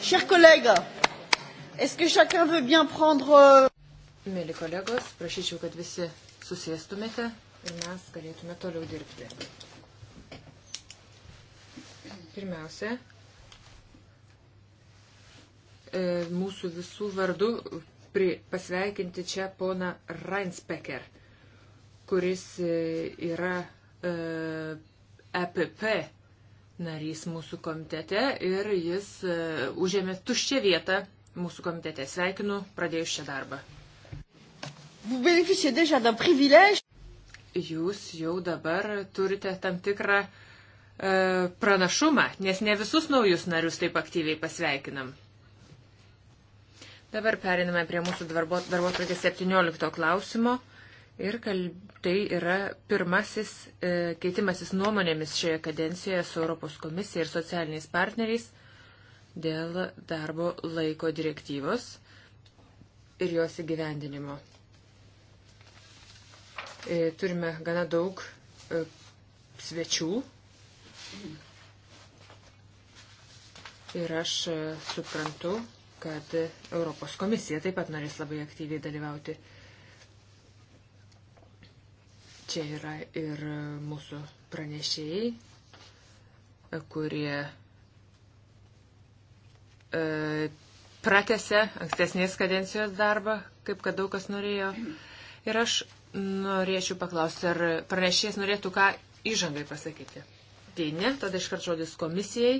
Chers collègues, est-ce que chacun veut bien prendre. Euh, Mėly kolegos, prašyčiau, kad visi susėstumėte ir mes galėtume toliau dirbti. Pirmiausia, e, mūsų visų vardu pasveikinti čia pona Reinspeker, kuris e, yra EPP e narys mūsų komitete ir jis e, užėmė tuščią vietą mūsų komitete. Sveikinu pradėjus šią darbą. Jūs jau dabar turite tam tikrą e, pranašumą, nes ne visus naujus narius taip aktyviai pasveikinam. Dabar periname prie mūsų darbo, darbo 17 klausimo. Ir tai yra pirmasis e, keitimasis nuomonėmis šioje kadencijoje su Europos komisija ir socialiniais partneriais dėl darbo laiko direktyvos ir jos įgyvendinimo. E, turime gana daug e, svečių. Ir aš e, suprantu, kad Europos komisija taip pat norės labai aktyviai dalyvauti. Čia yra ir mūsų pranešėjai, kurie e, pratėse ankstesnės kadencijos darbą, kaip kad daug kas norėjo. Ir aš norėčiau paklausti, ar pranešėjas norėtų ką įžangai pasakyti. Tai ne, tada iškart žodis komisijai.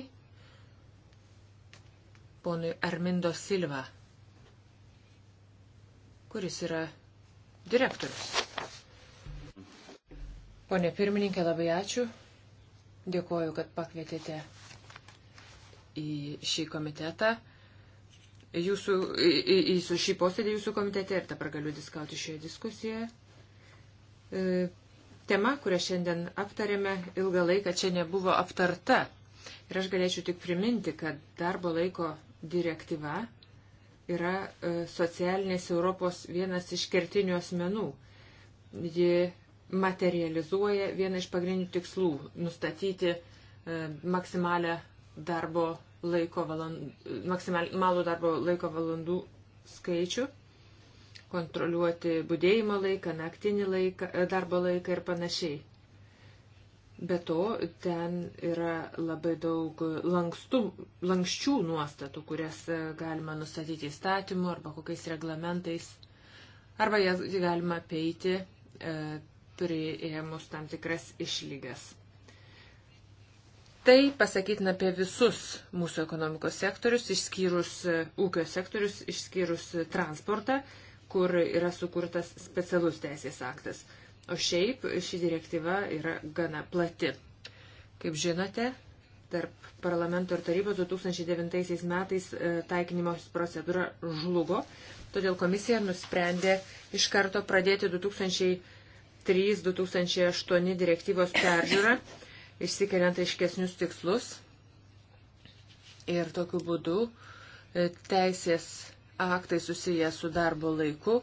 Ponui Armindo Silva, kuris yra direktorius. Pone pirmininkė, labai ačiū. Dėkuoju, kad pakvietėte į šį komitetą, jūsų, į, į, į su šį posėdį jūsų komitete ir dabar galiu diskauti šioje diskusijoje. E, tema, kurią šiandien aptarėme, ilgą laiką čia nebuvo aptarta. Ir aš galėčiau tik priminti, kad darbo laiko direktyva yra e, socialinės Europos vienas iš kertinių asmenų. Ji materializuoja vieną iš pagrindinių tikslų - nustatyti e, maksimalę darbo laiko valandų, maksimalų darbo laiko valandų skaičių, kontroliuoti būdėjimo laiką, naktinį laiką, e, darbo laiką ir panašiai. Be to, ten yra labai daug lankstų, lankščių nuostatų, kurias e, galima nustatyti įstatymu arba kokiais reglamentais, arba jas galima peiti e, priėmus tam tikras išlygas. Tai pasakytina apie visus mūsų ekonomikos sektorius, išskyrus e, ūkio sektorius, išskyrus e, transportą, kur yra sukurtas specialus teisės aktas. O šiaip ši direktyva yra gana plati. Kaip žinote, tarp parlamento ir tarybos 2009 metais e, taikinimo procedūra žlugo, todėl komisija nusprendė iš karto pradėti 2000 3-2008 direktyvos peržiūrą, išsikeliant aiškesnius tikslus. Ir tokiu būdu e, teisės aktai susiję su darbo laiku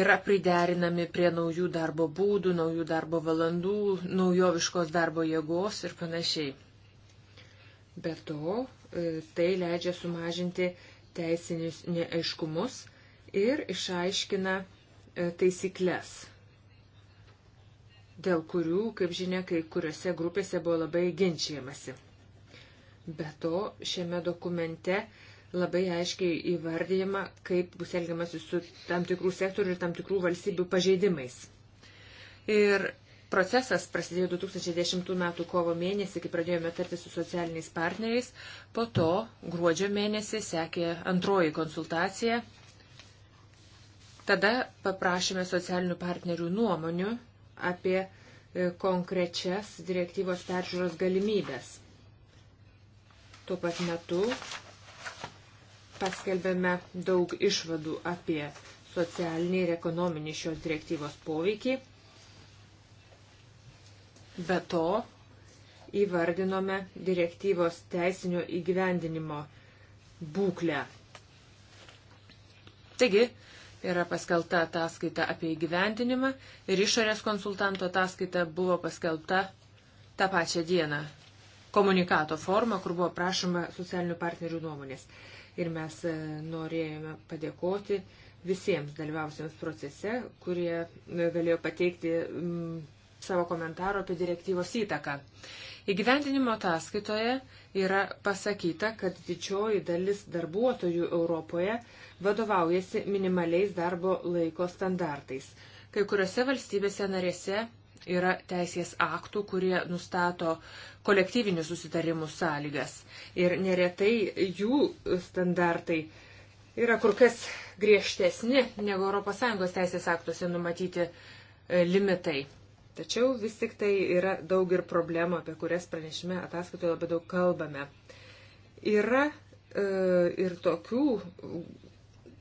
yra priderinami prie naujų darbo būdų, naujų darbo valandų, naujoviškos darbo jėgos ir panašiai. Be to, e, tai leidžia sumažinti teisinius neaiškumus ir išaiškina e, taisyklės dėl kurių, kaip žinia, kai kuriuose grupėse buvo labai ginčiamasi. Be to, šiame dokumente labai aiškiai įvardyjama, kaip bus elgiamasi su tam tikrų sektorių ir tam tikrų valstybių pažeidimais. Ir procesas prasidėjo 2010 m. kovo mėnesį, kai pradėjome tarti su socialiniais partneriais. Po to gruodžio mėnesį sekė antroji konsultacija. Tada paprašėme socialinių partnerių nuomonių apie e, konkrečias direktyvos peržiūros galimybės. Tuo pat metu paskelbėme daug išvadų apie socialinį ir ekonominį šios direktyvos poveikį. Be to, įvardinome direktyvos teisinio įgyvendinimo būklę. Taigi, yra paskelbta ataskaita apie įgyvendinimą ir išorės konsultanto ataskaita buvo paskelbta tą pačią dieną komunikato forma, kur buvo prašoma socialinių partnerių nuomonės. Ir mes e, norėjome padėkoti visiems dalyvausiems procese, kurie e, galėjo pateikti savo komentaro apie direktyvos įtaką. Įgyvendinimo ataskaitoje yra pasakyta, kad didžioji dalis darbuotojų Europoje vadovaujasi minimaliais darbo laiko standartais. Kai kuriuose valstybėse narėse yra teisės aktų, kurie nustato kolektyvinių susitarimų sąlygas. Ir neretai jų standartai yra kur kas griežtesni negu ES teisės aktuose numatyti e, limitai. Tačiau vis tik tai yra daug ir problemų, apie kurias pranešime ataskaitoje labai daug kalbame. Yra e, ir tokių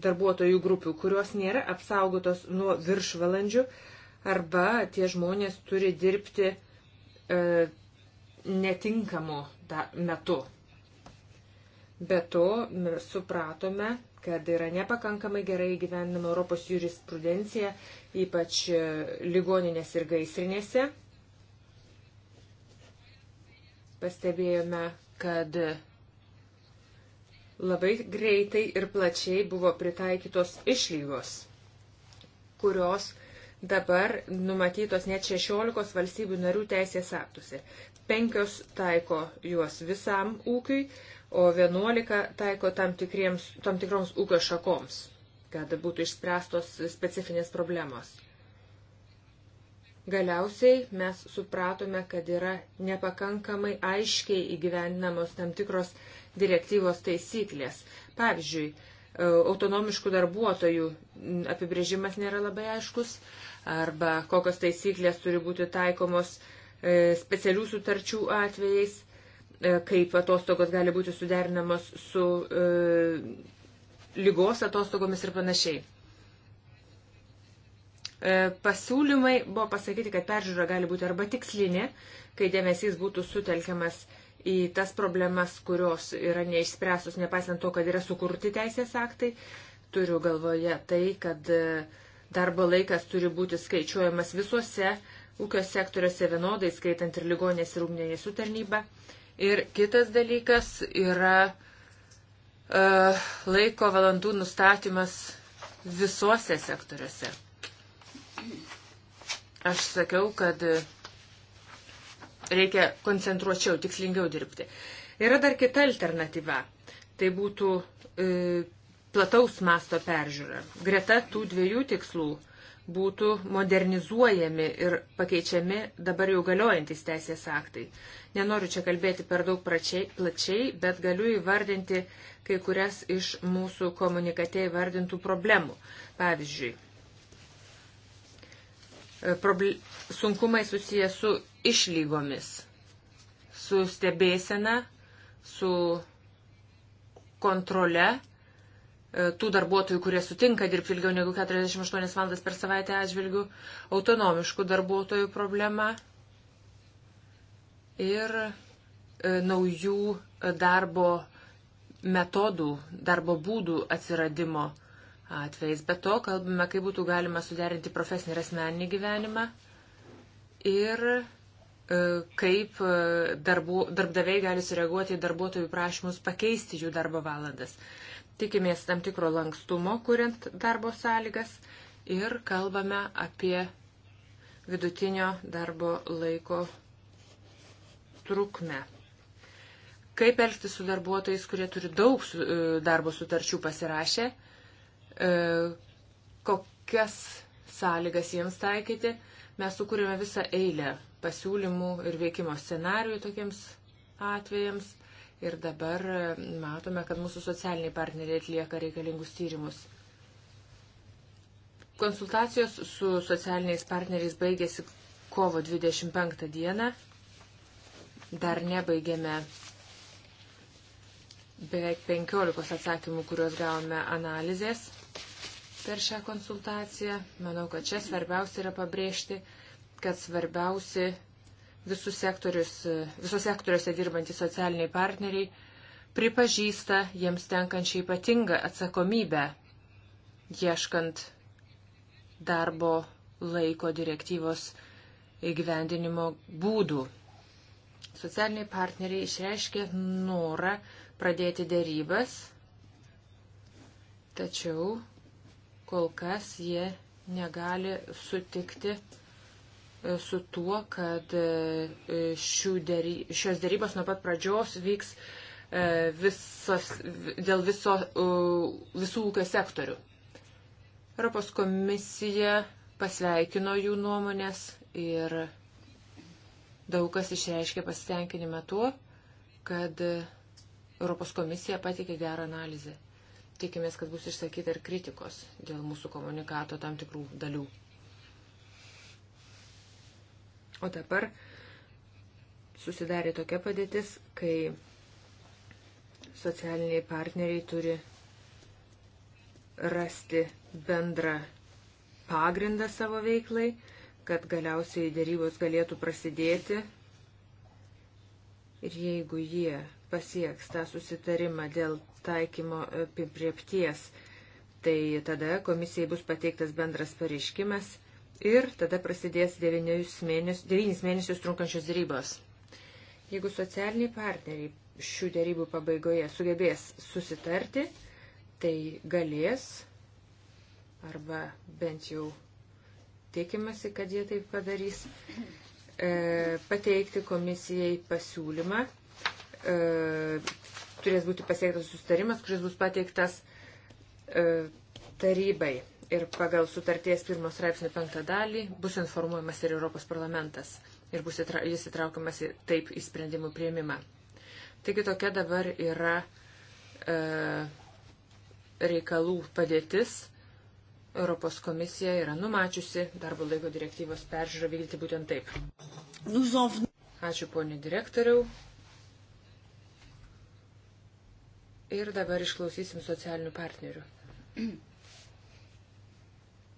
darbuotojų grupių, kurios nėra apsaugotos nuo viršvalandžių arba tie žmonės turi dirbti e, netinkamu metu. Be to mes supratome, kad yra nepakankamai gerai gyvenama Europos jurisprudencija, ypač e, ligoninės ir gaisrinėse. Pastebėjome, kad labai greitai ir plačiai buvo pritaikytos išlygos, kurios dabar numatytos net 16 valstybių narių teisės aktuose. Penkios taiko juos visam ūkiui, o 11 taiko tam, tikriems, tam tikroms ūkio šakoms, kad būtų išspręstos specifinės problemos. Galiausiai mes supratome, kad yra nepakankamai aiškiai įgyvendinamos tam tikros direktyvos taisyklės. Pavyzdžiui, e, autonomiškų darbuotojų apibrėžimas nėra labai aiškus, arba kokios taisyklės turi būti taikomos e, specialių sutarčių atvejais. E, kaip atostogos gali būti suderinamos su e, lygos atostogomis ir panašiai. E, pasiūlymai buvo pasakyti, kad peržiūra gali būti arba tikslinė, kai dėmesys būtų sutelkiamas į tas problemas, kurios yra neišspręstos, nepaisant to, kad yra sukurti teisės aktai. Turiu galvoje tai, kad e, darbo laikas turi būti skaičiuojamas visuose ūkio sektoriuose vienodai, skaitant ir ligonės ir ugnienės sutarnybą. tarnybą Ir kitas dalykas yra e, laiko valandų nustatymas visuose sektoriuose. Aš sakiau, kad reikia koncentruočiau, tikslingiau dirbti. Yra dar kita alternatyva. Tai būtų e, plataus masto peržiūra. Greta tų dviejų tikslų būtų modernizuojami ir pakeičiami dabar jau galiojantis teisės aktai. Nenoriu čia kalbėti per daug pračiai, plačiai, bet galiu įvardinti kai kurias iš mūsų komunikate įvardintų problemų. Pavyzdžiui, e, proble sunkumai susiję su išlygomis, su stebėsena, su kontrole E, tų darbuotojų, kurie sutinka dirbti ilgiau negu 48 valandas per savaitę atžvilgių, autonomiškų darbuotojų problema ir e, naujų darbo metodų, darbo būdų atsiradimo atvejais. Be to, kalbame, kaip būtų galima suderinti profesinį ir asmeninį gyvenimą ir e, kaip darbu, darbdaviai gali sureaguoti į darbuotojų prašymus pakeisti jų darbo valandas tikimės tam tikro lankstumo, kuriant darbo sąlygas ir kalbame apie vidutinio darbo laiko trukmę. Kaip elgti su darbuotojais, kurie turi daug e, darbo sutarčių pasirašę, e, kokias sąlygas jiems taikyti, mes sukūrėme visą eilę pasiūlymų ir veikimo scenarijų tokiems atvejams ir dabar matome, kad mūsų socialiniai partneriai atlieka reikalingus tyrimus. Konsultacijos su socialiniais partneriais baigėsi kovo 25 dieną. Dar nebaigėme beveik 15 atsakymų, kuriuos gavome analizės per šią konsultaciją. Manau, kad čia svarbiausia yra pabrėžti, kad svarbiausi visus sektorius, visos sektoriuose dirbantys socialiniai partneriai pripažįsta jiems tenkančią ypatingą atsakomybę, ieškant darbo laiko direktyvos įgyvendinimo būdų. Socialiniai partneriai išreiškė norą pradėti dėrybas, tačiau kol kas jie negali sutikti su tuo, kad e, dėry, šios dėrybos nuo pat pradžios vyks e, visos, dėl viso, visų ūkio sektorių. Europos komisija pasveikino jų nuomonės ir daug kas išreiškė pasitenkinimą tuo, kad Europos komisija patikė gerą analizę. Tikimės, kad bus išsakyta ir kritikos dėl mūsų komunikato tam tikrų dalių. O dabar susidarė tokia padėtis, kai socialiniai partneriai turi rasti bendrą pagrindą savo veiklai, kad galiausiai dėrybos galėtų prasidėti. Ir jeigu jie pasieks tą susitarimą dėl taikymo apibriepties, tai tada komisijai bus pateiktas bendras pareiškimas ir tada prasidės 9 mėnesius, 9 mėnesius trunkančios dėrybos. Jeigu socialiniai partneriai šių dėrybų pabaigoje sugebės susitarti, tai galės arba bent jau tikimasi, kad jie taip padarys, e, pateikti komisijai pasiūlymą. E, turės būti pasiektas sustarimas, kuris bus pateiktas e, tarybai ir pagal sutarties pirmos straipsnio penktą dalį bus informuojamas ir Europos parlamentas ir bus įtra, jis įtraukiamas į, taip į sprendimų prieimimą. Taigi tokia dabar yra e, reikalų padėtis. Europos komisija yra numačiusi darbo laiko direktyvos peržiūrą vykdyti būtent taip. Ačiū ponė direktoriau. Ir dabar išklausysim socialinių partnerių.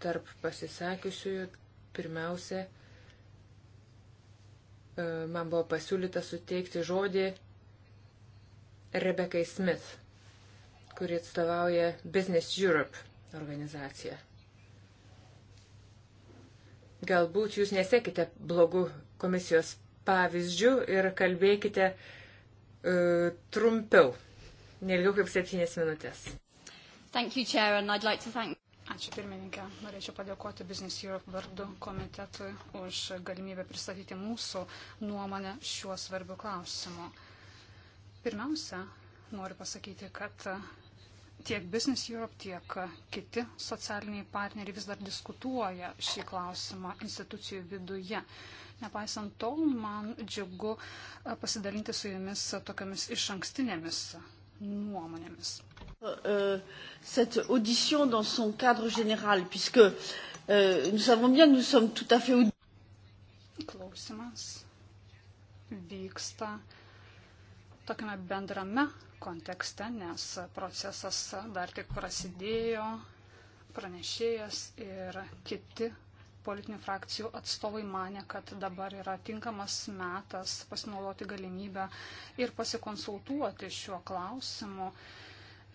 tarp pasisakiusiųjų. Pirmiausia, e, man buvo pasiūlyta suteikti žodį Rebekai Smith, kuri atstovauja Business Europe organizaciją. Galbūt jūs nesekite blogų komisijos pavyzdžių ir kalbėkite uh, trumpiau, nelgiau kaip septynės minutės. Thank you, Chair, and I'd like to thank... Ačiū pirmininkė. Norėčiau padėkoti Business Europe vardu komitetui už galimybę pristatyti mūsų nuomonę šiuo svarbiu klausimu. Pirmiausia, noriu pasakyti, kad tiek Business Europe, tiek kiti socialiniai partneriai vis dar diskutuoja šį klausimą institucijų viduje. Nepaisant to, man džiugu pasidalinti su jumis tokiamis iš ankstinėmis nuomonėmis. Euh, cette audition dans son cadre général, puisque euh, nous savons bien, nous sommes tout à fait audits. Klausimas vyksta tokiame bendrame kontekste, nes procesas dar tik prasidėjo, pranešėjas ir kiti politinių frakcijų atstovai mane, kad dabar yra tinkamas metas pasinaudoti galimybę ir pasikonsultuoti šiuo klausimu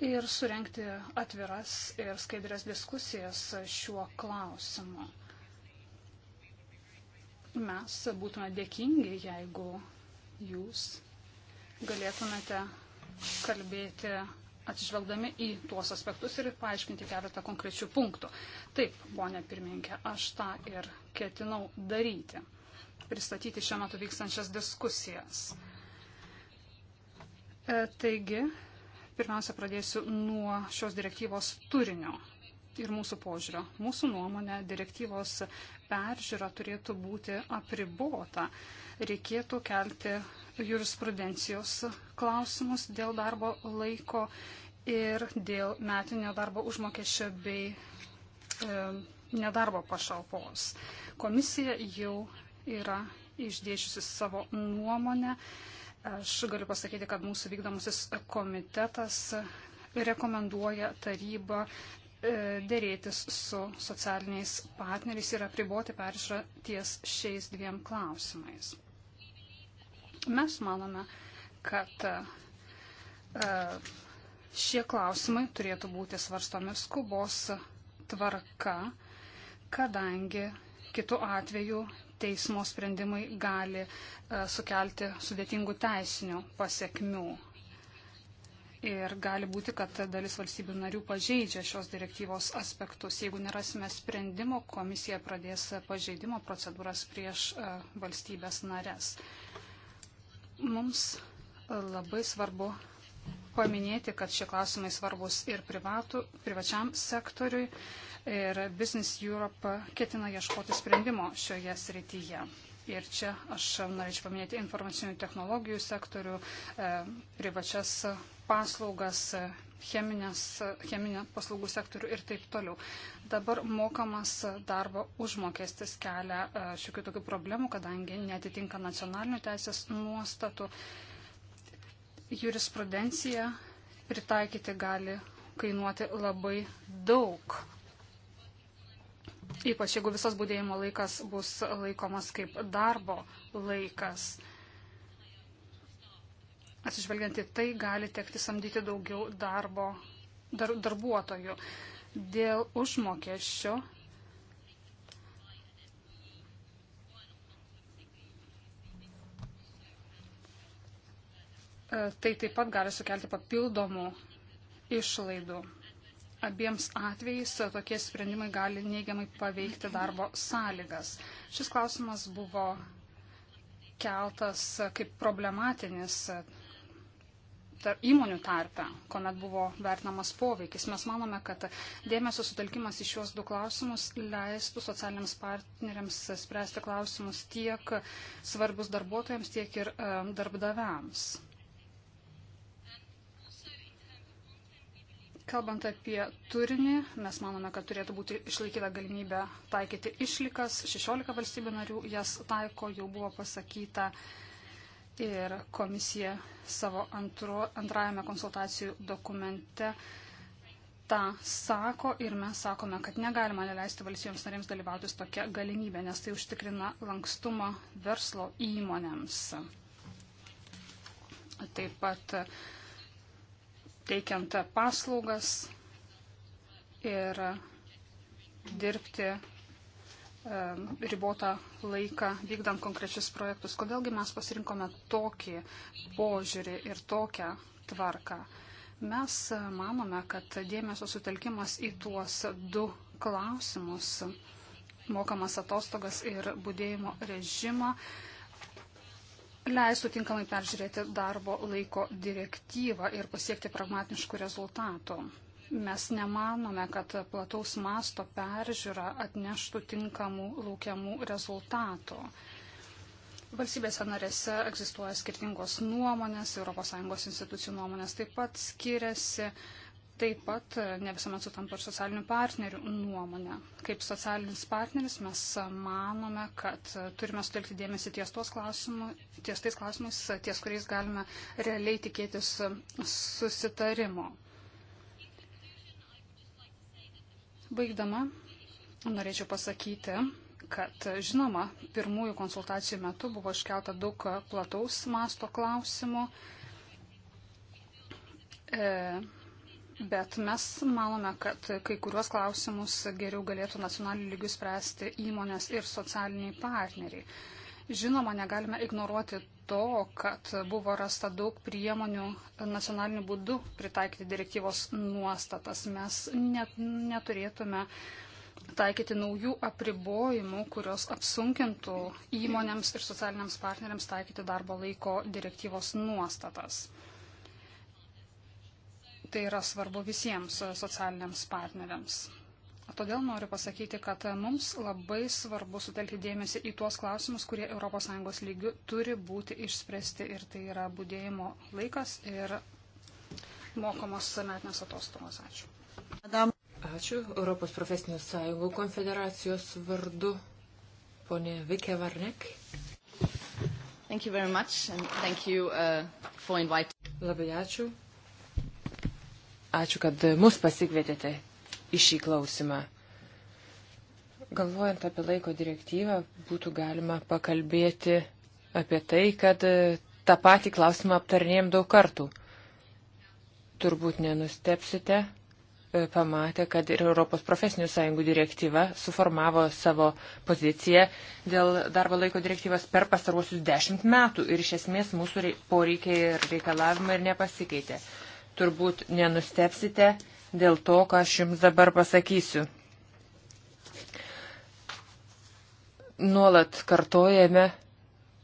ir surenkti atviras ir skaidrės diskusijas šiuo klausimu. Mes būtume dėkingi, jeigu jūs galėtumėte kalbėti atsižvelgdami į tuos aspektus ir paaiškinti keletą konkrečių punktų. Taip, ponė pirmininkė, aš tą ir ketinau daryti, pristatyti šiuo metu vykstančias diskusijas. E, taigi, pirmiausia, pradėsiu nuo šios direktyvos turinio. Ir mūsų požiūrio. Mūsų nuomonė direktyvos peržiūra turėtų būti apribota. Reikėtų kelti jurisprudencijos klausimus dėl darbo laiko ir dėl metinio darbo užmokesčio bei e, nedarbo pašalpos. Komisija jau yra išdėšiusi savo nuomonę. Aš galiu pasakyti, kad mūsų vykdomusis komitetas rekomenduoja tarybą e, dėrėtis su socialiniais partneriais ir apriboti peržiūrą ties šiais dviem klausimais. Mes manome, kad e, šie klausimai turėtų būti svarstomi skubos tvarka, kadangi kitų atvejų teismo sprendimai gali e, sukelti sudėtingų teisinių pasiekmių. Ir gali būti, kad dalis valstybių narių pažeidžia šios direktyvos aspektus. Jeigu nerasime sprendimo, komisija pradės pažeidimo procedūras prieš e, valstybės narės. Mums e, labai svarbu paminėti, kad šie klausimai svarbus ir privatų, privačiam sektoriui ir Business Europe ketina ieškoti sprendimo šioje srityje. Ir čia aš norėčiau paminėti informacinių technologijų sektorių, e, privačias paslaugas, cheminės, cheminę paslaugų sektorių ir taip toliau. Dabar mokamas darbo užmokestis kelia e, šiokių tokių problemų, kadangi netitinka nacionalinių teisės nuostatų. Jurisprudencija pritaikyti gali kainuoti labai daug Ypač jeigu visas būdėjimo laikas bus laikomas kaip darbo laikas. Atsižvelgiant į tai, gali tekti samdyti daugiau darbo dar, darbuotojų. Dėl užmokesčio e, tai taip pat gali sukelti papildomų išlaidų abiems atvejais tokie sprendimai gali neigiamai paveikti darbo sąlygas. Šis klausimas buvo keltas kaip problematinis tarp įmonių tarpe, kuomet buvo vertinamas poveikis. Mes manome, kad dėmesio sutelkimas į šios du klausimus leistų socialiniams partneriams spręsti klausimus tiek svarbus darbuotojams, tiek ir e, darbdaviams. Kalbant apie turinį, mes manome, kad turėtų būti išlaikyta galimybė taikyti išlikas. 16 valstybių narių jas taiko, jau buvo pasakyta. Ir komisija savo antro, antrajame konsultacijų dokumente tą sako ir mes sakome, kad negalima neleisti valstybėms narėms dalyvautis tokia galimybė, nes tai užtikrina lankstumą verslo įmonėms. Taip pat uh, teikiant paslaugas ir dirbti e, ribotą laiką vykdant konkrečius projektus. Kodėlgi mes pasirinkome tokį požiūrį ir tokią tvarką? Mes e, manome, kad dėmesio sutelkimas į tuos du klausimus - mokamas atostogas ir būdėjimo režimą leistų tinkamai peržiūrėti darbo laiko direktyvą ir pasiekti pragmatiškų rezultatų. Mes nemanome, kad plataus masto peržiūra atneštų tinkamų laukiamų rezultatų. Valstybėse narėse egzistuoja skirtingos nuomonės, ES institucijų nuomonės taip pat skiriasi. Taip pat e, ne visuomet sutampa ir socialinių partnerių nuomonė. Kaip socialinis partneris mes manome, kad e, turime sutelkti dėmesį ties, klausimu, ties tais klausimais, e, ties kuriais galime realiai tikėtis susitarimo. Baigdama, norėčiau pasakyti, kad žinoma, pirmųjų konsultacijų metu buvo iškelta daug plataus masto klausimų. E, Bet mes manome, kad kai kuriuos klausimus geriau galėtų nacionaliniu lygiu spręsti įmonės ir socialiniai partneriai. Žinoma, negalime ignoruoti to, kad buvo rasta daug priemonių nacionaliniu būdu pritaikyti direktyvos nuostatas. Mes net, neturėtume taikyti naujų apribojimų, kurios apsunkintų įmonėms ir socialiniams partneriams taikyti darbo laiko direktyvos nuostatas tai yra svarbu visiems socialiniams partneriams. Todėl noriu pasakyti, kad mums labai svarbu sutelkti dėmesį į tuos klausimus, kurie ES lygių turi būti išspręsti ir tai yra būdėjimo laikas ir mokamos metinės atostogos. Ačiū. Adam. Ačiū Europos profesinių sąjungų konfederacijos vardu, ponė Vikė Varnek. Thank you very much and thank you uh, for inviting. Labai ačiū Ačiū, kad mus pasikvietėte į šį klausimą. Galvojant apie laiko direktyvą, būtų galima pakalbėti apie tai, kad tą patį klausimą aptarnėjom daug kartų. Turbūt nenustepsite, e, pamatė, kad ir Europos profesinių sąjungų direktyva suformavo savo poziciją dėl darbo laiko direktyvas per pastaruosius dešimt metų ir iš esmės mūsų poreikiai ir reikalavimai ir nepasikeitė turbūt nenustepsite dėl to, ką aš jums dabar pasakysiu. Nuolat kartojame,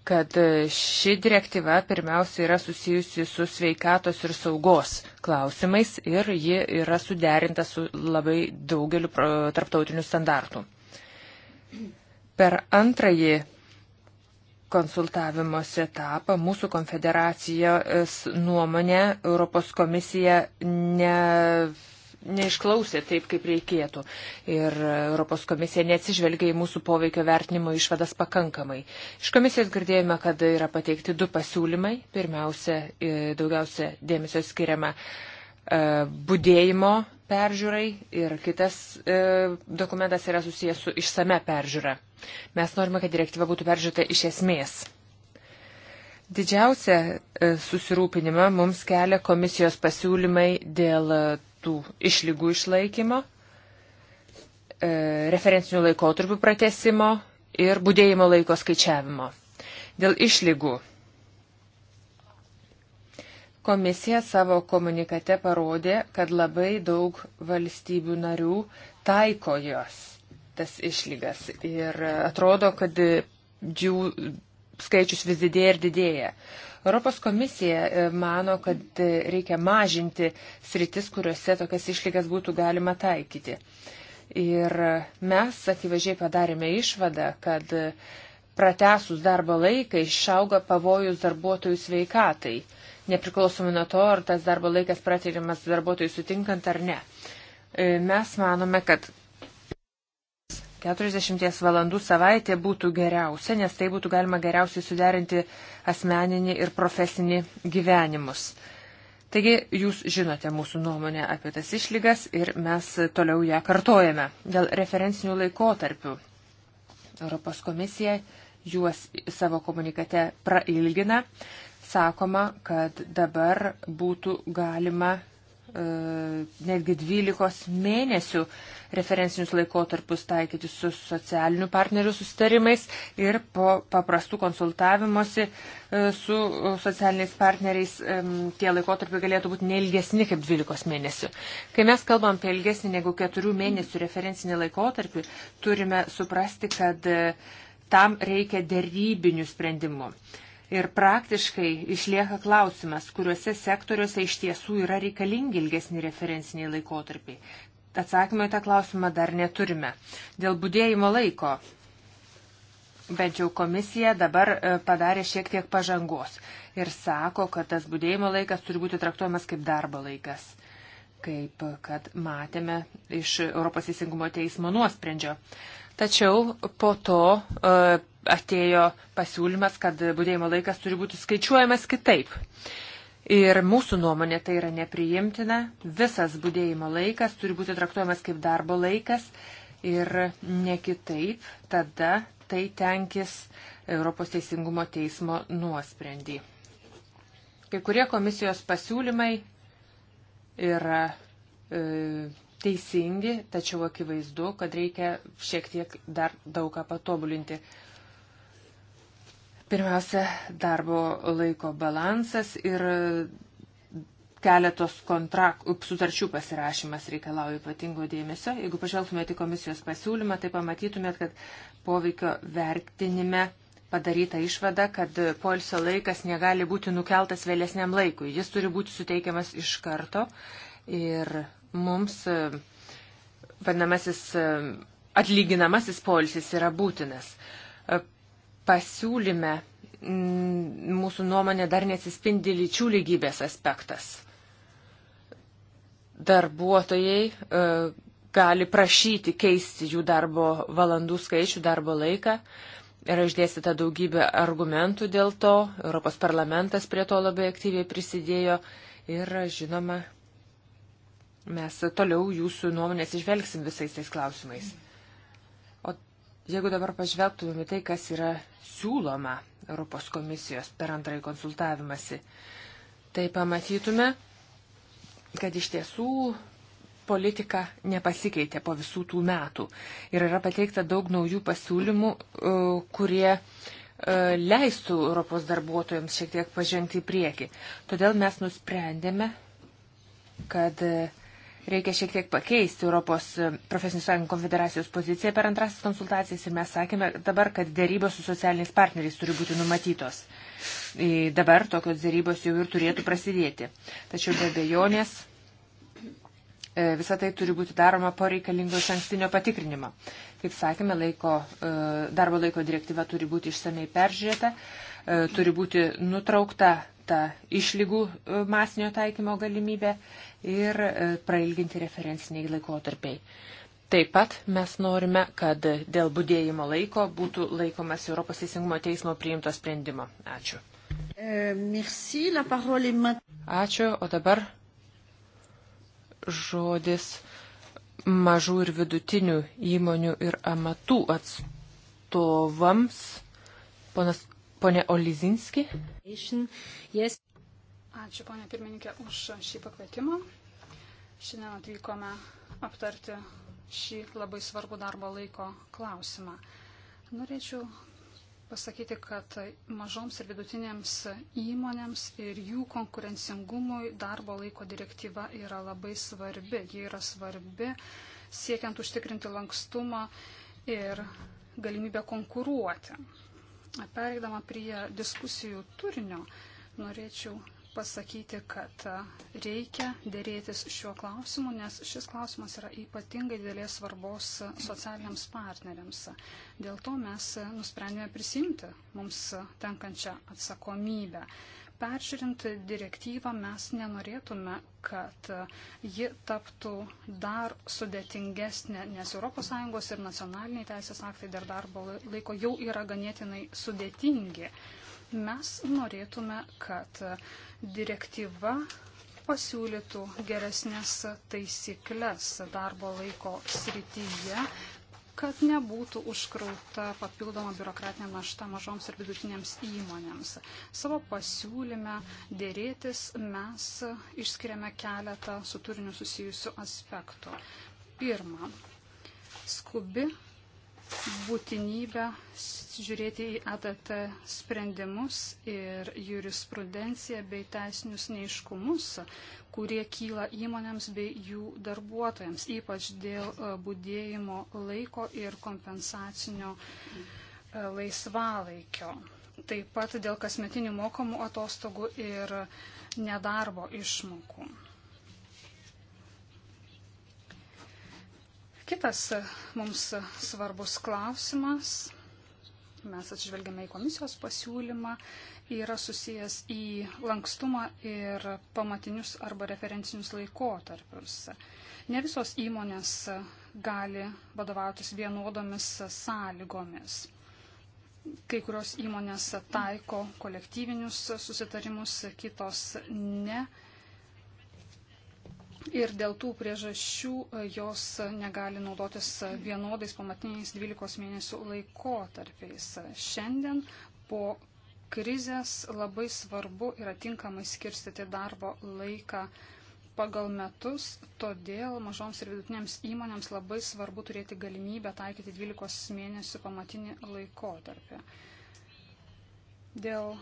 kad ši direktyva pirmiausia yra susijusi su sveikatos ir saugos klausimais ir ji yra suderinta su labai daugeliu tarptautinių standartų. Per antrąjį konsultavimosi etapą. Mūsų konfederacijos nuomonė Europos komisija ne, neišklausė taip, kaip reikėtų. Ir Europos komisija neatsižvelgia į mūsų poveikio vertinimo išvadas pakankamai. Iš komisijos girdėjome, kad yra pateikti du pasiūlymai. Pirmiausia, e, daugiausia dėmesio skiriama e, būdėjimo peržiūrai ir kitas e, dokumentas yra susijęs su išsame peržiūra. Mes norime, kad direktyva būtų peržiūrėta iš esmės. Didžiausia e, susirūpinima mums kelia komisijos pasiūlymai dėl e, tų išlygų išlaikymo, e, referencinių laikotarpių pratesimo ir būdėjimo laiko skaičiavimo. Dėl išlygų komisija savo komunikate parodė, kad labai daug valstybių narių taiko jos tas išlygas. Ir atrodo, kad jų skaičius vis didėja ir didėja. Europos komisija e, mano, kad e, reikia mažinti sritis, kuriuose tokias išlygas būtų galima taikyti. Ir mes akivaizdžiai padarėme išvadą, kad e, pratesus darbo laiką išauga pavojus darbuotojų sveikatai, nepriklausomai nuo to, ar tas darbo laikas pratiriamas darbuotojų sutinkant ar ne. Mes manome, kad 40 valandų savaitė būtų geriausia, nes tai būtų galima geriausiai suderinti asmeninį ir profesinį gyvenimus. Taigi jūs žinote mūsų nuomonę apie tas išlygas ir mes toliau ją kartojame. Dėl referencinių laikotarpių Europos komisija juos savo komunikate prailgina. Sakoma, kad dabar būtų galima E, netgi 12 mėnesių referencinius laikotarpius taikyti su socialinių partnerių sustarimais ir po paprastų konsultavimuose e, su socialiniais partneriais e, tie laikotarpiai galėtų būti neilgesni kaip 12 mėnesių. Kai mes kalbam apie ilgesnį negu 4 mėnesių referencinį laikotarpį, turime suprasti, kad tam reikia dėrybinių sprendimų. Ir praktiškai išlieka klausimas, kuriuose sektoriuose iš tiesų yra reikalingi ilgesni referenciniai laikotarpiai. Atsakymą į tą klausimą dar neturime. Dėl būdėjimo laiko bent jau komisija dabar e, padarė šiek tiek pažangos ir sako, kad tas būdėjimo laikas turi būti traktuojamas kaip darbo laikas, kaip kad matėme iš Europos įsingumo teismo nuosprendžio. Tačiau po to e, atėjo pasiūlymas, kad būdėjimo laikas turi būti skaičiuojamas kitaip. Ir mūsų nuomonė tai yra nepriimtina. Visas būdėjimo laikas turi būti traktuojamas kaip darbo laikas ir ne kitaip. Tada tai tenkis Europos Teisingumo teismo nuosprendį. Kai kurie komisijos pasiūlymai yra e, teisingi, tačiau akivaizdu, kad reikia šiek tiek dar daugą patobulinti. Pirmiausia, darbo laiko balansas ir keletos kontrakt, sutarčių pasirašymas reikalauja ypatingo dėmesio. Jeigu pažvelgtumėte į komisijos pasiūlymą, tai pamatytumėt, kad poveikio vertinime padaryta išvada, kad poilsio laikas negali būti nukeltas vėlesniam laikui. Jis turi būti suteikiamas iš karto ir mums e, vadinamasis e, atlyginamasis poilsis yra būtinas. E, pasiūlyme mūsų nuomonė dar nesispindi lyčių lygybės aspektas. Darbuotojai e, gali prašyti keisti jų darbo valandų skaičių, darbo laiką. Yra išdėstyta daugybė argumentų dėl to. Europos parlamentas prie to labai aktyviai prisidėjo. Ir, žinoma, mes toliau jūsų nuomonės išvelgsim visais tais klausimais. Mm. Jeigu dabar pažvelgtumėm į tai, kas yra siūloma Europos komisijos per antrąjį konsultavimąsi, tai pamatytume, kad iš tiesų politika nepasikeitė po visų tų metų. Ir yra pateikta daug naujų pasiūlymų, e, kurie e, leistų Europos darbuotojams šiek tiek pažengti į priekį. Todėl mes nusprendėme, kad e, reikia šiek tiek pakeisti Europos e, profesinių sąjungų konfederacijos poziciją per antrasis konsultacijas ir mes sakėme dabar, kad dėrybos su socialiniais partneriais turi būti numatytos. E, dabar tokios dėrybos jau ir turėtų prasidėti. Tačiau be abejonės e, visą tai turi būti daroma po reikalingo iš ankstinio patikrinimo. Kaip sakėme, laiko, darbo laiko direktyva turi būti išsamei peržiūrėta, turi būti nutraukta ta išlygų masinio taikymo galimybė ir e, prailginti referenciniai laikotarpiai. Taip pat mes norime, kad dėl būdėjimo laiko būtų laikomas Europos Teisingumo teismo priimto sprendimo. Ačiū. E, Ačiū, o dabar žodis mažų ir vidutinių įmonių ir amatų atstovams. Ponas, ponė Olizinski. Yes. Ačiū, ponė pirmininkė, už šį pakvietimą. Šiandien atvykome aptarti šį labai svarbų darbo laiko klausimą. Norėčiau pasakyti, kad mažoms ir vidutinėms įmonėms ir jų konkurencingumui darbo laiko direktyva yra labai svarbi. Ji yra svarbi siekiant užtikrinti lankstumą ir galimybę konkuruoti. Pereidama prie diskusijų turinio, norėčiau pasakyti, kad e, reikia dėrėtis šiuo klausimu, nes šis klausimas yra ypatingai didelės svarbos socialiniams partneriams. Dėl to mes e, nusprendėme prisimti mums tenkančią atsakomybę. Peržiūrint direktyvą mes nenorėtume, kad e, ji taptų dar sudėtingesnė, nes ES ir nacionaliniai teisės aktai dar darbo laiko jau yra ganėtinai sudėtingi. Uh, Mes norėtume, kad direktyva pasiūlytų geresnės taisyklės darbo laiko srityje, kad nebūtų užkrauta papildoma biurokratinė našta mažoms ir vidutinėms įmonėms. Savo pasiūlyme dėrėtis mes išskiriame keletą su turiniu susijusių aspektų. Pirma, skubi būtinybė pasižiūrėti į ATT sprendimus ir jurisprudenciją bei teisinius neiškumus, kurie kyla įmonėms bei jų darbuotojams, ypač dėl e, būdėjimo laiko ir kompensacinio e, laisvalaikio. Taip pat dėl kasmetinių mokamų atostogų ir nedarbo išmokų. Kitas e, mums svarbus klausimas mes atsižvelgiame į komisijos pasiūlymą, yra susijęs į lankstumą ir pamatinius arba referencinius laikotarpius. Ne visos įmonės gali vadovautis vienodomis sąlygomis. Kai kurios įmonės taiko kolektyvinius susitarimus, kitos ne ir dėl tų priežasčių e, jos e, negali naudotis e, vienodais pamatiniais 12 mėnesių laikotarpiais. Šiandien po krizės labai svarbu yra tinkamai skirstyti darbo laiką pagal metus, todėl mažoms ir vidutinėms įmonėms labai svarbu turėti galimybę taikyti 12 mėnesių pamatinį laikotarpį. Dėl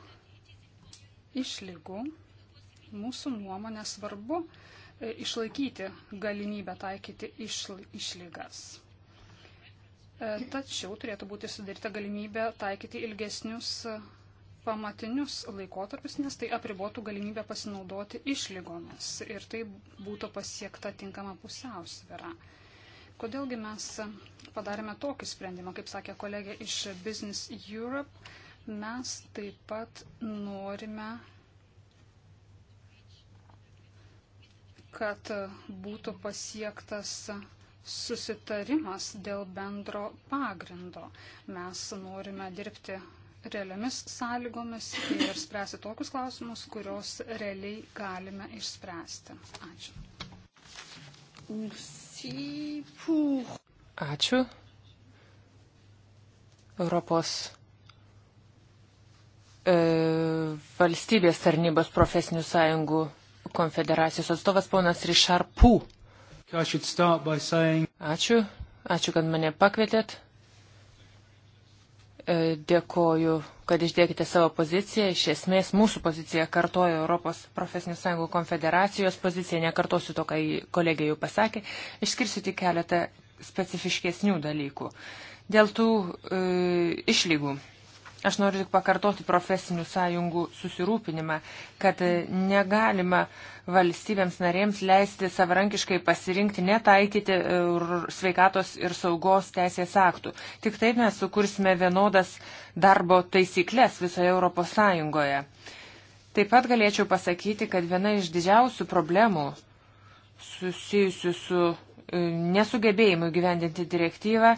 išlygų mūsų nuomonė svarbu E, išlaikyti galimybę taikyti išlygas. E, tačiau turėtų būti sudaryta galimybė taikyti ilgesnius e, pamatinius laikotarpius, nes tai apribotų galimybę pasinaudoti išlygomis ir tai būtų pasiekta tinkama pusiausvėra. Kodėlgi mes padarėme tokį sprendimą, kaip sakė kolegė iš Business Europe, mes taip pat norime kad būtų pasiektas susitarimas dėl bendro pagrindo. Mes norime dirbti realiamis sąlygomis ir spręsti tokius klausimus, kurios realiai galime išspręsti. Ačiū. Ačiū. Europos e, valstybės tarnybos profesinių sąjungų konfederacijos atstovas ponas Richard Pū. Ačiū, ačiū, kad mane pakvietėt. E, dėkoju, kad išdėkite savo poziciją. Iš esmės mūsų pozicija kartoja Europos profesinių sąjungų konfederacijos poziciją, nekartosiu to, ką kolegė jau pasakė, išskirsiu tik keletą specifiškesnių dalykų. Dėl tų e, išlygų Aš noriu tik pakartoti profesinių sąjungų susirūpinimą, kad negalima valstybėms narėms leisti savarankiškai pasirinkti netaikyti uh, sveikatos ir saugos teisės aktų. Tik taip mes sukursime vienodas darbo taisyklės visoje Europos Sąjungoje. Taip pat galėčiau pasakyti, kad viena iš didžiausių problemų susijusių su uh, nesugebėjimu gyvendinti direktyvą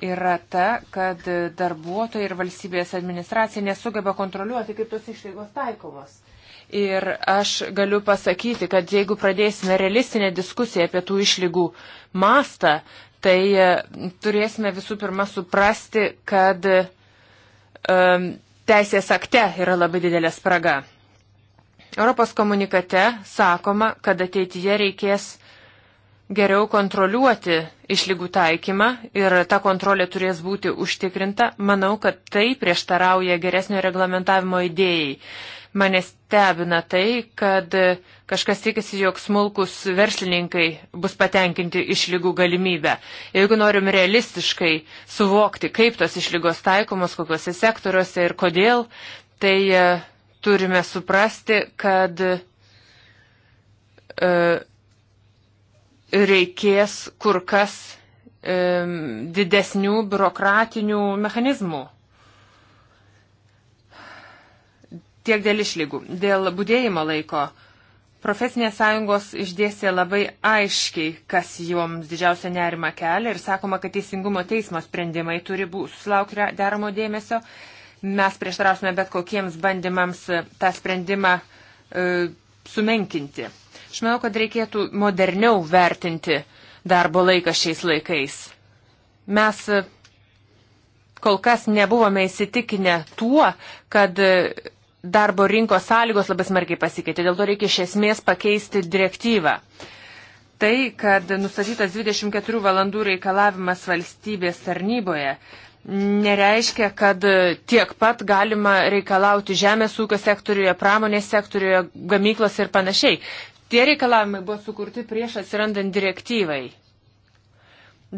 yra ta, kad darbuotojai ir valstybės administracija nesugeba kontroliuoti, kaip tos išlygos taikomos. Ir aš galiu pasakyti, kad jeigu pradėsime realistinę diskusiją apie tų išlygų mastą, tai e, turėsime visų pirma suprasti, kad um, teisės akte yra labai didelė spraga. Europos komunikate sakoma, kad ateityje reikės geriau kontroliuoti išlygų taikymą ir ta kontrolė turės būti užtikrinta, manau, kad tai prieštarauja geresnio reglamentavimo idėjai. Mane stebina tai, kad kažkas tikisi, jog smulkus verslininkai bus patenkinti išlygų galimybę. Jeigu norim realistiškai suvokti, kaip tos išlygos taikomos, kokiuose sektoriuose ir kodėl, tai e, turime suprasti, kad uh, reikės kur kas e, didesnių biurokratinių mechanizmų. Tiek dėl išlygų. Dėl būdėjimo laiko. Profesinės sąjungos išdėsė labai aiškiai, kas joms didžiausia nerima kelia ir sakoma, kad teisingumo teismo sprendimai turi susilaukti deramo dėmesio. Mes prieštarausime bet kokiems bandymams tą sprendimą e, sumenkinti. Aš manau, kad reikėtų moderniau vertinti darbo laiką šiais laikais. Mes e, kol kas nebuvome įsitikinę tuo, kad e, darbo rinkos sąlygos labai smarkiai pasikeitė. Dėl to reikia iš esmės pakeisti direktyvą. Tai, kad nustatytas 24 valandų reikalavimas valstybės tarnyboje nereiškia, kad e, tiek pat galima reikalauti žemės ūkio sektoriuje, pramonės sektoriuje, gamyklos ir panašiai. Tie reikalavimai buvo sukurti prieš atsirandant direktyvai.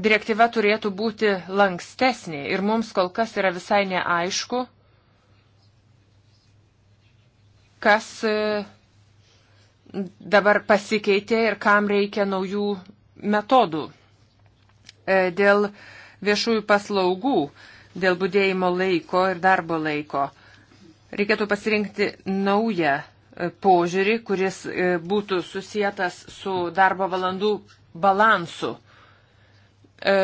Direktyva turėtų būti lankstesnė ir mums kol kas yra visai neaišku, kas e, dabar pasikeitė ir kam reikia naujų metodų. E, dėl viešųjų paslaugų, dėl būdėjimo laiko ir darbo laiko reikėtų pasirinkti naują požiūrį, kuris e, būtų susijęs su darbo valandų balansu. E,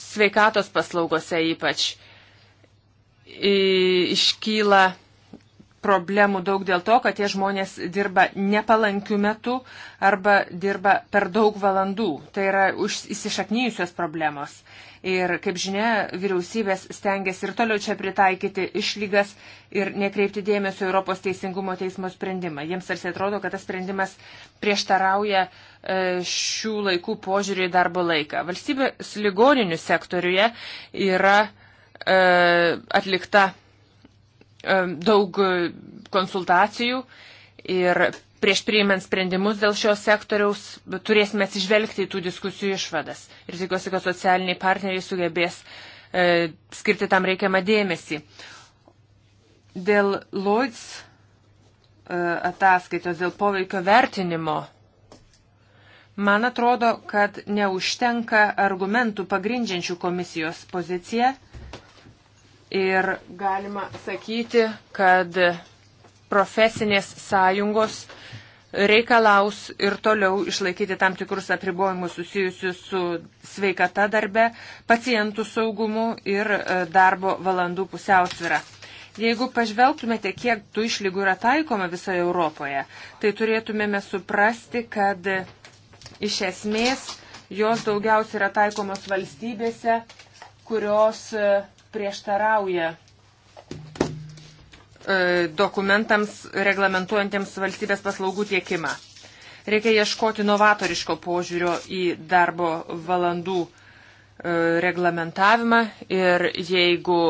sveikatos paslaugose ypač iškyla problemų daug dėl to, kad tie žmonės dirba nepalankių metų arba dirba per daug valandų. Tai yra įsišaknyjusios problemos. Ir, kaip žinia, vyriausybės stengiasi ir toliau čia pritaikyti išlygas ir nekreipti dėmesio Europos teisingumo teismo sprendimą. Jiems tarsi atrodo, kad tas sprendimas prieštarauja e, šių laikų požiūrį į darbo laiką. Valstybės ligoninių sektoriuje yra e, atlikta E, daug e, konsultacijų ir prieš priimant sprendimus dėl šios sektoriaus turėsime atsižvelgti į tų diskusijų išvadas. Ir tikiuosi, kad socialiniai partneriai sugebės e, skirti tam reikiamą dėmesį. Dėl Lloyds e, ataskaitos, dėl poveikio vertinimo, man atrodo, kad neužtenka argumentų pagrindžiančių komisijos poziciją Ir galima sakyti, kad profesinės sąjungos reikalaus ir toliau išlaikyti tam tikrus apribojimus susijusius su sveikata darbe, pacientų saugumu ir e, darbo valandų pusiausvyrą. Jeigu pažvelgtumėte, kiek tų išlygų yra taikoma visoje Europoje, tai turėtumėme suprasti, kad e, iš esmės jos daugiausiai yra taikomos valstybėse, kurios e, prieštarauja e, dokumentams reglamentuojantiems valstybės paslaugų tiekimą. Reikia ieškoti novatoriško požiūrio į darbo valandų e, reglamentavimą ir jeigu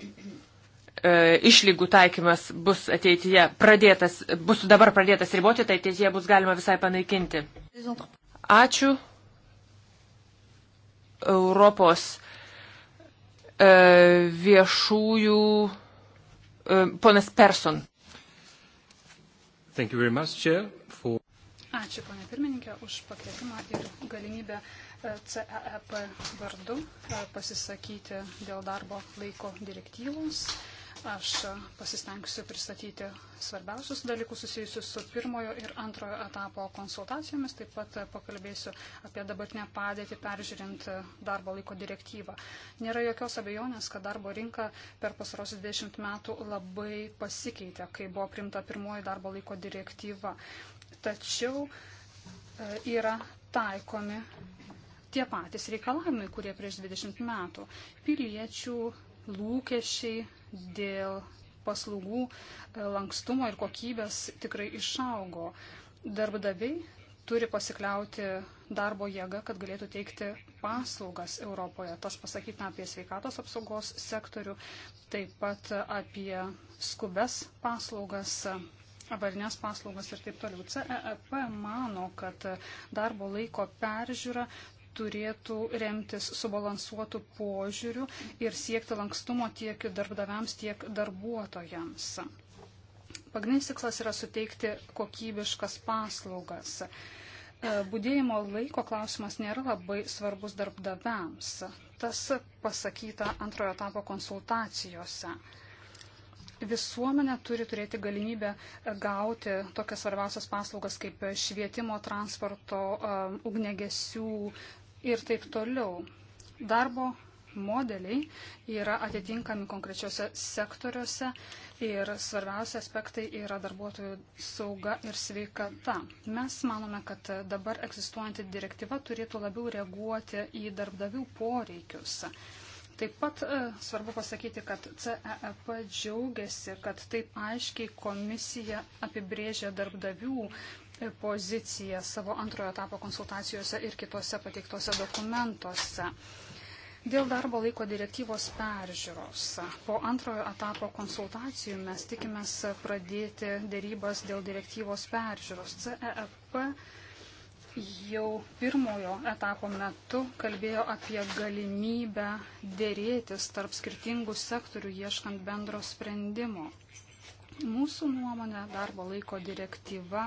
e, išlygų taikymas bus ateityje pradėtas, bus dabar pradėtas riboti, tai ateityje bus galima visai panaikinti. Ačiū. Europos E, viešųjų. E, ponas Person. Much, Chair, for... Ačiū, ponė pirmininkė, už pakvietimą ir galimybę e, CEP vardu pasisakyti dėl darbo laiko direktyvos. Aš pasistengsiu pristatyti svarbiausius dalykus susijusius su pirmojo ir antrojo etapo konsultacijomis, taip pat pakalbėsiu apie dabartinę padėtį peržiūrint darbo laiko direktyvą. Nėra jokios abejonės, kad darbo rinka per pasarosius 20 metų labai pasikeitė, kai buvo primta pirmoji darbo laiko direktyva. Tačiau e, yra taikomi tie patys reikalavimai, kurie prieš 20 metų. Piliečių lūkesčiai dėl paslaugų e, lankstumo ir kokybės tikrai išaugo. Darbdaviai turi pasikliauti darbo jėga, kad galėtų teikti paslaugas Europoje. Tas pasakytina apie sveikatos apsaugos sektorių, taip pat apie skubes paslaugas, avarinės paslaugas ir taip toliau. CEP e mano, kad darbo laiko peržiūra turėtų remtis subalansuotų požiūrių ir siekti lankstumo tiek darbdaviams, tiek darbuotojams. Pagrindinis tikslas yra suteikti kokybiškas paslaugas. E, budėjimo laiko klausimas nėra labai svarbus darbdaviams. Tas pasakyta antrojo etapo konsultacijose visuomenė turi turėti galimybę gauti tokias svarbiausias paslaugas kaip švietimo, transporto, e, ugnegesių, ir taip toliau. Darbo modeliai yra atitinkami konkrečiose sektoriuose ir svarbiausia aspektai yra darbuotojų sauga ir sveikata. Mes manome, kad dabar egzistuojanti direktyva turėtų labiau reaguoti į darbdavių poreikius. Taip pat e, svarbu pasakyti, kad CEP e džiaugiasi, kad taip aiškiai komisija apibrėžia darbdavių poziciją savo antrojo etapo konsultacijose ir kitose pateiktose dokumentuose. Dėl darbo laiko direktyvos peržiūros. Po antrojo etapo konsultacijų mes tikimės pradėti dėrybas dėl direktyvos peržiūros. CEP jau pirmojo etapo metu kalbėjo apie galimybę dėrėtis tarp skirtingų sektorių ieškant bendro sprendimo. Mūsų nuomonė darbo laiko direktyva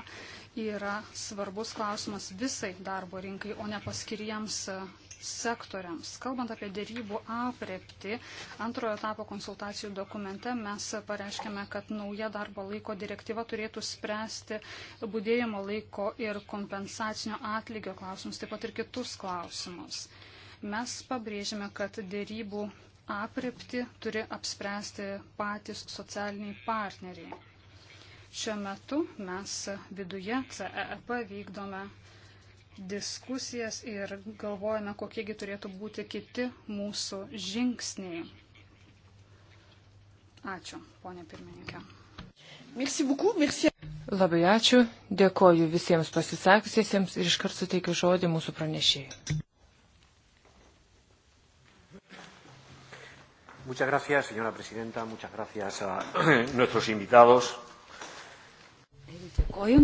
yra svarbus klausimas visai darbo rinkai, o ne paskiriems e, sektoriams. Kalbant apie dėrybų aprepti, antrojo etapo konsultacijų dokumente mes pareiškėme, kad nauja darbo laiko direktyva turėtų spręsti būdėjimo laiko ir kompensacinio atlygio klausimus, taip pat ir kitus klausimus. Mes pabrėžėme, kad dėrybų aprepti turi apspręsti patys socialiniai partneriai. Šiuo metu mes viduje CEP e vykdome diskusijas ir galvojame, kokiegi turėtų būti kiti mūsų žingsniai. Ačiū, ponė pirmininkė. Merci beaucoup, merci. Labai ačiū, dėkoju visiems pasisakusiesiems ir iškart suteikiu žodį mūsų pranešėjai. Muchas gracias, señora presidenta. Muchas gracias a nuestros invitados. Dėkoju.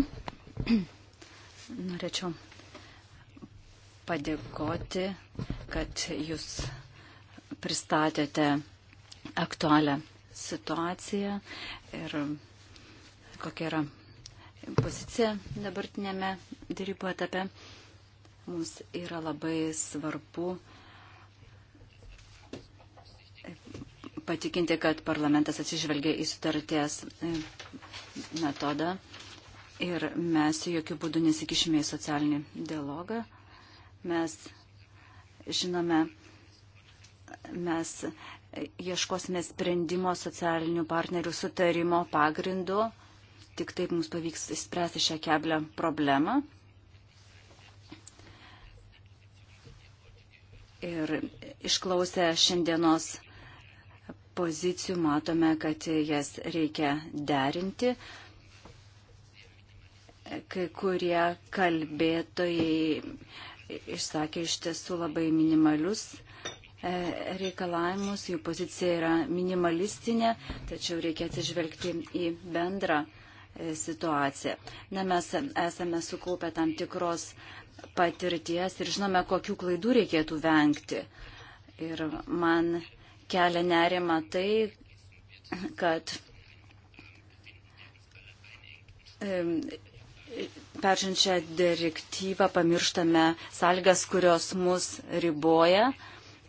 Norėčiau padėkoti, kad jūs pristatėte aktualią situaciją ir kokia yra pozicija dabartinėme dėrybų etape. Mums yra labai svarbu uh, patikinti, kad parlamentas atsižvelgia į sutarties e, metodą ir mes jokių būdų nesikišime į socialinį dialogą. Mes žinome, mes ieškosime sprendimo socialinių partnerių sutarimo pagrindu. Tik taip mums pavyks išspręsti šią keblę problemą. Ir išklausę šiandienos pozicijų, matome, kad jas reikia derinti. Kai kurie kalbėtojai išsakė iš tiesų labai minimalius e, reikalavimus, jų pozicija yra minimalistinė, tačiau reikia atsižvelgti į bendrą e, situaciją. Na, mes esame sukaupę tam tikros patirties ir žinome, kokių klaidų reikėtų vengti. Ir man kelia nerima tai, kad peržinčią direktyvą pamirštame sąlygas, kurios mus riboja,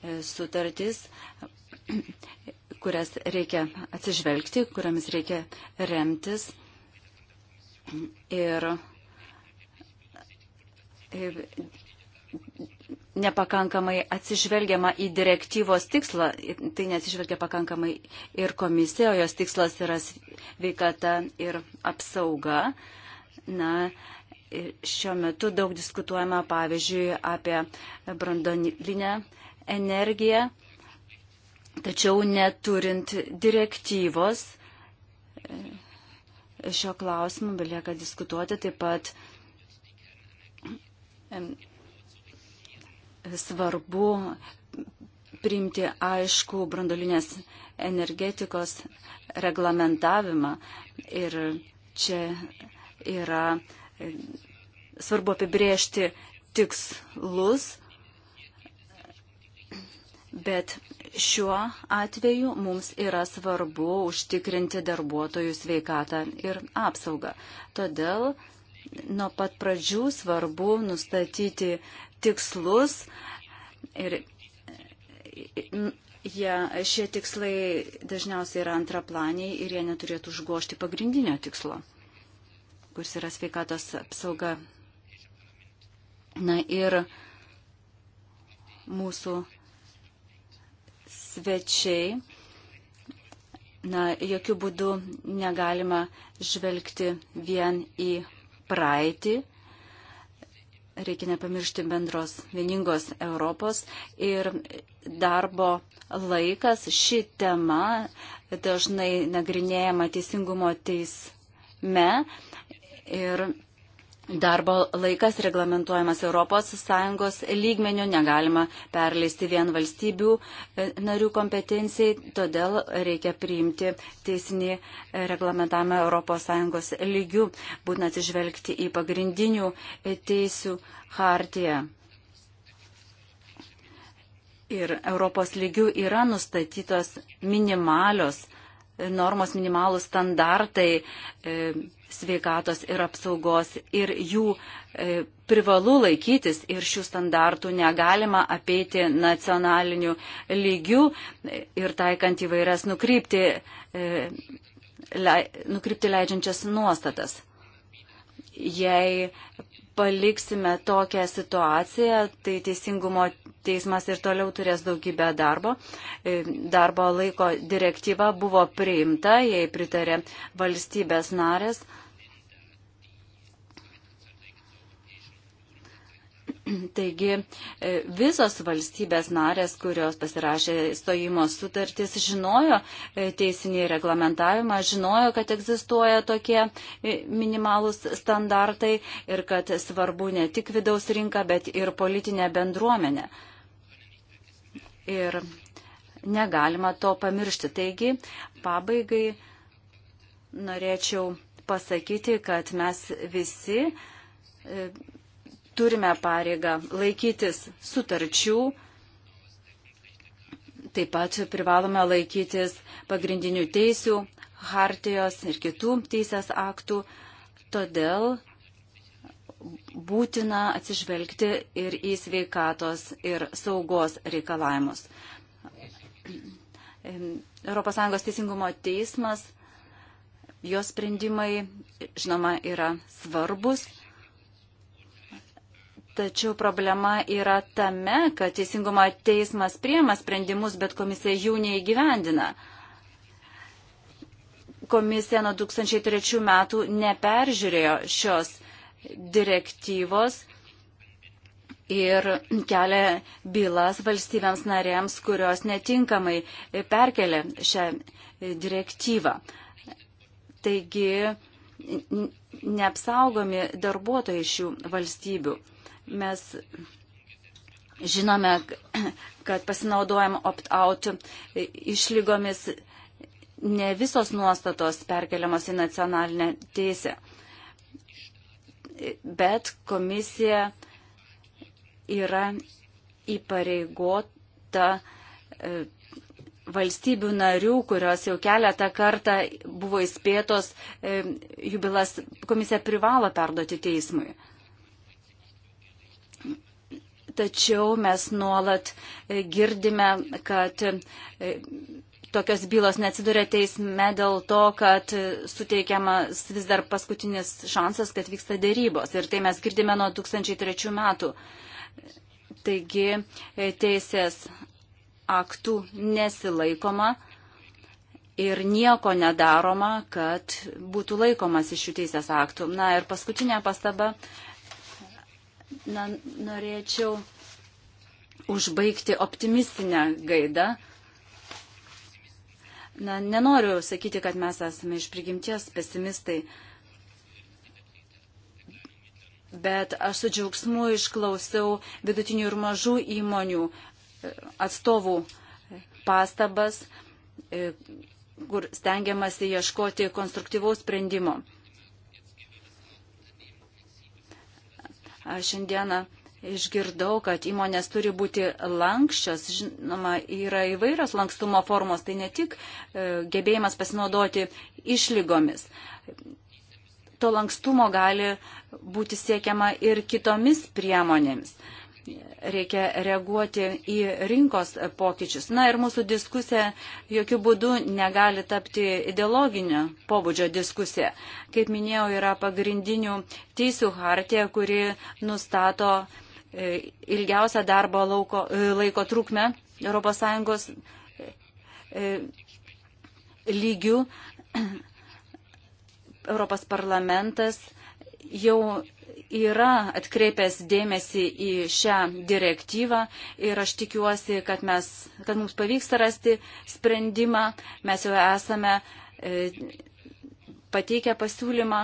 e, sutartis, kurias reikia atsižvelgti, kuriamis reikia remtis. Ir nepakankamai atsižvelgiama į direktyvos tikslą, tai neatsižvelgia pakankamai ir komisija, o jos tikslas yra veikata ir apsauga. Na, šiuo metu daug diskutuojama, pavyzdžiui, apie brandoninę energiją, tačiau neturint direktyvos e, šio klausimu belieka diskutuoti taip pat svarbu priimti aišku brandolinės energetikos reglamentavimą. Ir čia yra e, svarbu apibriežti tikslus, bet šiuo atveju mums yra svarbu užtikrinti darbuotojų sveikatą ir apsaugą. Todėl nuo pat pradžių svarbu nustatyti tikslus ir jie, šie tikslai dažniausiai yra antraplaniai ir jie neturėtų užgošti pagrindinio tikslo, kuris yra sveikatos apsauga. Na ir mūsų svečiai, na, jokių būdų negalima žvelgti vien į praeitį, reikia nepamiršti bendros vieningos Europos ir darbo laikas. Ši tema dažnai nagrinėjama teisingumo teisme ir Darbo laikas reglamentuojamas ES lygmenių, negalima perleisti vien valstybių e, narių kompetencijai, todėl reikia priimti teisinį e, reglamentavimą ES lygių, būtent atsižvelgti į pagrindinių e, teisių hartiją. Ir Europos lygių yra nustatytos minimalios normos, minimalų standartai. E, sveikatos ir apsaugos ir jų e, privalu laikytis ir šių standartų negalima apeiti nacionaliniu lygiu e, ir taikant įvairias nukrypti, e, le, nukrypti leidžiančias nuostatas. Jei paliksime tokią situaciją, tai teisingumo teismas ir toliau turės daugybę darbo. E, darbo laiko direktyva buvo priimta, jai pritarė valstybės narės. Taigi e, visos valstybės narės, kurios pasirašė stojimo sutartis, žinojo e, teisinį reglamentavimą, žinojo, kad egzistuoja tokie e, minimalūs standartai ir kad svarbu ne tik vidaus rinka, bet ir politinė bendruomenė. Ir negalima to pamiršti. Taigi, pabaigai norėčiau pasakyti, kad mes visi turime pareigą laikytis sutarčių, taip pat privalome laikytis pagrindinių teisių, hartijos ir kitų teisės aktų, todėl būtina atsižvelgti ir į sveikatos ir saugos reikalavimus. ES teisingumo teismas, jos sprendimai, žinoma, yra svarbus Tačiau problema yra tame, kad teisingumo teismas priema sprendimus, bet komisija jų neįgyvendina. Komisija nuo 2003 metų neperžiūrėjo šios direktyvos ir kelia bylas valstybėms narėms, kurios netinkamai perkelė šią direktyvą. Taigi neapsaugomi darbuotojai šių valstybių. Mes žinome, kad pasinaudojam opt-out išlygomis ne visos nuostatos perkeliamos į nacionalinę teisę, bet komisija yra įpareigota e, valstybių narių, kurios jau keletą kartą buvo įspėtos, e, jubilas komisija privalo perduoti teismui. Tačiau mes nuolat e, girdime, kad e, tokios bylos neatsiduria teisme dėl to, kad e, suteikiamas vis dar paskutinis šansas, kad vyksta dėrybos. Ir tai mes girdime nuo 2003 metų. Taigi teisės aktų nesilaikoma ir nieko nedaroma, kad būtų laikomas iš šių teisės aktų. Na ir paskutinė pastaba na, norėčiau užbaigti optimistinę gaidą. Na, nenoriu sakyti, kad mes esame iš prigimties pesimistai, bet aš su džiaugsmu išklausiau vidutinių ir mažų įmonių e, atstovų pastabas, e, kur stengiamasi ieškoti konstruktyvaus sprendimo. Šiandieną išgirdau, kad įmonės turi būti lankščios. Žinoma, yra įvairios lankstumo formos, tai ne tik e, gebėjimas pasinaudoti išlygomis. To lankstumo gali būti siekiama ir kitomis priemonėmis reikia reaguoti į rinkos pokyčius. Na ir mūsų diskusija jokių būdų negali tapti ideologinio pobūdžio diskusija. Kaip minėjau, yra pagrindinių teisų hartija, kuri nustato e, ilgiausią darbo lauko, e, laiko trukmę ES e, lygių. Europos parlamentas jau yra atkreipęs dėmesį į šią direktyvą ir aš tikiuosi, kad, mes, kad mums pavyksta rasti sprendimą. Mes jau esame e, pateikę pasiūlymą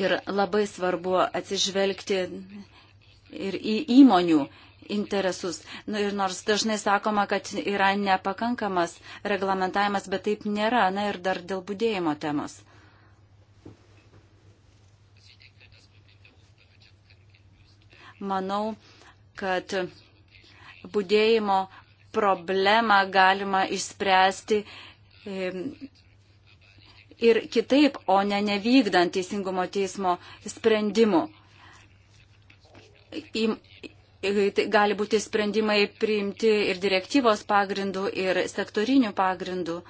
ir labai svarbu atsižvelgti ir į įmonių interesus. Nu, ir nors dažnai sakoma, kad yra nepakankamas reglamentavimas, bet taip nėra. Na ir dar dėl būdėjimo temos. manau, kad būdėjimo problemą galima išspręsti ir kitaip, o ne nevykdant teisingumo teismo sprendimų. Į, tai gali būti sprendimai priimti ir direktyvos pagrindų, ir sektorinių pagrindų.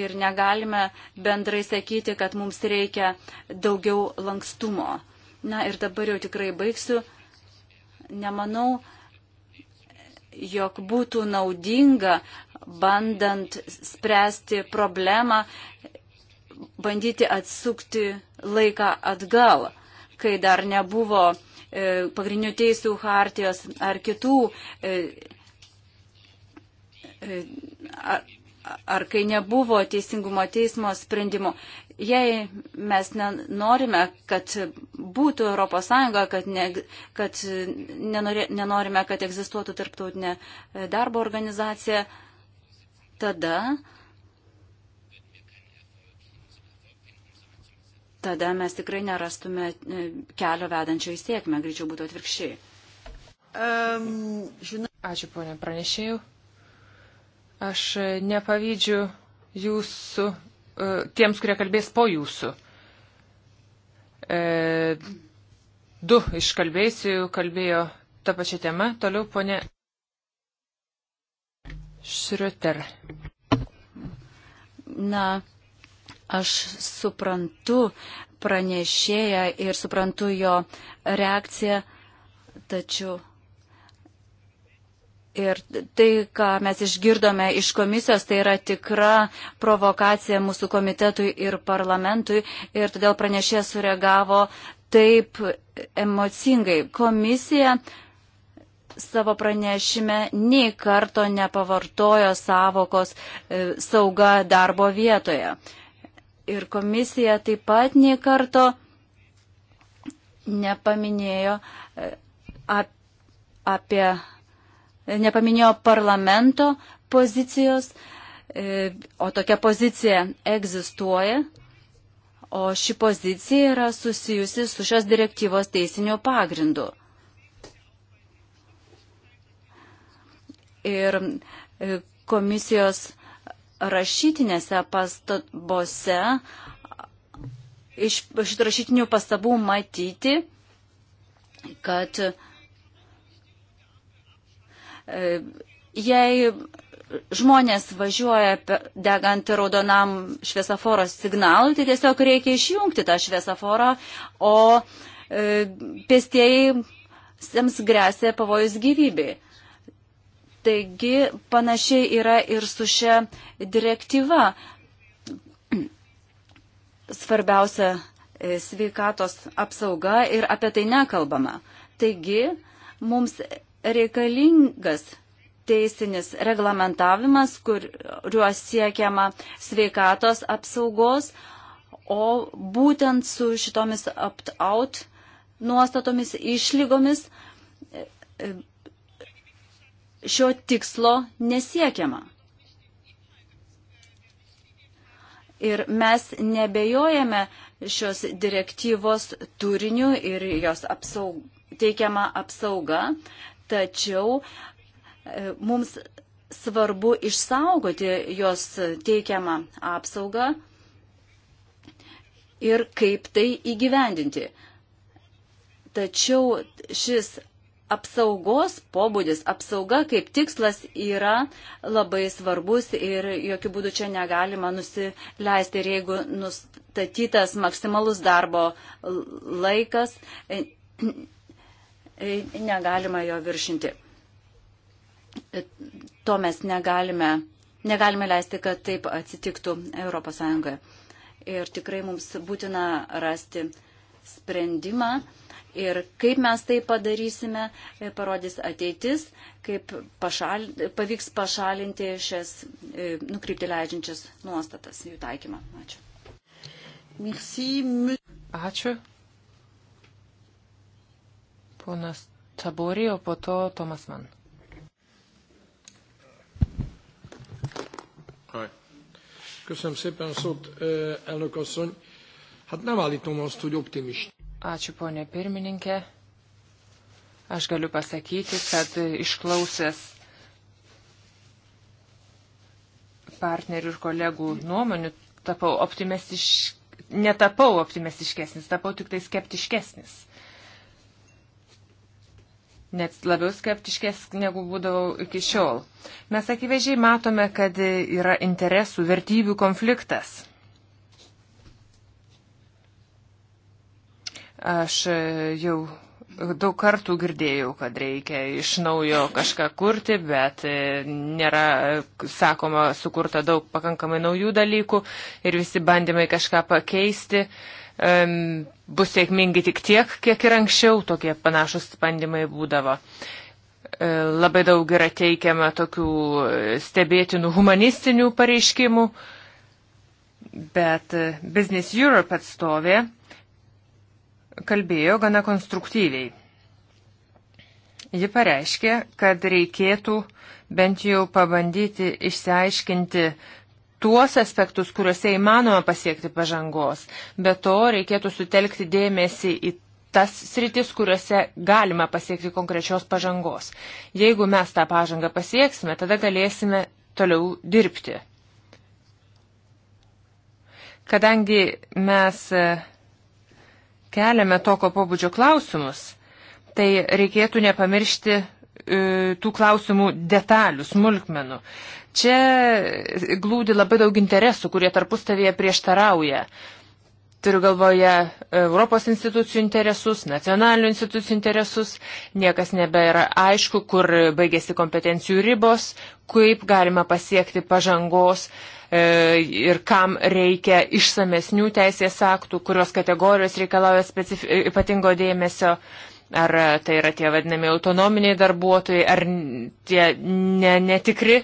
ir negalime bendrai sakyti, kad mums reikia daugiau lankstumo. Na ir dabar jau tikrai baigsiu. Nemanau, jog būtų naudinga, bandant spręsti problemą, bandyti atsukti laiką atgal, kai dar nebuvo e, pagrindinių teisų hartijos ar kitų. E, e, a, ar kai nebuvo teisingumo teismo sprendimų. Jei mes nenorime, kad būtų ES, kad, ne, kad nenori, nenorime, kad egzistuotų tarptautinė e, darbo organizacija, tada, tada mes tikrai nerastume e, kelio vedančio į sėkmę, greičiau būtų atvirkščiai. Um, žinau. Ačiū, ponė pranešėjau. Aš nepavydžiu jūsų, e, tiems, kurie kalbės po jūsų. E, du iš kalbėjusių kalbėjo tą pačią temą. Toliau ponė Šriuter. Na, aš suprantu pranešėją ir suprantu jo reakciją, tačiau Ir tai, ką mes išgirdome iš komisijos, tai yra tikra provokacija mūsų komitetui ir parlamentui. Ir todėl pranešė sureagavo taip emocingai. Komisija savo pranešime nei karto nepavartojo savokos e, sauga darbo vietoje. Ir komisija taip pat nei karto nepaminėjo e, apie nepaminėjo parlamento pozicijos, e, o tokia pozicija egzistuoja, o ši pozicija yra susijusi su šios direktyvos teisiniu pagrindu. Ir e, komisijos rašytinėse pastabose iš šitų rašytinių pastabų matyti, kad uh, E, jei žmonės važiuoja degant raudonam šviesoforo signalui, tai tiesiog reikia išjungti tą šviesoforą, o e, pėstieji jiems grėsia pavojus gyvybei. Taigi panašiai yra ir su šia direktyva. Svarbiausia e, sveikatos apsauga ir apie tai nekalbama. Taigi mums reikalingas teisinis reglamentavimas, kuriuo siekiama sveikatos apsaugos, o būtent su šitomis opt-out nuostatomis išlygomis šio tikslo nesiekiama. Ir mes nebejojame šios direktyvos turiniu ir jos apsaug, teikiama apsauga, tačiau e, mums svarbu išsaugoti jos teikiamą apsaugą ir kaip tai įgyvendinti. Tačiau šis apsaugos pobūdis, apsauga kaip tikslas yra labai svarbus ir jokių būdų čia negalima nusileisti. Ir jeigu nustatytas maksimalus darbo laikas, e, E, negalima jo viršinti. E, to mes negalime, negalime leisti, kad taip atsitiktų ES. Ir tikrai mums būtina rasti sprendimą. Ir kaip mes tai padarysime, e, parodys ateitis, kaip pašal, pavyks pašalinti šias nukrypti leidžiančias nuostatas, jų taikymą. Ačiū. Merci. Ačiū. Ponas Tabori, o po to Tomas Man. Köszönöm szépen a szót, elnök asszony. Hát nem állítom azt, hogy optimist. Ačiū, ponė pirmininkė. Aš galiu pasakyti, kad išklausęs partnerių ir kolegų nuomonių, tapau optimistiškesnis, netapau optimistiškesnis, tapau tik tai skeptiškesnis net labiau skeptiškės, negu būdavau iki šiol. Mes akivaizdžiai matome, kad yra interesų, vertybių konfliktas. Aš jau daug kartų girdėjau, kad reikia iš naujo kažką kurti, bet nėra, sakoma, sukurta daug pakankamai naujų dalykų ir visi bandymai kažką pakeisti. Uh, bus sėkmingi tik tiek, kiek ir anksčiau tokie panašus bandymai būdavo. E, labai daug yra teikiama tokių e, stebėtinų humanistinių pareiškimų, bet e, Business Europe atstovė kalbėjo gana konstruktyviai. Ji pareiškė, kad reikėtų bent jau pabandyti išsiaiškinti tuos aspektus, kuriuose įmanoma pasiekti pažangos. Be to, reikėtų sutelkti dėmesį į tas sritis, kuriuose galima pasiekti konkrečios pažangos. Jeigu mes tą pažangą pasieksime, tada galėsime toliau dirbti. Kadangi mes e, keliame tokio pobūdžio klausimus, tai reikėtų nepamiršti e, tų klausimų detalių, smulkmenų. Čia glūdi labai daug interesų, kurie tarpustavėje prieštarauja. Turiu galvoje Europos institucijų interesus, nacionalinių institucijų interesus, niekas nebėra aišku, kur baigėsi kompetencijų ribos, kaip galima pasiekti pažangos e, ir kam reikia išsamesnių teisės aktų, kurios kategorijos reikalauja ypatingo dėmesio, ar tai yra tie vadinami autonominiai darbuotojai, ar tie ne, netikri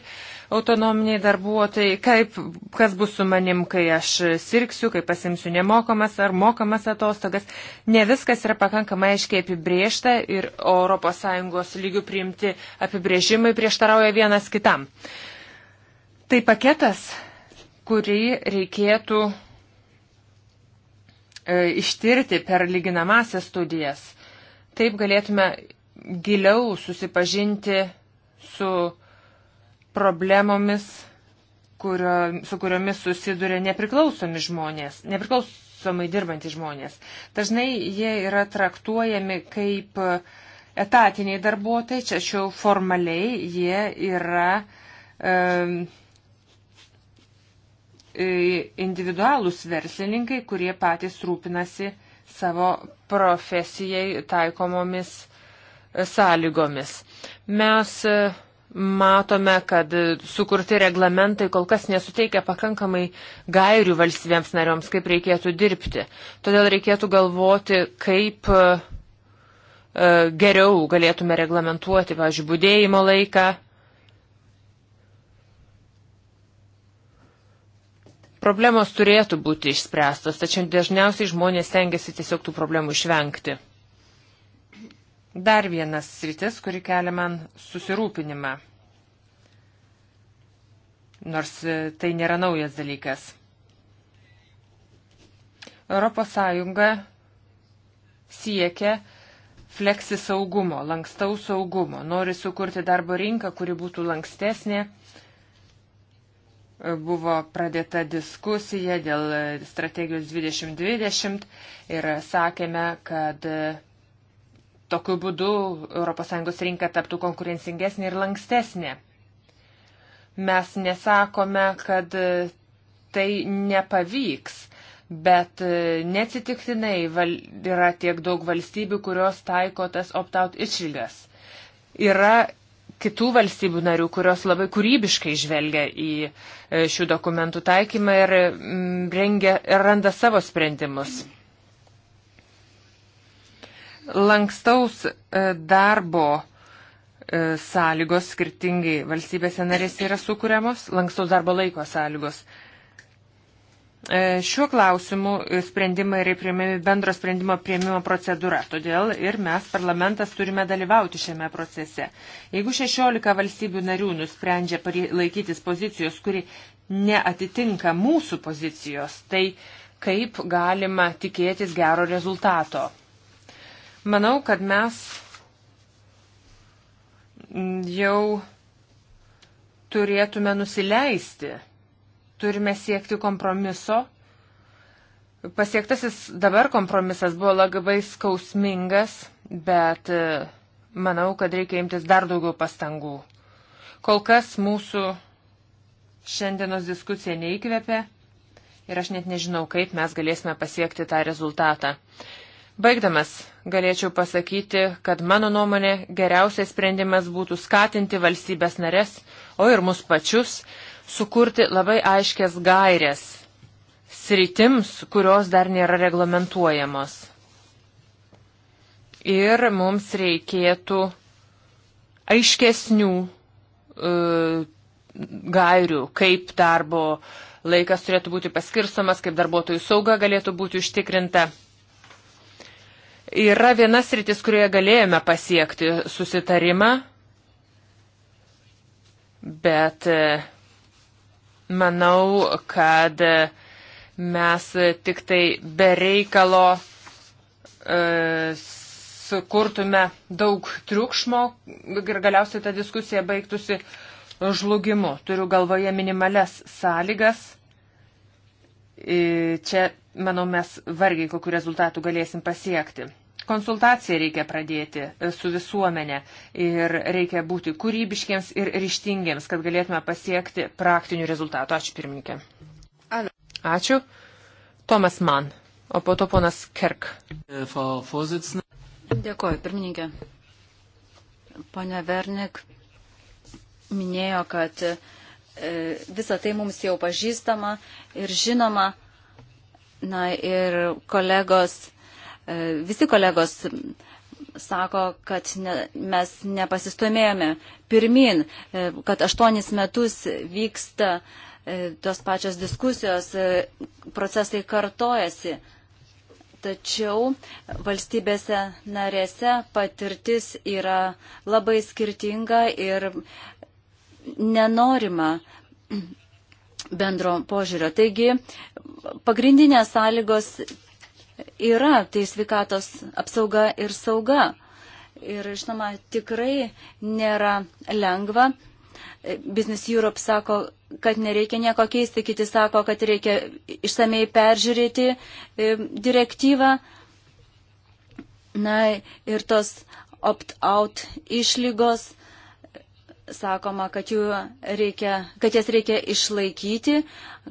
autonominiai darbuotojai, kaip, kas bus su manim, kai aš sirksiu, kai pasimsiu nemokamas ar mokamas atostogas. Ne viskas yra pakankamai aiškiai apibriešta ir ES lygių priimti apibrėžimai prieštarauja vienas kitam. Tai paketas, kurį reikėtų e, ištirti per lyginamąsias studijas. Taip galėtume giliau susipažinti su problemomis, kurio, su kuriomis susiduria nepriklausomi žmonės, nepriklausomai dirbantys žmonės. Dažnai jie yra traktuojami kaip etatiniai darbuotojai, tačiau formaliai jie yra um, individualūs verslininkai, kurie patys rūpinasi savo profesijai taikomomis e, sąlygomis. Mes uh, matome, kad sukurti reglamentai kol kas nesuteikia pakankamai gairių valstybėms narioms, kaip reikėtų dirbti. Todėl reikėtų galvoti, kaip e, e, geriau galėtume reglamentuoti, pavyzdžiui, būdėjimo laiką. Problemos turėtų būti išspręstos, tačiau dažniausiai žmonės tengiasi tiesiog tų problemų išvengti. Dar vienas sritis, kuri kelia man susirūpinimą nors e, tai nėra naujas dalykas. Europos Sąjunga siekia fleksi saugumo, lankstaus saugumo, nori sukurti darbo rinką, kuri būtų lankstesnė. E, buvo pradėta diskusija dėl e, strategijos 2020 ir sakėme, kad tokiu būdu ES rinka taptų konkurencingesnė ir lankstesnė. Mes nesakome, kad e, tai nepavyks, bet e, neatsitiktinai yra tiek daug valstybių, kurios taiko tas opt-out išlygas. Yra kitų valstybių narių, kurios labai kūrybiškai žvelgia į e, šių dokumentų taikymą ir, mm, rengia, ir randa savo sprendimus. Lankstaus darbo E, sąlygos skirtingai valstybėse narėse yra sukūriamos, lankstaus darbo laiko sąlygos. E, šiuo klausimu sprendimai yra priėmėmi bendro sprendimo prieimimo procedūra, todėl ir mes, parlamentas, turime dalyvauti šiame procese. Jeigu 16 valstybių narių nusprendžia laikytis pozicijos, kuri neatitinka mūsų pozicijos, tai kaip galima tikėtis gero rezultato? Manau, kad mes jau turėtume nusileisti. Turime siekti kompromiso. Pasiektasis dabar kompromisas buvo labai skausmingas, bet e, manau, kad reikia imtis dar daugiau pastangų. Kol kas mūsų šiandienos diskusija neįkvėpė ir aš net nežinau, kaip mes galėsime pasiekti tą rezultatą. Baigdamas, galėčiau pasakyti, kad mano nuomonė geriausias sprendimas būtų skatinti valstybės narės, o ir mus pačius, sukurti labai aiškias gairias sritims, kurios dar nėra reglamentuojamos. Ir mums reikėtų aiškesnių e, gairių, kaip darbo laikas turėtų būti paskirstomas, kaip darbuotojų sauga galėtų būti užtikrinta. Yra vienas rytis, kurioje galėjome pasiekti susitarimą, bet e, manau, kad e, mes tik tai bereikalo e, sukurtume daug triukšmo ir galiausiai ta diskusija baigtųsi žlugimu. Turiu galvoje minimales sąlygas. Čia manau, mes vargiai kokiu rezultatu galėsim pasiekti. Konsultaciją reikia pradėti e, su visuomenė ir reikia būti kūrybiškiams ir ryštingiems, kad galėtume pasiekti praktinių rezultatų. Ačiū pirmininkė. Ačiū. Tomas Mann, o po to ponas Kerk. E, Dėkuoju, pirmininkė. Pone Vernik minėjo, kad e, visa tai mums jau pažįstama ir žinoma, Na ir kolegos, e, visi kolegos sako, kad ne, mes nepasistumėjome pirmin, e, kad aštuonis metus vyksta e, tos pačios diskusijos, procesai kartojasi. Tačiau valstybėse narėse patirtis yra labai skirtinga ir nenorima bendro požiūrio. Taigi pagrindinės sąlygos yra, tai sveikatos apsauga ir sauga. Ir, žinoma, tikrai nėra lengva. Business Europe sako, kad nereikia nieko keisti, kiti sako, kad reikia išsamei peržiūrėti e, direktyvą. Na ir tos opt-out išlygos sakoma, kad, reikia, kad jas reikia išlaikyti,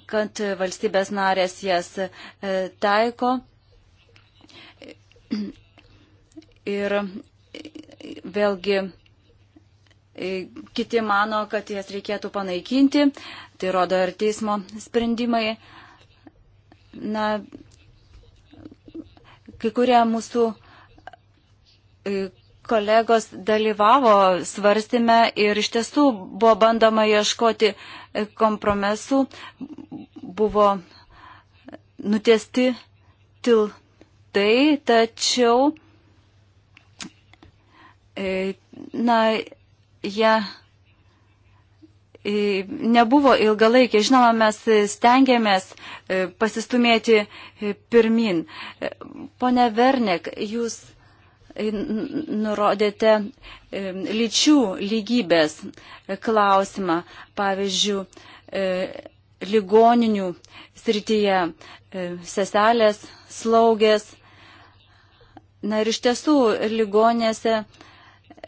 kad valstybės narės jas e, taiko. Ir vėlgi e, kiti mano, kad jas reikėtų panaikinti, tai rodo ir teismo sprendimai. Na, kai kurie mūsų e, kolegos dalyvavo svarstymę ir iš tiesų buvo bandoma ieškoti e, kompromisų, buvo nutiesti tiltai, tačiau, e, na, jie e, nebuvo ilgalaikiai. Žinoma, mes stengiamės pasistumėti pirmin. Pone Vernek, jūs E, nurodėte e, lyčių lygybės klausimą, pavyzdžiui, e, ligoninių srityje seselės, slaugės. Na ir iš tiesų, ligonėse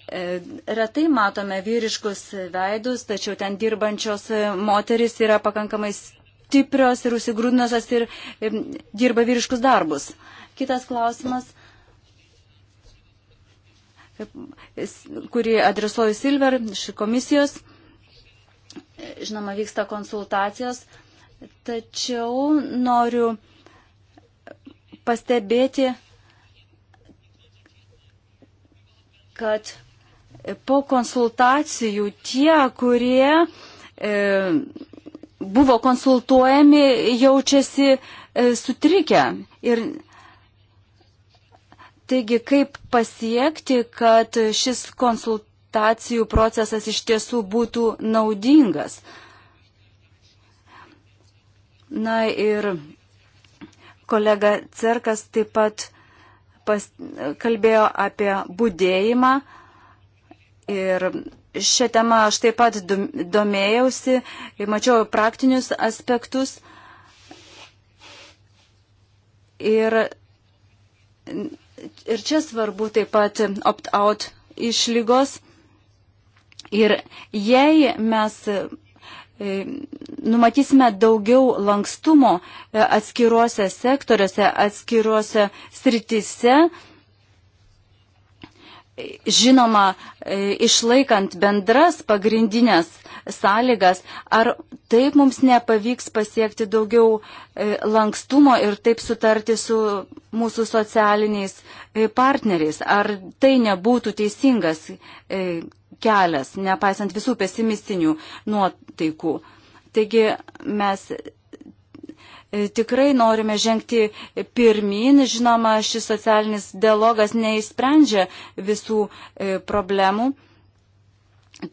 retai matome vyriškus veidus, tačiau ten dirbančios moteris yra pakankamai stiprios ir užsigrūdinusios ir dirba vyriškus darbus. Kitas klausimas kurį adresuoju Silver iš komisijos. Žinoma, vyksta konsultacijos, tačiau noriu pastebėti, kad po konsultacijų tie, kurie e, buvo konsultuojami, jaučiasi e, sutrikę ir Taigi, kaip pasiekti, kad šis konsultacijų procesas iš tiesų būtų naudingas? Na ir kolega Cerkas taip pat pas, kalbėjo apie būdėjimą ir šią temą aš taip pat domėjausi ir mačiau praktinius aspektus. Ir Ir čia svarbu taip pat opt-out išlygos. Ir jei mes e, numatysime daugiau lankstumo e, atskiruose sektoriuose, atskiruose sritise, žinoma, e, išlaikant bendras pagrindinės sąlygas, ar taip mums nepavyks pasiekti daugiau e, lankstumo ir taip sutarti su mūsų socialiniais e, partneriais, ar tai nebūtų teisingas kelias, nepaisant visų pesimistinių nuotaikų. Taigi mes E, tikrai norime žengti pirmin. Žinoma, šis socialinis dialogas neįsprendžia visų e, problemų,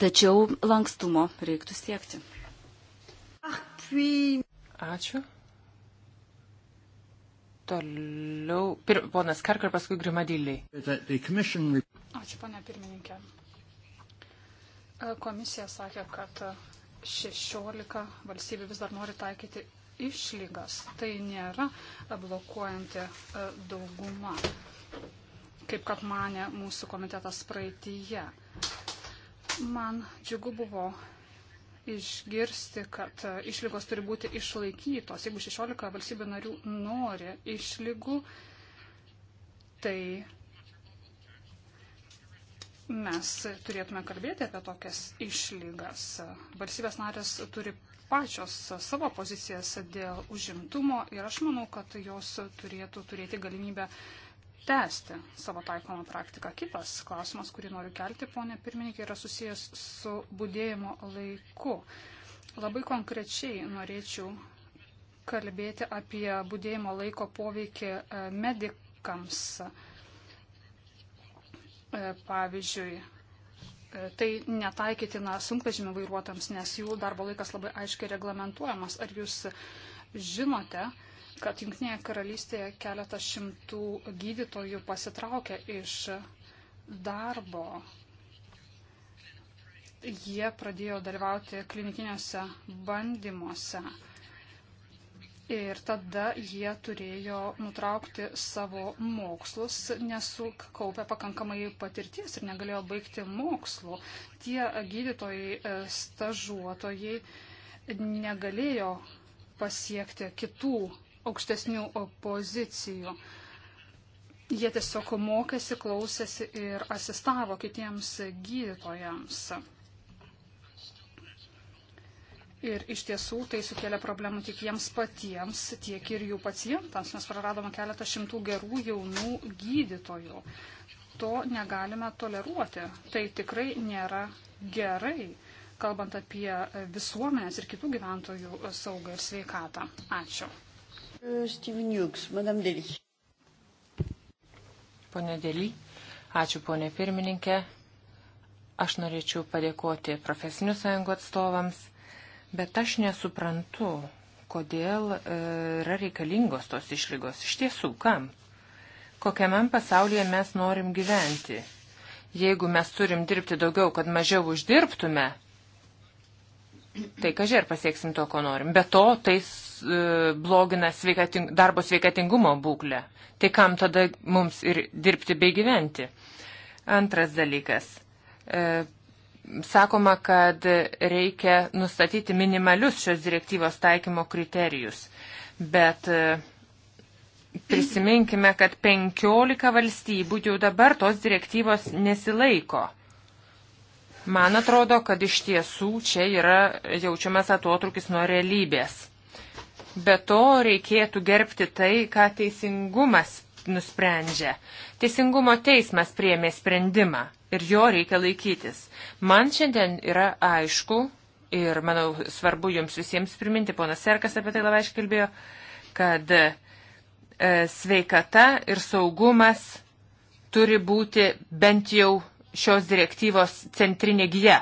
tačiau lankstumo reiktų siekti. Ačiū. Toliau, pir, ponas Karkar, paskui Grimadiliai. Ačiū, ponė pirmininkė. Komisija sakė, kad 16 valstybių vis dar nori taikyti išlygas. Tai nėra blokuojanti e, dauguma, kaip kad mane mūsų komitetas praeitįje. Man džiugu buvo išgirsti, kad e, išlygos turi būti išlaikytos. Jeigu 16 valstybių narių nori išlygų, tai mes turėtume kalbėti apie tokias išlygas. Valstybės narės turi pačios savo pozicijas dėl užimtumo ir aš manau, kad jos turėtų turėti galimybę tęsti savo taikomą praktiką. Kitas klausimas, kurį noriu kelti, ponė pirmininkė, yra susijęs su būdėjimo laiku. Labai konkrečiai norėčiau kalbėti apie būdėjimo laiko poveikį e, medikams. E, pavyzdžiui, tai netaikytina sunkvežimių vairuotams, nes jų darbo laikas labai aiškiai reglamentuojamas. Ar jūs žinote, kad Junktinėje karalystėje keletas šimtų gydytojų pasitraukia iš darbo. Jie pradėjo dalyvauti klinikiniuose bandymuose. Ir tada jie turėjo nutraukti savo mokslus, nesukaupę pakankamai patirties ir negalėjo baigti mokslų. Tie gydytojai, e, stažuotojai negalėjo pasiekti kitų aukštesnių pozicijų. Jie tiesiog mokėsi, klausėsi ir asistavo kitiems gydytojams. Ir iš tiesų tai sukelia problemų tiek jiems patiems, tiek ir jų pacientams. Mes praradome keletą šimtų gerų jaunų gydytojų. To negalime toleruoti. Tai tikrai nėra gerai, kalbant apie visuomenės ir kitų gyventojų saugą ir sveikatą. Ačiū. Steven Hughes, Madame Dely. Pone Dely, ačiū ponė pirmininkė. Aš norėčiau padėkoti profesinių sąjungų atstovams Bet aš nesuprantu, kodėl e, yra reikalingos tos išlygos. Iš tiesų, kam? Kokiame pasaulyje mes norim gyventi? Jeigu mes turim dirbti daugiau, kad mažiau uždirbtume, tai kažkai ir pasieksim to, ko norim. Be to, tai e, blogina sveikating, darbo sveikatingumo būklę. Tai kam tada mums ir dirbti bei gyventi? Antras dalykas. E, sakoma, kad reikia nustatyti minimalius šios direktyvos taikymo kriterijus. Bet e, prisiminkime, kad 15 valstybių jau dabar tos direktyvos nesilaiko. Man atrodo, kad iš tiesų čia yra jaučiamas atotrukis nuo realybės. Be to reikėtų gerbti tai, ką teisingumas nusprendžia. Teisingumo teismas priemė sprendimą ir jo reikia laikytis. Man šiandien yra aišku, ir manau svarbu jums visiems priminti, ponas Serkas apie tai labai aiškiai kalbėjo, kad e, sveikata ir saugumas turi būti bent jau šios direktyvos centrinė gyja.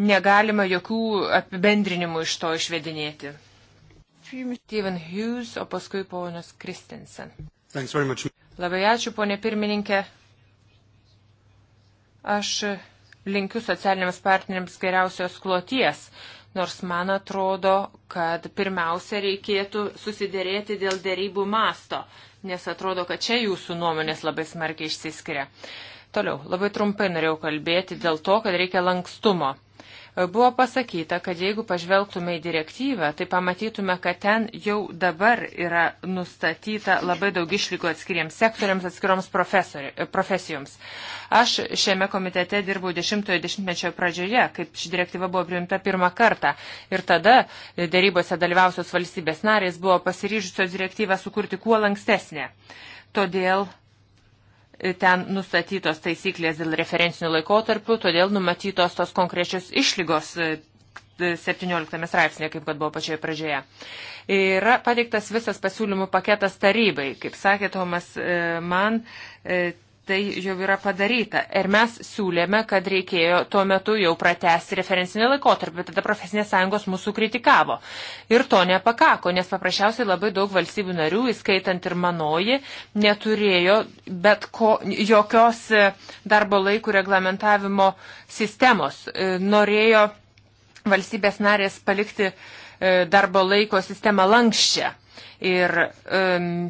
Negalima jokių apibendrinimų iš to išvedinėti. Steven Hughes, o paskui ponas Kristinsen. Labai ačiū, ponė pirmininkė. Aš linkiu socialiniams partneriams geriausios kloties, nors man atrodo, kad pirmiausia reikėtų susidėrėti dėl dėrybų masto, nes atrodo, kad čia jūsų nuomonės labai smarkiai išsiskiria. Toliau, labai trumpai norėjau kalbėti dėl to, kad reikia lankstumo. Buvo pasakyta, kad jeigu pažvelgtume į direktyvą, tai pamatytume, kad ten jau dabar yra nustatyta labai daug išlygų atskiriems sektoriams, atskiroms profesijoms. Aš šiame komitete dirbau 10-mečio pradžioje, kaip ši direktyva buvo priimta pirmą kartą. Ir tada dėrybose dalyvausios valstybės narės buvo pasiryžusios direktyvą sukurti kuo lankstesnė. Todėl ten nustatytos taisyklės dėl referencinių laikotarpių, todėl numatytos tos konkrečios išlygos 17 e, straipsnėje, kaip kad buvo pačioje pradžioje. Yra pateiktas visas pasiūlymų paketas tarybai. Kaip sakė Tomas e, man, e, tai jau yra padaryta. Ir mes siūlėme, kad reikėjo tuo metu jau pratesti referencinį laikotarpį, tada profesinės sąjungos mūsų kritikavo. Ir to nepakako, nes paprasčiausiai labai daug valstybių narių, įskaitant ir manoji, neturėjo bet ko, jokios e, darbo laikų reglamentavimo sistemos. E, norėjo valstybės narės palikti e, darbo laiko sistemą lankščią. Ir um,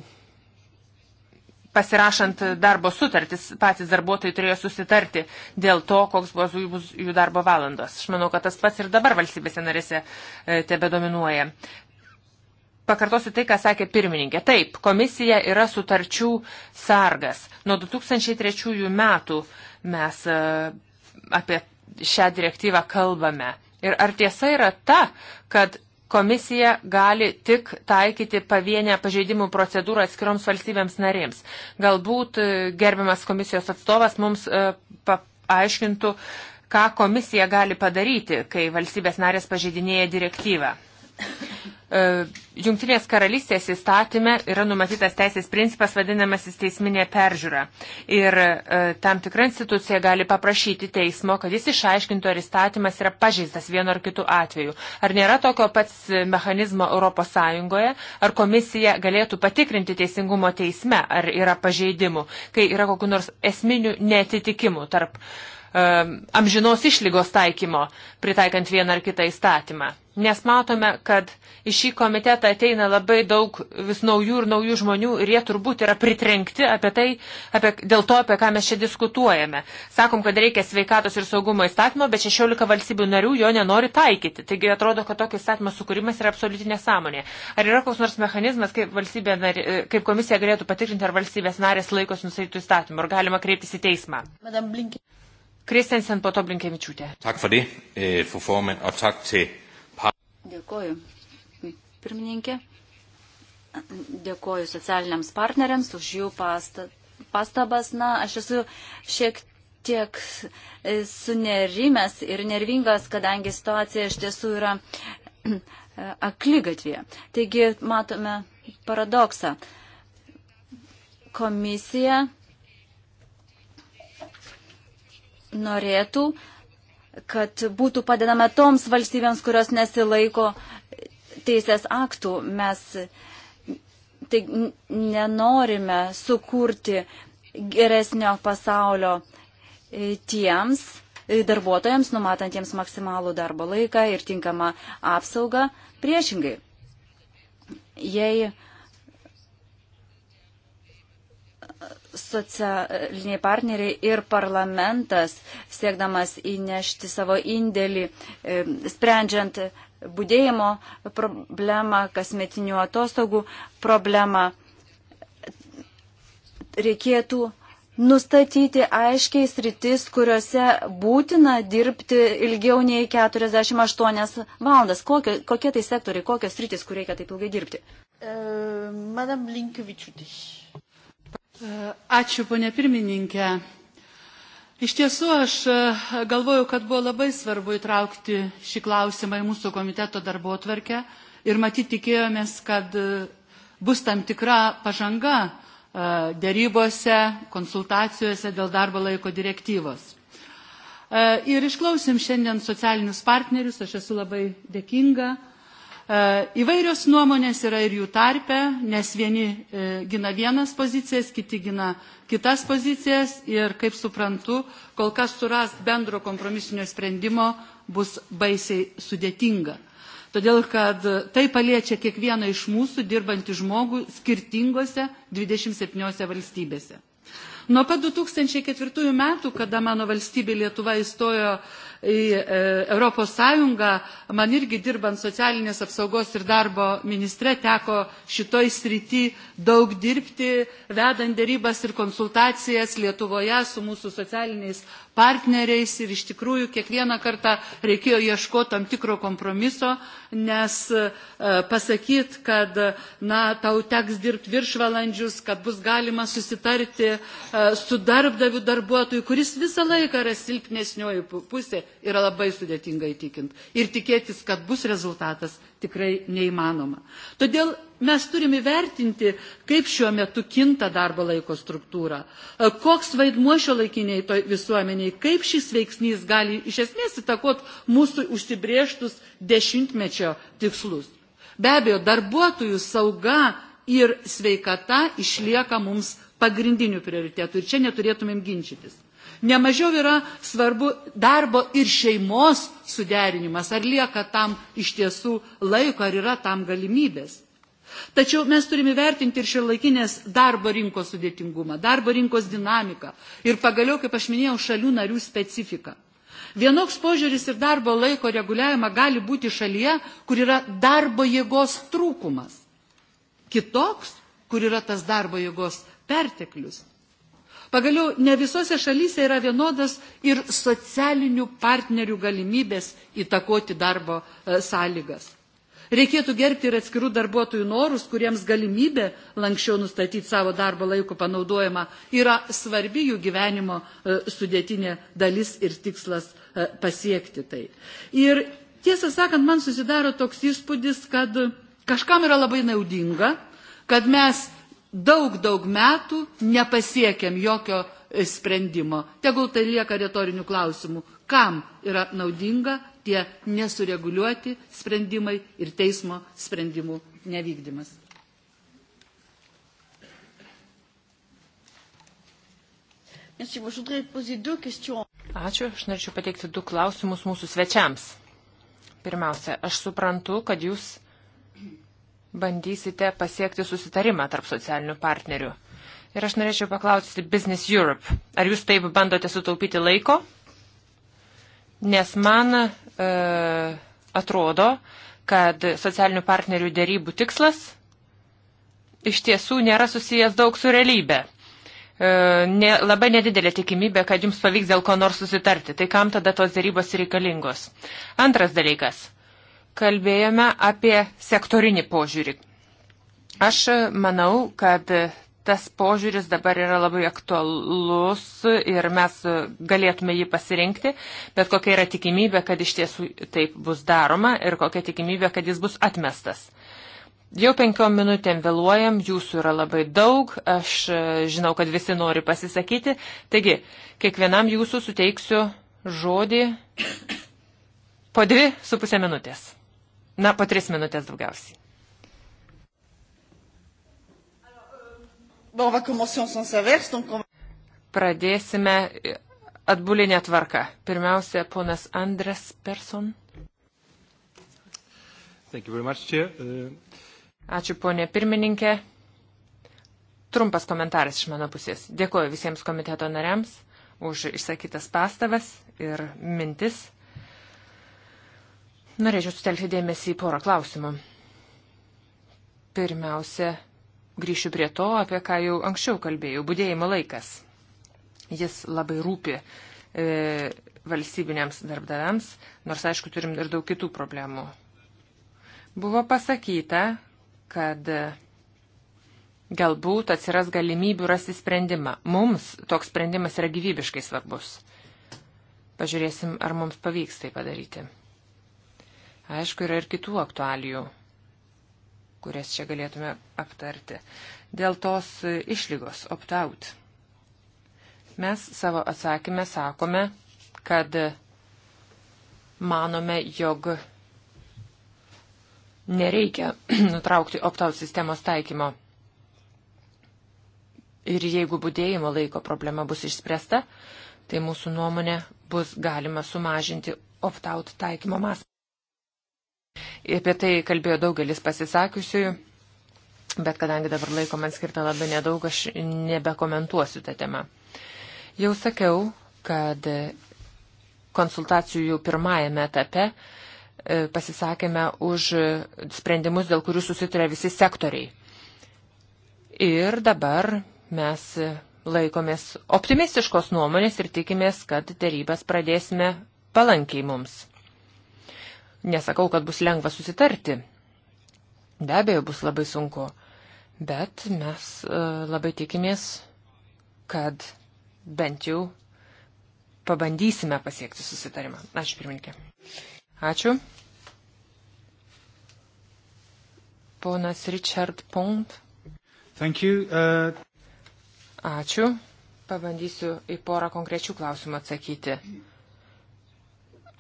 pasirašant darbo sutartis, patys darbuotojai turėjo susitarti dėl to, koks buvo jų, jų darbo valandos. Aš manau, kad tas pats ir dabar valstybėse narėse e, tebe dominuoja. Pakartosiu tai, ką sakė pirmininkė. Taip, komisija yra sutarčių sargas. Nuo 2003 metų mes e, apie šią direktyvą kalbame. Ir ar tiesa yra ta, kad komisija gali tik taikyti pavienę pažeidimų procedūrą atskiroms valstybėms narėms. Galbūt e, gerbiamas komisijos atstovas mums e, paaiškintų, ką komisija gali padaryti, kai valstybės narės pažeidinėja direktyvą. E, Junktinės karalystės įstatymė yra numatytas teisės principas vadinamasis teisminė peržiūra. Ir e, tam tikra institucija gali paprašyti teismo, kad jis išaiškintų, ar įstatymas yra pažeistas vienu ar kitu atveju. Ar nėra tokio pats mechanizmo ES, ar komisija galėtų patikrinti teisingumo teisme, ar yra pažeidimų, kai yra kokiu nors esminiu netitikimu tarp uh, Um, amžinos išlygos taikymo, pritaikant vieną ar kitą įstatymą. Nes matome, kad į šį komitetą ateina labai daug vis naujų ir naujų žmonių ir jie turbūt yra pritrenkti apie tai, apie, dėl to, apie ką mes čia diskutuojame. Sakom, kad reikia sveikatos ir saugumo įstatymo, bet 16 valstybių narių jo nenori taikyti. Taigi atrodo, kad tokio įstatymo sukūrimas yra absoliuti nesąmonė. Ar yra koks nors mechanizmas, kaip, nari, kaip komisija galėtų patikrinti, ar valstybės narės laikosi nusaitų įstatymų, ar galima kreiptis į teismą? Madame Blinkin. Kristensen, po to Blinkevičiūtė. Tak for det, øh, fru formand, og tak til par. Dėkoju, pirmininkė. Dėkoju socialiniams partneriams už jų pastabas. Na, aš esu šiek tiek e, sunerimęs ir nervingas, kadangi situacija iš tiesų yra e, aklygatvėje. Taigi matome paradoksą. Komisija norėtų, kad būtų padedama toms valstybėms, kurios nesilaiko teisės aktų. Mes tai nenorime sukurti geresnio pasaulio e, tiems e, darbuotojams, numatantiems maksimalų darbo laiką ir tinkamą apsaugą priešingai. Jei socialiniai partneriai ir parlamentas, siekdamas įnešti savo indėlį, e, sprendžiant būdėjimo problemą, kasmetinių atostogų problemą, reikėtų nustatyti aiškiai sritis, kuriuose būtina dirbti ilgiau nei 48 valandas. Kokio, kokie tai sektoriai, kokios sritis, kur reikia taip ilgai dirbti? Uh, Madame Linkevičiūtė. Ačiū, ponė pirmininkė. Iš tiesų, aš e, galvoju, kad buvo labai svarbu įtraukti šį klausimą į mūsų komiteto darbo atvarkę ir matyti tikėjomės, kad e, bus tam tikra pažanga e, dėrybose, konsultacijose dėl darbo laiko direktyvos. Ir išklausim šiandien socialinius partnerius, aš esu labai dėkinga E, įvairios nuomonės yra ir jų tarpe, nes vieni e, gina vienas pozicijas, kiti gina kitas pozicijas ir, kaip suprantu, kol kas surast bendro kompromisinio sprendimo bus baisiai sudėtinga. Todėl, kad tai paliečia kiekvieną iš mūsų dirbantį žmogų skirtingose 27 valstybėse. Nuo pat 2004 metų, kada mano valstybė Lietuva įstojo į e, Europos Sąjungą, man irgi dirbant socialinės apsaugos ir darbo ministre teko šitoj srity daug dirbti, vedant dėrybas ir konsultacijas Lietuvoje su mūsų socialiniais partneriais ir iš tikrųjų kiekvieną kartą reikėjo ieškoti tam tikro kompromiso, nes e, pasakyt, kad na, tau teks dirbti viršvalandžius, kad bus galima susitarti e, su darbdaviu darbuotoju, kuris visą laiką yra silpnesnioji pusė, yra labai sudėtinga įtikinti. Ir tikėtis, kad bus rezultatas tikrai neįmanoma. Todėl Mes turime vertinti, kaip šiuo metu kinta darbo laiko struktūra, e, koks vaidmuo šio laikiniai visuomeniai, kaip šis veiksnys gali iš esmės įtakot mūsų užsibrieštus dešimtmečio tikslus. Be abejo, darbuotojų sauga ir sveikata išlieka mums pagrindinių prioritetų ir čia neturėtumėm ginčytis. Nemažiau yra svarbu darbo ir šeimos suderinimas, ar lieka tam iš tiesų laiko, ar yra tam galimybės. Tačiau mes turime vertinti ir šiolaikinės darbo rinkos sudėtingumą, darbo rinkos dinamiką ir pagaliau, kaip aš minėjau, šalių narių specifiką. Vienoks požiūris ir darbo laiko reguliavimą gali būti šalyje, kur yra darbo jėgos trūkumas. Kitoks, kur yra tas darbo jėgos perteklius. Pagaliau, ne visose šalyse yra vienodas ir socialinių partnerių galimybės įtakoti darbo e, sąlygas. Reikėtų gerbti ir atskirų darbuotojų norus, kuriems galimybė lankščiau nustatyti savo darbo laiko panaudojimą yra svarbi jų gyvenimo e, sudėtinė dalis ir tikslas e, pasiekti tai. Ir tiesą sakant, man susidaro toks įspūdis, kad kažkam yra labai naudinga, kad mes daug, daug metų nepasiekėm jokio e, sprendimo. Tegul tai lieka retorinių klausimų, kam yra naudinga tie nesureguliuoti sprendimai ir teismo sprendimų nevykdymas. Ačiū, aš norėčiau pateikti du klausimus mūsų svečiams. Pirmiausia, aš suprantu, kad jūs bandysite pasiekti susitarimą tarp socialinių partnerių. Ir aš norėčiau paklausyti Business Europe, ar jūs taip bandote sutaupyti laiko Nes man e, atrodo, kad socialinių partnerių dėrybų tikslas iš tiesų nėra susijęs daug su realybė. E, ne, labai nedidelė tikimybė, kad jums pavyks dėl ko nors susitarti. Tai kam tada tos dėrybos reikalingos? Antras dalykas. Kalbėjome apie sektorinį požiūrį. Aš manau, kad tas požiūris dabar yra labai aktualus ir mes galėtume jį pasirinkti, bet kokia yra tikimybė, kad iš tiesų taip bus daroma ir kokia tikimybė, kad jis bus atmestas. Jau penkiom minutėm vėluojam, jūsų yra labai daug, aš žinau, kad visi nori pasisakyti, taigi kiekvienam jūsų suteiksiu žodį po dvi su pusę minutės. Na, po tris minutės daugiausiai. Pradėsime atbulinę tvarką. Pirmiausia, ponas Andres Person. Much, uh, Ačiū, ponė pirmininkė. Trumpas komentaras iš mano pusės. Dėkuoju visiems komiteto nariams už išsakytas pastavas ir mintis. Norėčiau sutelkti dėmesį į porą klausimų. Pirmiausia, grįšiu prie to, apie ką jau anksčiau kalbėjau, būdėjimo laikas. Jis labai rūpi e, valstybiniams darbdaviams, nors aišku turim ir daug kitų problemų. Buvo pasakyta, kad galbūt atsiras galimybių rasti sprendimą. Mums toks sprendimas yra gyvybiškai svarbus. Pažiūrėsim, ar mums pavyks tai padaryti. Aišku, yra ir kitų aktualijų kurias čia galėtume aptarti. Dėl tos išlygos opt-out. Mes savo atsakymę sakome, kad manome, jog nereikia nutraukti opt-out sistemos taikymo. Ir jeigu būdėjimo laiko problema bus išspręsta, tai mūsų nuomonė bus galima sumažinti opt-out taikymo mastą. Apie tai kalbėjo daugelis pasisakiusiųjų, bet kadangi dabar laiko man skirta labai nedaug, aš nebekomentuosiu tą temą. Jau sakiau, kad konsultacijų pirmajame etape e, pasisakėme už sprendimus, dėl kurių susitarė visi sektoriai. Ir dabar mes laikomės optimistiškos nuomonės ir tikimės, kad dėrybas pradėsime palankiai mums. Nesakau, kad bus lengva susitarti. Be abejo, bus labai sunku. Bet mes e, labai tikimės, kad bent jau pabandysime pasiekti susitarimą. Ačiū, pirmininkė. Ačiū. Ponas Richard Pond. Thank you. Uh... Ačiū. Pabandysiu į porą konkrečių klausimų atsakyti.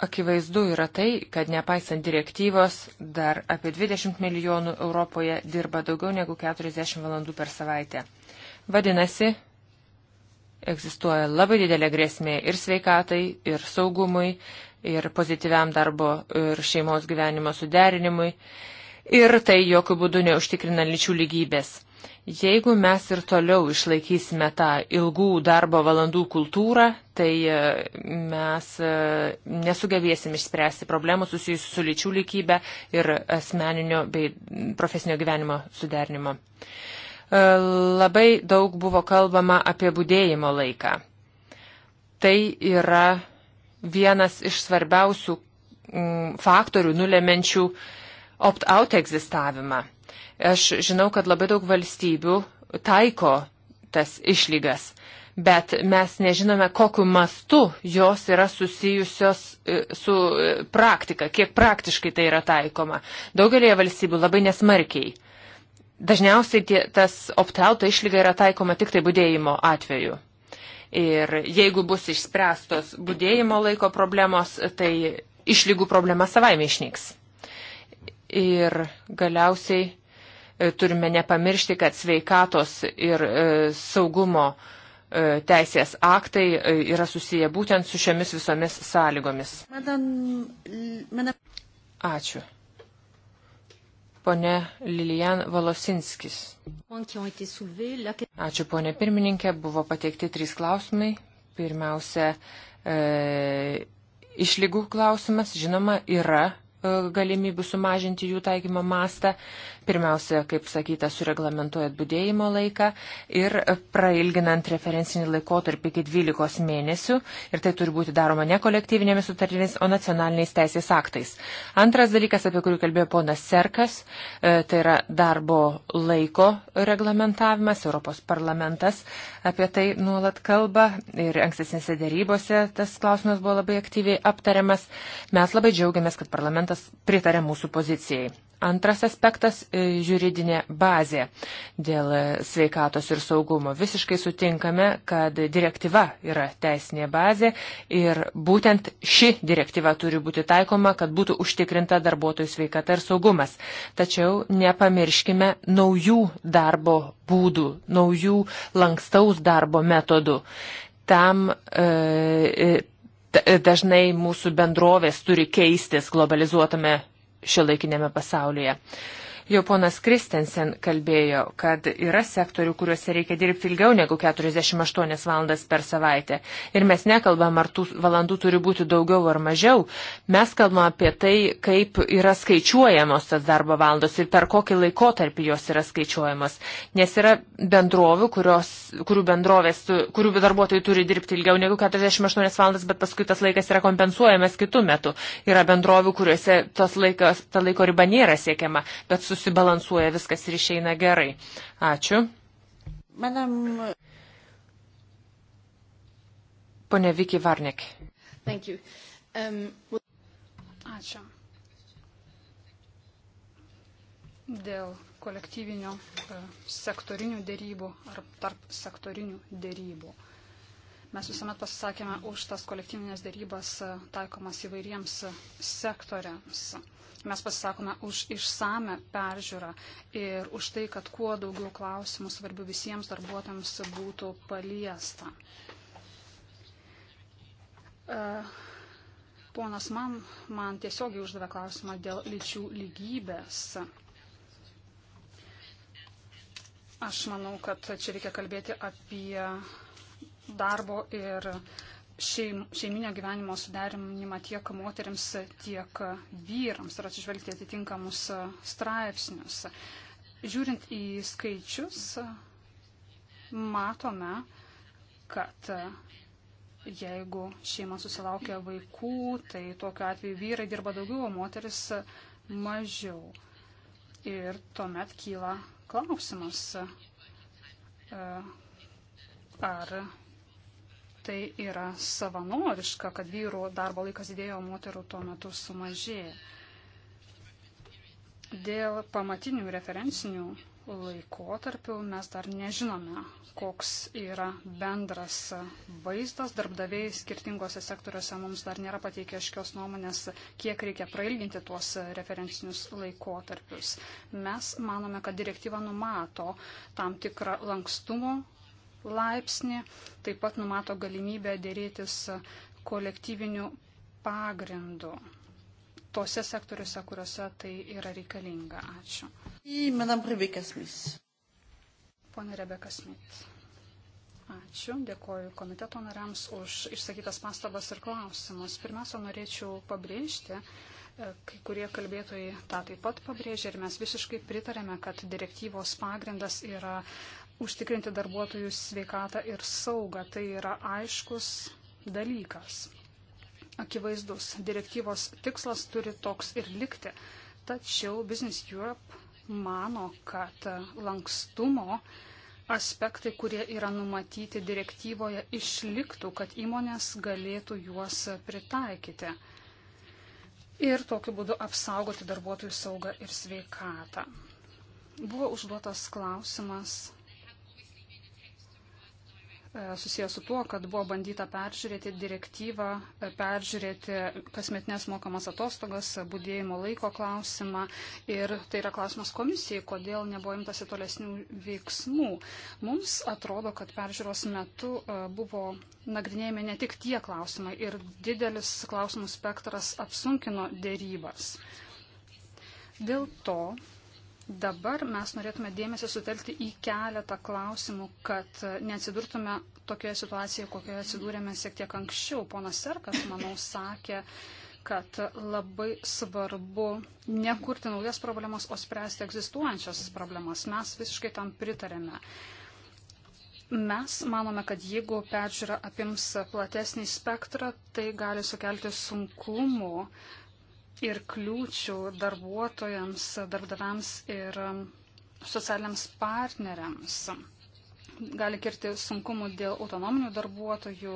Akivaizdu yra tai, kad nepaisant direktyvos, dar apie 20 milijonų Europoje dirba daugiau negu 40 valandų per savaitę. Vadinasi, egzistuoja labai didelė grėsmė ir sveikatai, ir saugumui, ir pozityviam darbo ir šeimos gyvenimo suderinimui. Ir tai jokių būdų neužtikrina lyčių lygybės. Jeigu mes ir toliau išlaikysime tą ilgų darbo valandų kultūrą, tai e, mes e, nesugebėsim išspręsti problemų susijusių su lyčių lygybė ir asmeninio bei profesinio gyvenimo suderinimo. E, labai daug buvo kalbama apie būdėjimo laiką. Tai yra vienas iš svarbiausių faktorių nulemenčių opt-out egzistavimą. Aš žinau, kad labai daug valstybių taiko tas išlygas, bet mes nežinome, kokiu mastu jos yra susijusios e, su e, praktika, kiek praktiškai tai yra taikoma. Daugelėje valstybių labai nesmarkiai. Dažniausiai tie, tas opt-out išlyga yra taikoma tik tai būdėjimo atveju. Ir jeigu bus išspręstos būdėjimo laiko problemos, tai išlygų problema savaime išnyks. Ir galiausiai E, turime nepamiršti, kad sveikatos ir e, saugumo e, teisės aktai yra susiję būtent su šiomis visomis sąlygomis. Ačiū. Pone Lilijan Valosinskis. Ačiū, ponė pirmininkė. Buvo pateikti trys klausimai. Pirmiausia, e, išlygų klausimas, žinoma, yra galimybių sumažinti jų taikymo mastą. Pirmiausia, kaip sakyta, sureglamentuojant būdėjimo laiką ir prailginant referencinį laikotarpį iki 12 mėnesių. Ir tai turi būti daroma ne kolektyvinėmis sutartimis, o nacionaliniais teisės aktais. Antras dalykas, apie kurį kalbėjo ponas Serkas, e, tai yra darbo laiko reglamentavimas. Europos parlamentas apie tai nuolat kalba ir ankstesnėse dėrybose tas klausimas buvo labai aktyviai aptariamas. Mes labai džiaugiamės, kad parlamentas pritarė mūsų pozicijai. Antras aspektas - e, juridinė bazė dėl sveikatos ir saugumo. Visiškai sutinkame, kad direktyva yra teisinė bazė ir būtent ši direktyva turi būti taikoma, kad būtų užtikrinta darbuotojų sveikata ir saugumas. Tačiau nepamirškime naujų darbo būdų, naujų lankstaus darbo metodų. Tam e, e dažnai mūsų bendrovės turi keistis globalizuotame šio laikinėme pasaulyje. Jau ponas Kristensen kalbėjo, kad yra sektorių, kuriuose reikia dirbti ilgiau negu 48 valandas per savaitę. Ir mes nekalbam, ar tų valandų turi būti daugiau ar mažiau. Mes kalbam apie tai, kaip yra skaičiuojamos tas darbo valandos ir per kokį laikotarpį jos yra skaičiuojamos. Nes yra bendrovių, kurios, kurių, bendrovės, kurių darbuotojai turi dirbti ilgiau negu 48 valandas, bet paskui tas laikas yra kompensuojamas kitų metų. Yra bendrovių, kuriuose tas laikas, ta laiko riba nėra siekiama. Bet su susibalansuoja viskas ir išeina gerai. Ačiū. Madam. Pone Viki Varnek. Um, well... Ačiū. Dėl kolektyvinio e, sektorinių dėrybų ar tarp sektorinių dėrybų. Mes visuomet pasisakėme už tas kolektyvinės dėrybas e, taikomas įvairiems sektoriams. Mes pasisakome už išsame peržiūrą ir už tai, kad kuo daugiau klausimų svarbių visiems darbuotojams būtų paliesta. E, ponas man, man tiesiogiai uždavė klausimą dėl lyčių lygybės. Aš manau, kad čia reikia kalbėti apie darbo ir uh, šeim, šeiminio gyvenimo suderinimą tiek moteriams, tiek vyrams ir atsižvelgti atitinkamus e, straipsnius. Žiūrint į skaičius, matome, kad e, jeigu šeima susilaukia vaikų, tai tokiu atveju vyrai dirba daugiau, o moteris e, mažiau. Ir tuomet kyla klausimas, ar tai yra savanoriška, kad vyrų darbo laikas didėjo, moterų tuo metu sumažėjo. Dėl pamatinių referencinių laikotarpių mes dar nežinome, koks yra bendras vaizdas. Darbdaviai skirtingose sektoriuose mums dar nėra pateikę aiškios nuomonės, kiek reikia prailginti tuos referencinius laikotarpius. Mes manome, kad direktyva numato tam tikrą lankstumo laipsnį, taip pat numato galimybę dėrėtis kolektyviniu pagrindu tose sektoriuose, kuriuose tai yra reikalinga. Ačiū. Į Madame Rebeka Smith. Pone Rebeka Smith. Ačiū, dėkoju komiteto nariams už išsakytas pastabas ir klausimus. Pirmiausia, norėčiau pabrėžti, e, Kai kurie kalbėtojai tą taip pat pabrėžė ir mes visiškai pritarėme, kad direktyvos pagrindas yra užtikrinti darbuotojų sveikatą ir saugą. Tai yra aiškus dalykas. Akivaizdus direktyvos tikslas turi toks ir likti. Tačiau Business Europe mano, kad lankstumo aspektai, kurie yra numatyti direktyvoje, išliktų, kad įmonės galėtų juos pritaikyti ir tokiu būdu apsaugoti darbuotojų saugą ir sveikatą. Buvo užduotas klausimas E, susijęs su tuo, kad buvo bandyta peržiūrėti direktyvą, e, peržiūrėti kasmetinės mokamas atostogas, e, būdėjimo laiko klausimą. Ir tai yra klausimas komisijai, kodėl nebuvo imtasi tolesnių veiksmų. Mums atrodo, kad peržiūros metu buvo nagrinėjami ne tik tie klausimai ir didelis klausimų spektras apsunkino dėrybas. Dėl to Dabar mes norėtume dėmesį sutelkti į keletą klausimų, kad neatsidurtume tokioje situacijoje, kokioje atsidūrėme šiek tiek anksčiau. Ponas Serkas, manau, sakė, kad labai svarbu nekurti naujas problemas, o spręsti egzistuojančias problemas. Mes visiškai tam pritarėme. Mes manome, kad jeigu peržiūra apims platesnį spektrą, tai gali sukelti sunkumų uh, ir kliūčių darbuotojams, darbdaviams ir socialiniams partneriams. Gali kirti sunkumų dėl autonominių darbuotojų,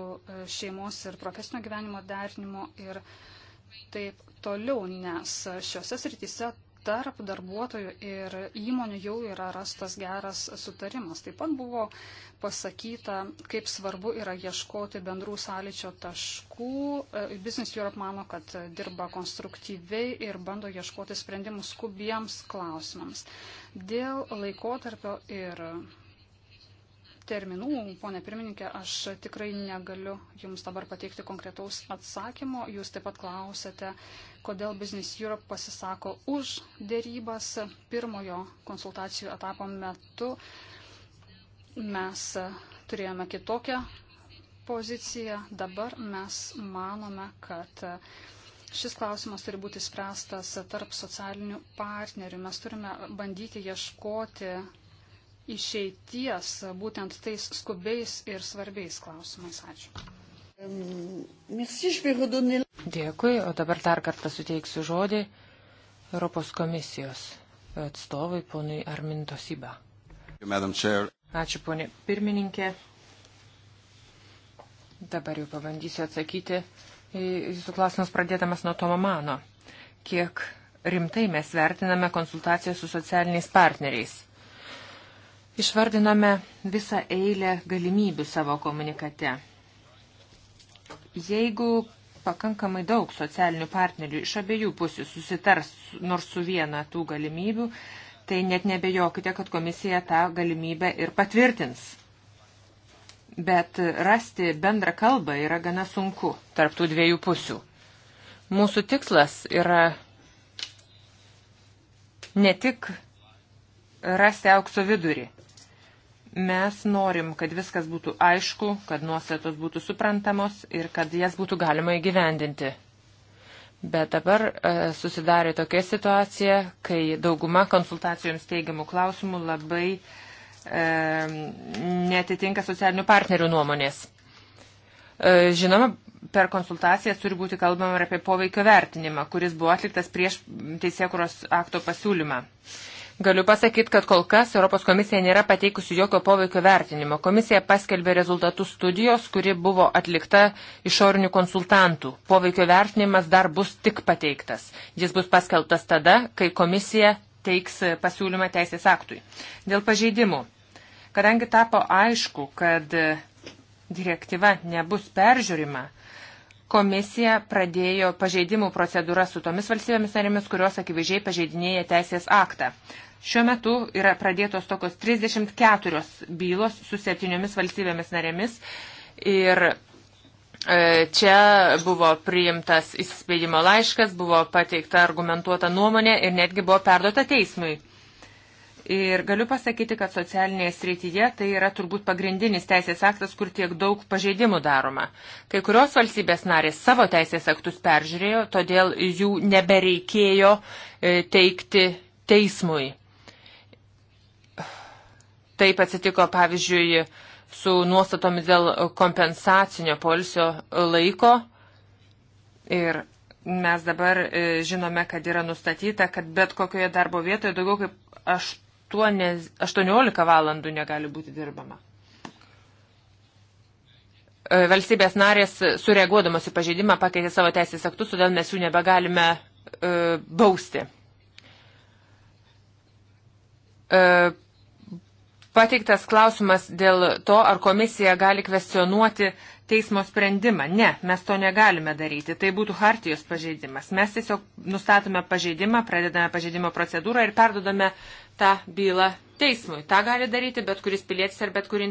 šeimos ir profesinio gyvenimo derinimo ir taip toliau, nes šiuose srityse tarp darbuotojų ir įmonių jau yra rastas geras sutarimas. Taip pat buvo pasakyta, kaip svarbu yra ieškoti bendrų sąlyčio taškų. E, Business Europe mano, kad dirba konstruktyviai ir bando ieškoti sprendimų skubiems klausimams. Dėl laikotarpio ir terminų, ponė pirmininkė, aš tikrai negaliu Jums dabar pateikti konkretaus atsakymo. Jūs taip pat klausėte, kodėl Business Europe pasisako už dėrybas pirmojo konsultacijų etapo metu. Mes turėjome kitokią poziciją, dabar mes manome, kad šis klausimas turi būti spręstas tarp socialinių partnerių. Mes turime bandyti ieškoti išeities būtent tais skubiais ir svarbiais klausimais. Ačiū. Dėkui, o dabar dar kartą suteiksiu žodį Europos komisijos atstovui ponui Arminto Siba. Ačiū, ponė pirmininkė. Dabar jau pabandysiu atsakyti į jūsų klausimus pradėdamas nuo Tomo mano. Kiek rimtai mes vertiname konsultaciją su socialiniais partneriais? Išvardiname visą eilę galimybių savo komunikate. Jeigu pakankamai daug socialinių partnerių iš abiejų pusių susitars nors su viena tų galimybių, tai net nebejokite, kad komisija tą galimybę ir patvirtins. Bet rasti bendrą kalbą yra gana sunku tarptų dviejų pusių. Mūsų tikslas yra ne tik rasti aukso vidurį, Mes norim, kad viskas būtų aišku, kad nuostatos būtų suprantamos ir kad jas būtų galima įgyvendinti. Bet dabar e, susidarė tokia situacija, kai dauguma konsultacijoms teigiamų klausimų labai e, netitinka socialinių partnerių nuomonės. E, žinoma, per konsultacijas turi būti kalbama ir apie poveikio vertinimą, kuris buvo atliktas prieš teisėkuros akto pasiūlymą. E, Galiu pasakyti, kad kol kas Europos komisija nėra pateikusi jokio poveikio vertinimo. Komisija paskelbė rezultatus studijos, kuri buvo atlikta išorinių konsultantų. Poveikio vertinimas dar bus tik pateiktas. Jis bus paskelbtas tada, kai komisija teiks pasiūlymą teisės aktui. Dėl pažeidimų. Kadangi tapo aišku, kad direktyva nebus peržiūrima, komisija pradėjo pažeidimų procedūrą su tomis valstybėmis narėmis, kurios akivaizdžiai pažeidinėja teisės aktą. Šiuo metu yra pradėtos tokios 34 bylos su septyniomis valstybėmis narėmis ir e, Čia buvo priimtas įspėjimo laiškas, buvo pateikta argumentuota nuomonė ir netgi buvo perduota teismui. Ir galiu pasakyti, kad socialinėje srityje tai yra turbūt pagrindinis teisės aktas, kur tiek daug pažeidimų daroma. Kai kurios valstybės narės savo teisės aktus peržiūrėjo, todėl jų nebereikėjo e, teikti teismui. Taip atsitiko, pavyzdžiui, su nuostatomis dėl kompensacinio polsio laiko. Ir mes dabar e, žinome, kad yra nustatyta, kad bet kokioje darbo vietoje daugiau kaip aš 8, 18 valandų negali būti dirbama. E, valstybės narės, sureaguodamas į pažeidimą, pakeitė savo teisės aktus, todėl mes jų nebegalime e, bausti. E, pateiktas klausimas dėl to, ar komisija gali kvestionuoti e, teismo sprendimą. Ne, mes to negalime daryti. Tai būtų hartijos pažeidimas. Mes tiesiog nustatome pažeidimą, pradedame pažeidimo procedūrą ir perdodame tą bylą teismui. Ta gali daryti bet kuris pilietis ar bet kuri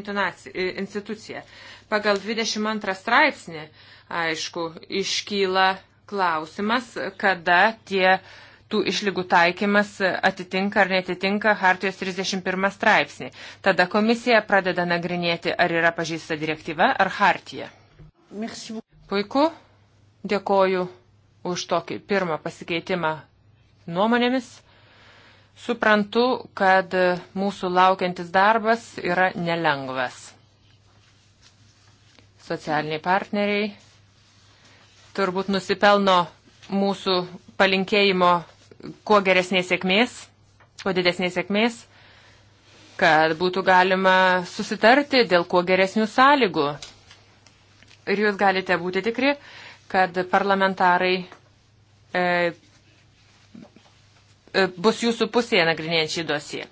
institucija. Pagal 22 straipsnį, aišku, iškyla klausimas, kada tie uh, tų išlygų taikymas atitinka ar netitinka Hartijos 31 straipsnį. Tada komisija pradeda nagrinėti, ar yra pažįsta direktyva ar Hartija. Puiku, dėkoju už tokį pirmą pasikeitimą nuomonėmis. Suprantu, kad mūsų laukiantis darbas yra nelengvas. Socialiniai partneriai turbūt nusipelno mūsų palinkėjimo kuo geresnės sėkmės, kuo didesnės sėkmės, kad būtų galima susitarti dėl kuo geresnių sąlygų. Ir jūs galite būti tikri, kad parlamentarai e, e bus jūsų pusėje nagrinėjant šį dosiją.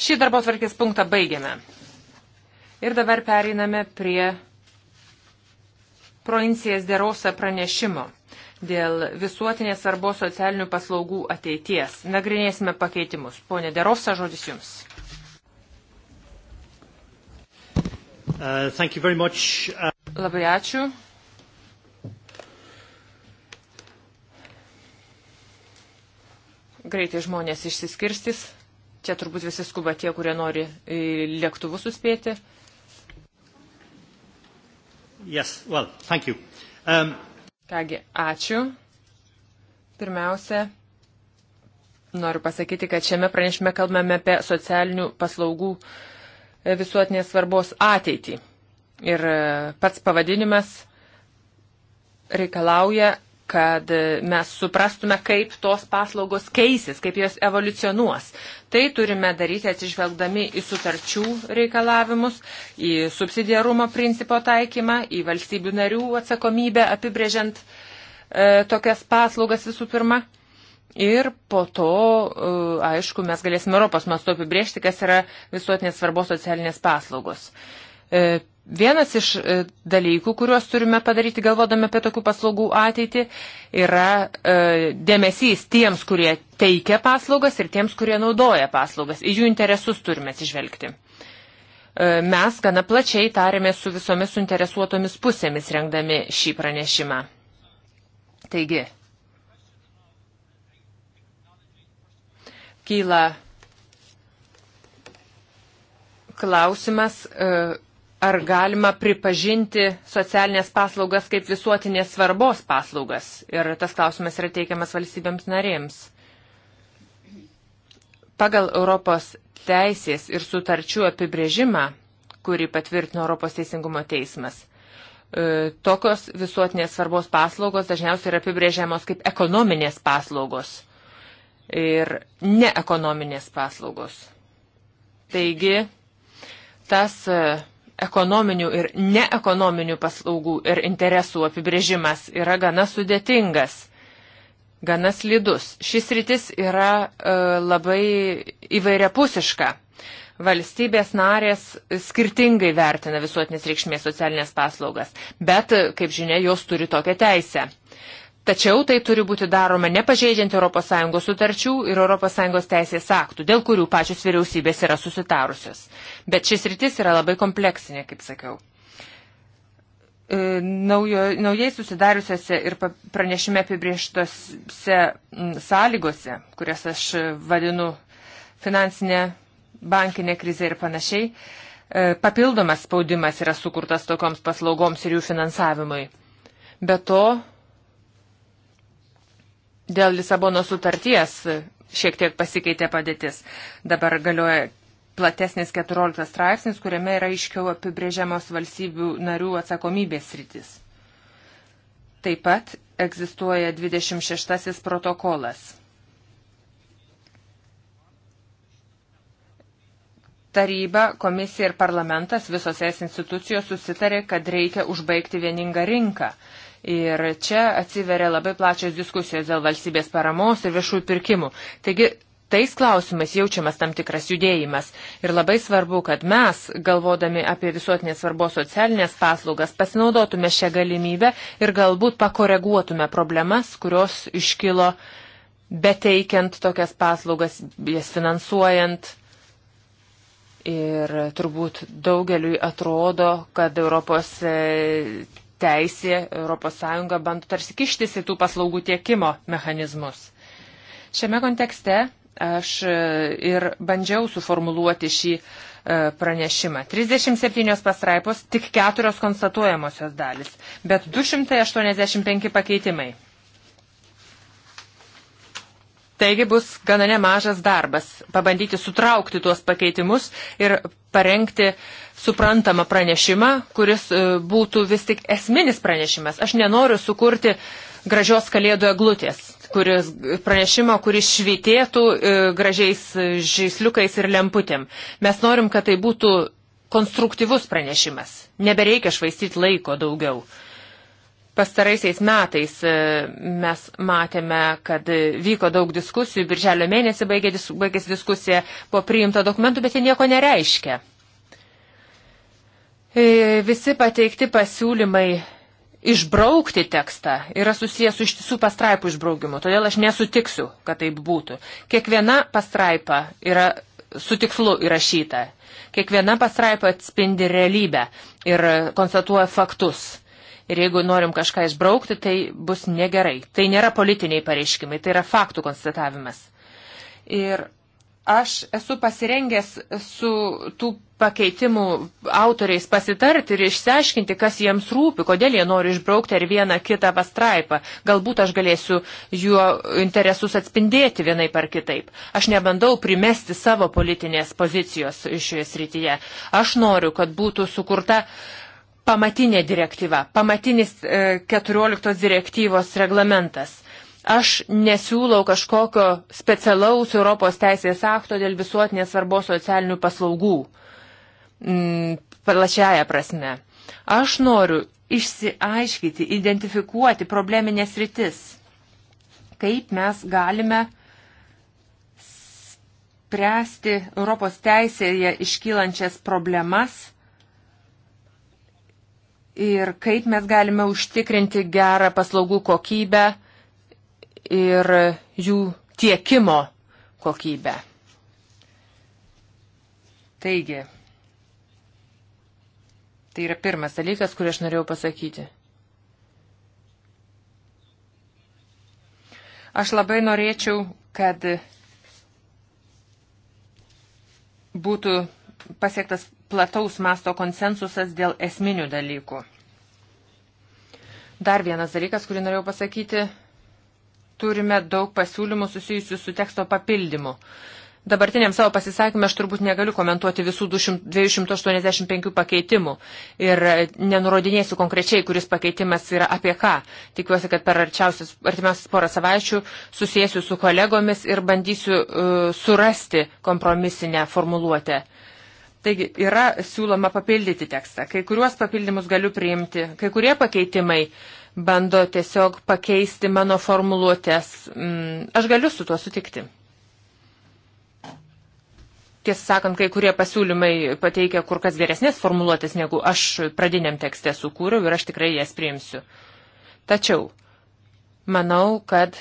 Šį darbo tvarkės punktą baigiame. Ir dabar pereiname prie provincijos derosa pranešimo dėl visuotinės svarbos socialinių paslaugų ateities. Nagrinėsime pakeitimus. Pone Derovsa, žodis Jums. Uh, uh... Labai ačiū. Greitai žmonės išsiskirstys. Čia turbūt visi skuba tie, kurie nori lėktuvų suspėti. Yes, well, thank you. Um, Kągi, ačiū. Pirmiausia, noriu pasakyti, kad šiame pranešime kalbame apie socialinių paslaugų e, visuotinės svarbos ateitį. Ir e, pats pavadinimas reikalauja kad e, mes suprastume, kaip tos paslaugos keisis, kaip jos evoliucionuos. Tai turime daryti atsižvelgdami į sutarčių reikalavimus, į subsidiarumo principo taikymą, į valstybių narių atsakomybę apibrėžiant e, tokias paslaugas visų pirma. Ir po to, e, aišku, mes galėsime Europos mastu apibrėžti, kas yra visuotinės svarbos socialinės paslaugos. E, Vienas iš e, dalykų, kuriuos turime padaryti galvodami apie tokių paslaugų ateitį, yra e, dėmesys tiems, kurie teikia paslaugas ir tiems, kurie naudoja paslaugas. Į jų interesus turime atsižvelgti. E, mes gana plačiai tarėme su visomis suinteresuotomis pusėmis rengdami šį pranešimą. Taigi, kyla klausimas. E, ar galima pripažinti socialinės paslaugas kaip visuotinės svarbos paslaugas. Ir tas klausimas yra teikiamas valstybėms narėms. Pagal Europos teisės ir sutarčių apibrėžimą, kurį patvirtino Europos teisingumo teismas, e, tokios visuotinės svarbos paslaugos dažniausiai yra apibrėžiamos kaip ekonominės paslaugos ir neekonominės paslaugos. Taigi, tas e, ekonominių ir neekonominių paslaugų ir interesų apibrėžimas yra gana sudėtingas, gana slidus. Šis rytis yra e, labai įvairiapusiška. Valstybės narės skirtingai vertina visuotinės reikšmės socialinės paslaugas, bet, kaip žinia, jos turi tokią teisę. Tačiau tai turi būti daroma nepažeidžiant ES sutarčių ir ES teisės aktų, dėl kurių pačios vyriausybės yra susitarusios. Bet šis rytis yra labai kompleksinė, kaip sakiau. E, naujo, naujai susidariusiose ir pranešime apibrieštose sąlygose, kurias aš vadinu finansinė, bankinė krizė ir panašiai, e, papildomas spaudimas yra sukurtas tokioms paslaugoms ir jų finansavimui. Be to, Dėl Lisabono sutarties šiek tiek pasikeitė padėtis. Dabar galioja platesnis 14 straipsnis, kuriame yra iškiau apibrėžiamos valstybių narių atsakomybės rytis. Taip pat egzistuoja 26 protokolas. Taryba, komisija ir parlamentas visos es institucijos susitarė, kad reikia užbaigti vieningą rinką Ir čia atsiveria labai plačios diskusijos dėl valstybės paramos ir viešųjų pirkimų. Taigi, tais klausimais jaučiamas tam tikras judėjimas. Ir labai svarbu, kad mes, galvodami apie visuotinės svarbos socialinės paslaugas, pasinaudotume šią galimybę ir galbūt pakoreguotume problemas, kurios iškilo beteikiant tokias paslaugas, jas finansuojant. Ir turbūt daugeliui atrodo, kad Europos e, teisė ES bando tarsi kištis į tų paslaugų tiekimo mechanizmus. Šiame kontekste aš e, ir bandžiau suformuluoti šį e, pranešimą. 37 pastraipos, tik keturios konstatuojamosios dalis, bet 285 pakeitimai. Taigi bus gana nemažas darbas pabandyti sutraukti tuos pakeitimus ir parengti suprantamą pranešimą, kuris e, būtų vis tik esminis pranešimas. Aš nenoriu sukurti gražios kalėdų eglutės, kuris pranešimo, kuris švitėtų e, gražiais žaisliukais ir lemputėm. Mes norim, kad tai būtų konstruktyvus pranešimas. Nebereikia švaistyti laiko daugiau. Pastaraisiais metais e, mes matėme, kad vyko daug diskusijų, birželio mėnesį baigė, baigėsi diskusija, buvo priimta dokumentų, bet jie nieko nereiškia. E, visi pateikti pasiūlymai išbraukti tekstą yra susijęs su ištisų pastraipų išbraukimu, todėl aš nesutiksiu, kad taip būtų. Kiekviena pastraipa yra su tikslu įrašyta. Kiekviena pastraipa atspindi realybę ir konstatuoja faktus. Ir jeigu norim kažką išbraukti, tai bus negerai. Tai nėra politiniai pareiškimai, tai yra faktų konstatavimas. Ir aš esu pasirengęs su tų pakeitimų autoriais pasitarti ir išsiaiškinti, kas jiems rūpi, kodėl jie nori išbraukti ar vieną kitą pastraipą. Galbūt aš galėsiu juo interesus atspindėti vienai par kitaip. Aš nebandau primesti savo politinės pozicijos šioje srityje. Aš noriu, kad būtų sukurta uh, pamatinė direktyva, pamatinis 14 e, direktyvos reglamentas. Aš nesiūlau kažkokio specialaus Europos teisės akto dėl visuotinės svarbos socialinių paslaugų. Mm, plačiaja prasme. Aš noriu išsiaiškyti, identifikuoti probleminės rytis. Kaip mes galime spręsti Europos teisėje iškylančias problemas ir kaip mes galime užtikrinti gerą paslaugų kokybę ir jų tiekimo kokybę. Taigi, tai yra pirmas dalykas, kurį aš norėjau pasakyti. Aš labai norėčiau, kad būtų pasiektas plataus masto konsensusas dėl esminių dalykų. Dar vienas dalykas, kurį norėjau pasakyti, turime daug pasiūlymų susijusių su teksto papildymu. Dabartiniam savo pasisakymę aš turbūt negaliu komentuoti visų 285 pakeitimų ir nenurodinėsiu konkrečiai, kuris pakeitimas yra apie ką. Tikiuosi, kad per artimiausias porą savaičių susijęsiu su kolegomis ir bandysiu uh, surasti kompromisinę formuluotę. Uh, Taigi yra siūloma papildyti tekstą. Kai kuriuos papildymus galiu priimti, kai kurie pakeitimai bando tiesiog pakeisti mano formuluotės. Mm, aš galiu su tuo sutikti. Tiesą sakant, kai kurie pasiūlymai pateikia kur kas geresnės formuluotės, negu aš pradiniam tekste sukūriau ir aš tikrai jas priimsiu. Tačiau manau, kad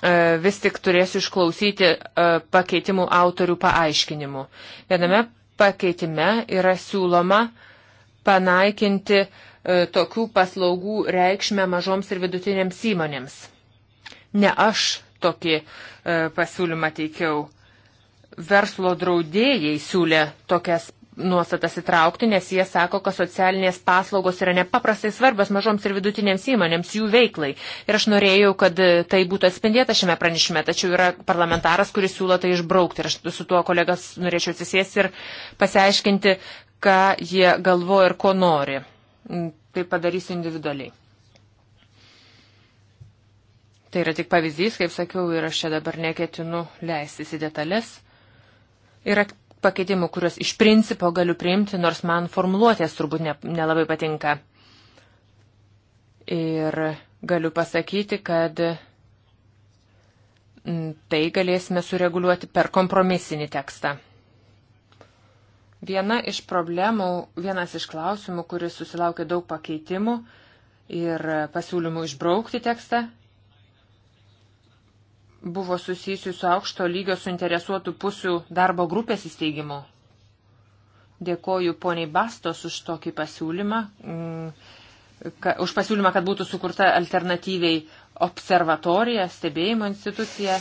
E, vis tik turėsiu išklausyti e, pakeitimų autorių paaiškinimų. Viename pakeitime yra siūloma panaikinti e, tokių paslaugų reikšmę mažoms ir vidutinėms įmonėms. Ne aš tokį pasiūlymą teikiau. Verslo draudėjai siūlė tokias nuostatas įtraukti, nes jie sako, kad socialinės paslaugos yra nepaprastai svarbios mažoms ir vidutinėms įmonėms, jų veiklai. Ir aš norėjau, kad tai būtų atspindėta šiame pranešime, tačiau yra parlamentaras, kuris siūlo tai išbraukti. Ir aš su tuo kolegas norėčiau atsisėsti ir pasiaiškinti, ką jie galvoja ir ko nori. Mm, tai padarysiu individualiai. Tai yra tik pavyzdys, kaip sakiau, ir aš čia dabar neketinu leistis į detalės. Yra pakeitimų, kuriuos iš principo galiu priimti, nors man formuluotės turbūt ne, nelabai patinka. Ir galiu pasakyti, kad mm, tai galėsime sureguliuoti per kompromisinį tekstą. Viena iš problemų, vienas iš klausimų, kuris susilaukė daug pakeitimų ir pasiūlymų išbraukti tekstą, buvo susijusi su aukšto lygio suinteresuotų pusių darbo grupės įsteigimu. Dėkoju poniai Bastos už tokį pasiūlymą, mm, ka, už pasiūlymą, kad būtų sukurta alternatyviai observatorija, stebėjimo institucija.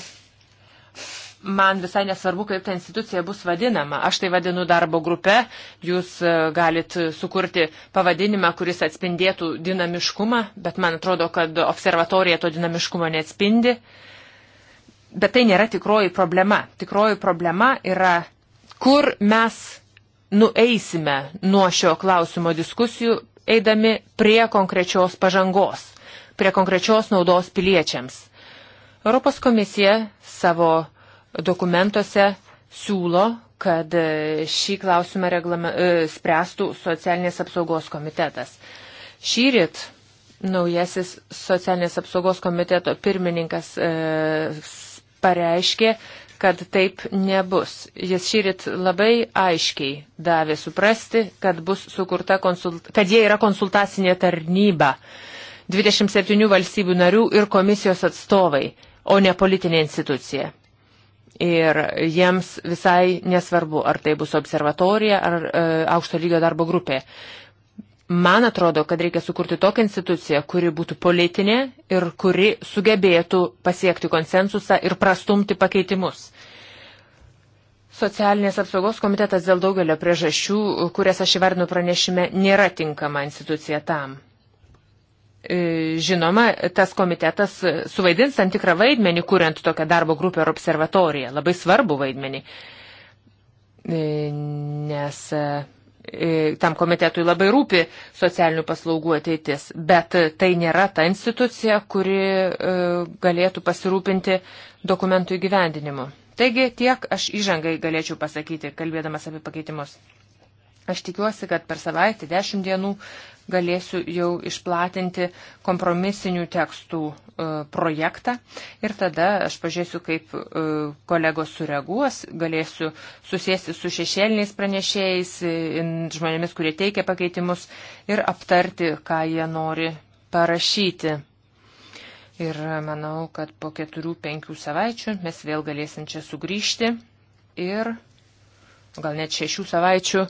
Man visai nesvarbu, kaip ta institucija bus vadinama. Aš tai vadinu darbo grupe. Jūs e, galit sukurti pavadinimą, kuris atspindėtų dinamiškumą, bet man atrodo, kad observatorija to dinamiškumo neatspindi. Uh, Bet tai nėra tikroji problema. Tikroji problema yra, kur mes nueisime nuo šio klausimo diskusijų, eidami prie konkrečios pažangos, prie konkrečios naudos piliečiams. Europos komisija savo dokumentuose siūlo, kad šį klausimą reglame, e, spręstų socialinės apsaugos komitetas. Šyrit naujasis socialinės apsaugos komiteto pirmininkas e, pareiškė, kad taip nebus. Jis šyrit labai aiškiai davė suprasti, kad, konsult... kad jie yra konsultacinė tarnyba 27 valstybių narių ir komisijos atstovai, o ne politinė institucija. Ir jiems visai nesvarbu, ar tai bus observatorija, ar e, aukšto lygio darbo grupė. E, Man atrodo, kad reikia sukurti tokią instituciją, kuri būtų politinė ir kuri sugebėtų pasiekti konsensusą ir prastumti pakeitimus. Socialinės apsaugos komitetas dėl daugelio priežasčių, kurias aš įvardinu pranešime, nėra tinkama institucija tam e, žinoma, tas komitetas suvaidins tam tikrą vaidmenį, kuriant tokią darbo grupę ar observatoriją. Labai svarbu vaidmenį. E, nes e, E, tam komitetui labai rūpi socialinių paslaugų ateitis, bet tai nėra ta institucija, kuri e, galėtų pasirūpinti dokumentų įgyvendinimu. Taigi tiek aš įžangai galėčiau pasakyti, kalbėdamas apie pakeitimus. Aš tikiuosi, kad per savaitę, dešimt dienų galėsiu jau išplatinti kompromisinių tekstų e, projektą ir tada aš pažiūrėsiu, kaip e, kolegos sureaguos, galėsiu susėsti su šešėliniais pranešėjais, e, žmonėmis, kurie teikia pakeitimus ir aptarti, ką jie nori parašyti. Ir manau, kad po keturių, penkių savaičių mes vėl galėsim čia sugrįžti ir gal net šešių savaičių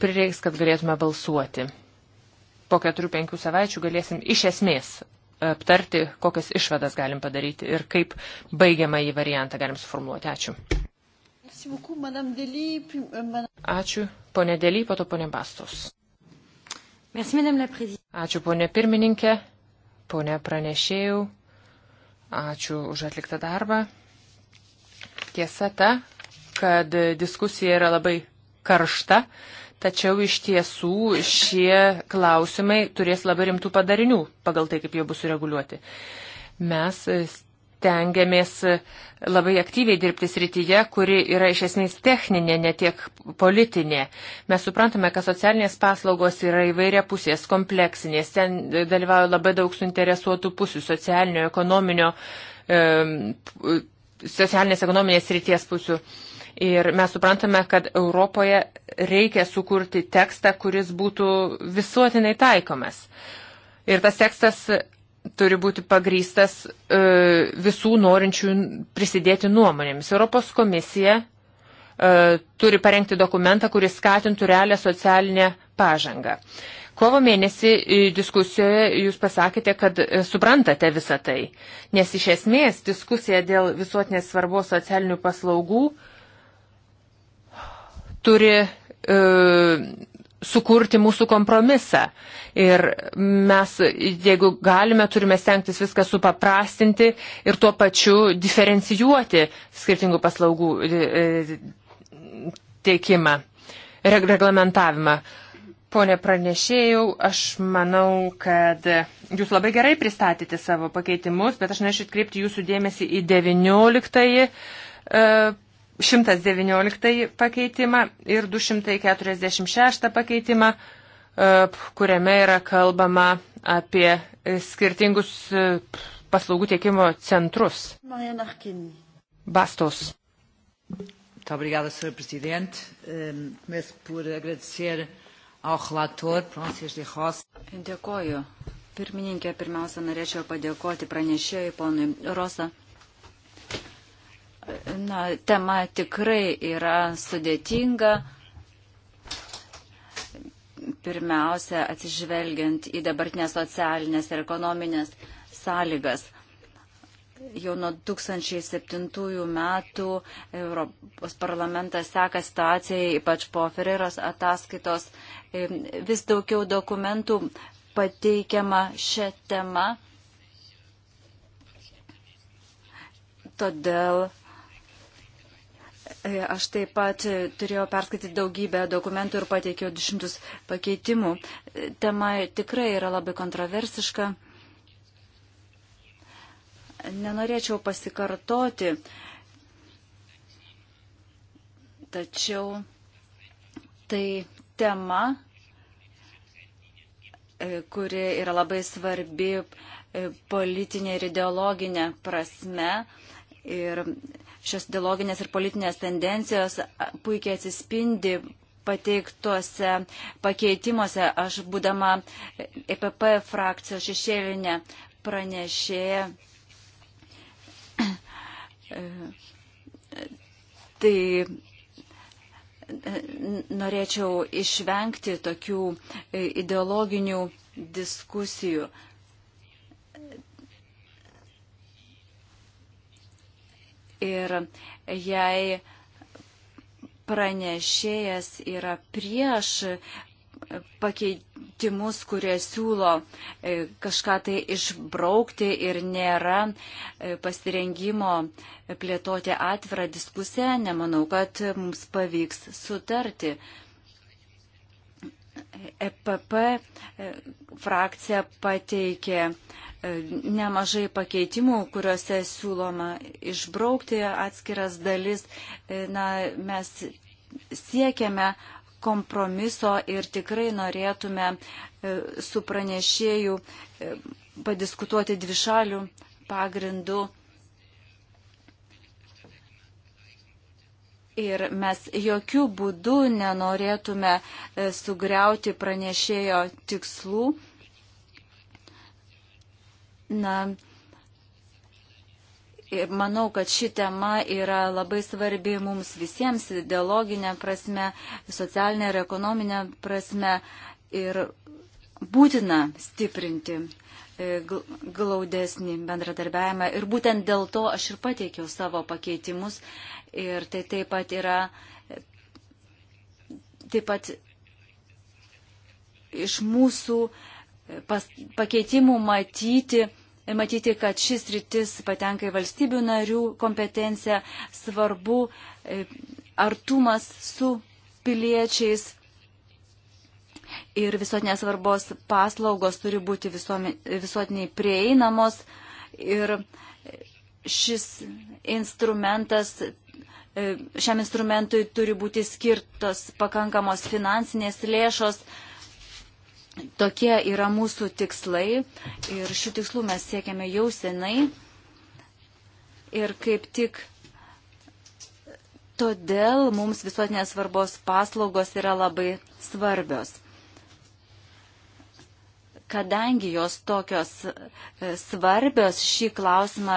prireiks, kad galėtume balsuoti po 4-5 savaičių galėsim iš esmės aptarti, kokias išvadas galim padaryti ir kaip baigiamą į variantą galim suformuoluoti. Ačiū. Euh, Ačiū, ponė Dėly, po to ponė Bastos. Ačiū, ponė pirmininkė, ponė pranešėjau. Ačiū už atliktą darbą. Tiesa ta, kad diskusija yra labai karšta Tačiau iš tiesų šie klausimai turės labai rimtų padarinių pagal tai, kaip jie bus sureguliuoti. Mes tengiamės labai aktyviai dirbti srityje, kuri yra iš esmės techninė, ne tiek politinė. Mes suprantame, kad socialinės paslaugos yra įvairia pusės, kompleksinės, ten dalyvauja labai daug suinteresuotų pusių, socialinio, ekonominio, e, socialinės ekonominės ryties pusių. E, Ir mes suprantame, kad Europoje reikia sukurti tekstą, kuris būtų visuotinai taikomas. Ir tas tekstas turi būti pagrystas e, visų norinčių prisidėti nuomonėmis. Europos komisija e, turi parengti dokumentą, kuris skatintų realią socialinę pažangą. Kovo mėnesį e, diskusijoje jūs pasakėte, kad suprantate visą tai, nes iš esmės diskusija dėl visuotinės svarbos socialinių paslaugų uh, turi e, sukurti mūsų kompromisą. Ir mes, jeigu galime, turime stengtis viską supaprastinti ir tuo pačiu diferencijuoti skirtingų paslaugų e, e, teikimą, reglamentavimą. Pone pranešėjau, aš manau, kad jūs labai gerai pristatėte savo pakeitimus, bet aš norėčiau atkreipti jūsų dėmesį į 19 e, 119 pakeitimą ir 246 pakeitimą, e, kuriame yra kalbama apie skirtingus e, paslaugų tiekimo centrus. Bastos. Muito obrigada, Sr. Presidente. Um, começo por agradecer ao relator, Francis de Ross. Dėkoju. Pirmininkė, pirmiausia, norėčiau padėkoti pranešėjai ponui Rosa na, tema tikrai yra sudėtinga. Pirmiausia, atsižvelgiant į dabartinės socialinės ir ekonominės sąlygas. Jau nuo 2007 metų Europos parlamentas seka situaciją, ypač po Ferreros ataskaitos. Vis daugiau dokumentų pateikiama šią temą. Todėl E, aš taip pat e, turėjau perskaityti daugybę dokumentų ir pateikiau 200 pakeitimų. E, tema tikrai yra labai kontroversiška. Nenorėčiau pasikartoti, tačiau tai tema, kuri yra labai svarbi politinė ir ideologinė prasme. Ir Šios ideologinės ir politinės tendencijos puikiai atsispindi pateiktuose pakeitimuose. Aš, būdama EPP frakcijos šešėlinė pranešėja, tai norėčiau išvengti tokių ideologinių diskusijų. Ir jei pranešėjas yra prieš pakeitimus, kurie siūlo e, kažką tai išbraukti ir nėra e, pasirengimo plėtoti atvirą diskusiją, nemanau, kad mums pavyks sutarti. EPP e frakcija pateikė nemažai pakeitimų, kuriuose siūloma išbraukti atskiras dalis. Na, mes siekiame kompromiso ir tikrai norėtume e, su pranešėjų e, padiskutuoti dvišalių pagrindų. Ir mes jokių būdų nenorėtume e, sugriauti pranešėjo tikslų Na, ir manau, kad ši tema yra labai svarbi mums visiems ideologinė prasme, socialinė ir ekonominė prasme ir būtina stiprinti e, glaudesnį bendradarbiavimą. Ir būtent dėl to aš ir pateikiau savo pakeitimus. Ir tai taip pat yra, taip pat iš mūsų pas, pakeitimų matyti, matyti, kad šis rytis patenka į valstybių narių kompetenciją, svarbu e, artumas su piliečiais ir visuotinės svarbos paslaugos turi būti visuotiniai prieinamos ir šis instrumentas, e, šiam instrumentui turi būti skirtos pakankamos finansinės lėšos, Tokie yra mūsų tikslai ir šių tikslų mes siekiame jau senai. Ir kaip tik todėl mums visuotinės svarbos paslaugos yra labai svarbios. Kadangi jos tokios e, svarbios, šį klausimą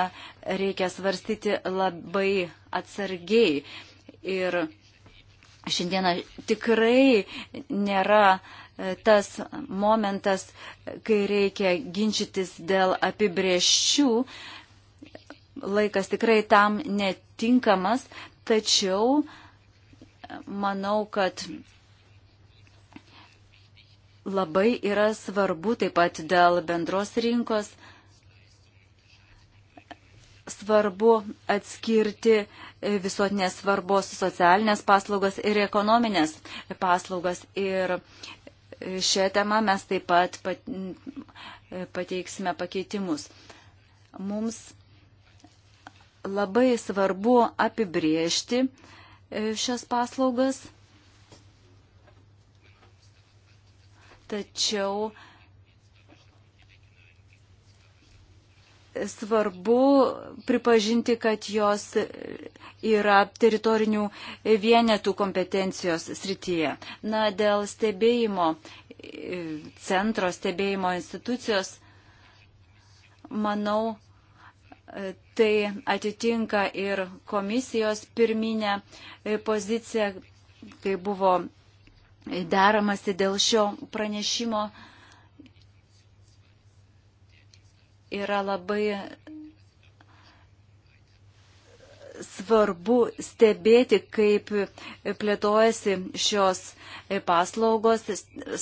reikia svarstyti labai atsargiai. Ir šiandieną tikrai nėra uh, tas momentas, kai reikia ginčytis dėl apibrieščių, laikas tikrai tam netinkamas, tačiau manau, kad labai yra svarbu taip pat dėl bendros rinkos svarbu atskirti visuotinės svarbos socialinės paslaugas ir ekonominės paslaugas. Ir šią temą mes taip pat pateiksime pakeitimus. Mums labai svarbu apibriežti e, šias paslaugas, tačiau svarbu pripažinti, kad jos yra teritorinių vienetų kompetencijos srityje. Na, dėl stebėjimo centro, stebėjimo institucijos, manau, tai atitinka ir komisijos pirminę poziciją, kai buvo deramasi dėl šio pranešimo. yra labai svarbu stebėti, kaip plėtojasi šios paslaugos,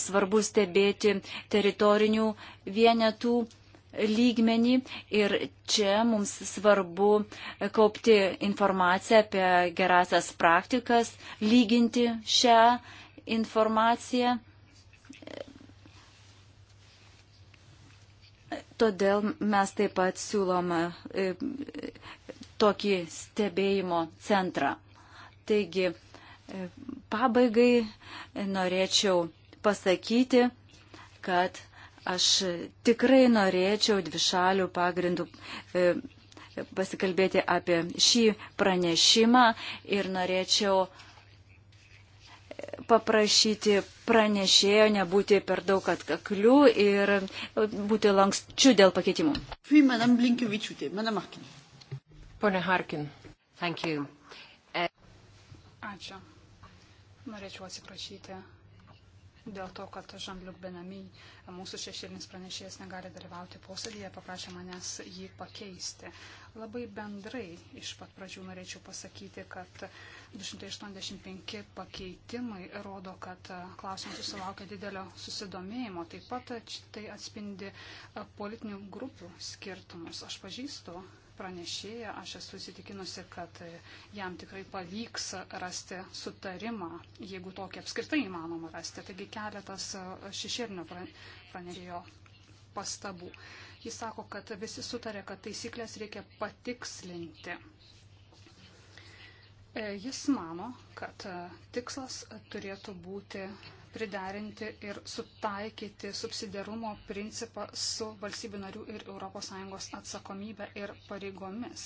svarbu stebėti teritorinių vienetų lygmenį ir čia mums svarbu kaupti informaciją apie gerasias praktikas, lyginti šią informaciją Todėl mes taip pat siūlome e, tokį stebėjimo centrą. Taigi, e, pabaigai norėčiau pasakyti, kad aš tikrai norėčiau dvišalių pagrindų e, pasikalbėti apie šį pranešimą ir norėčiau paprašyti pranešėjo nebūti per daug atkaklių ir būti lankščių dėl pakeitimų. Pone Harkin. Ačiū. Norėčiau atsiprašyti dėl to, kad Žanliuk Benami, mūsų šešėlinis pranešėjas, negali dalyvauti posėdėje, paprašė manęs jį pakeisti. Labai bendrai iš pat pradžių norėčiau pasakyti, kad 285 pakeitimai rodo, kad klausimas susilaukia didelio susidomėjimo. Taip pat tai atspindi politinių grupių skirtumus. Aš pažįstu pranešėją, aš esu įsitikinusi, kad jam tikrai pavyks rasti sutarimą, jeigu tokį apskritai įmanoma rasti. Taigi keletas šešėlinio pranešėjo pastabų. Jis sako, kad visi sutarė, kad taisyklės reikia patikslinti. E, jis mano, kad tikslas turėtų būti priderinti ir sutaikyti subsidiarumo principą su valstybių narių ir ES atsakomybė ir pareigomis.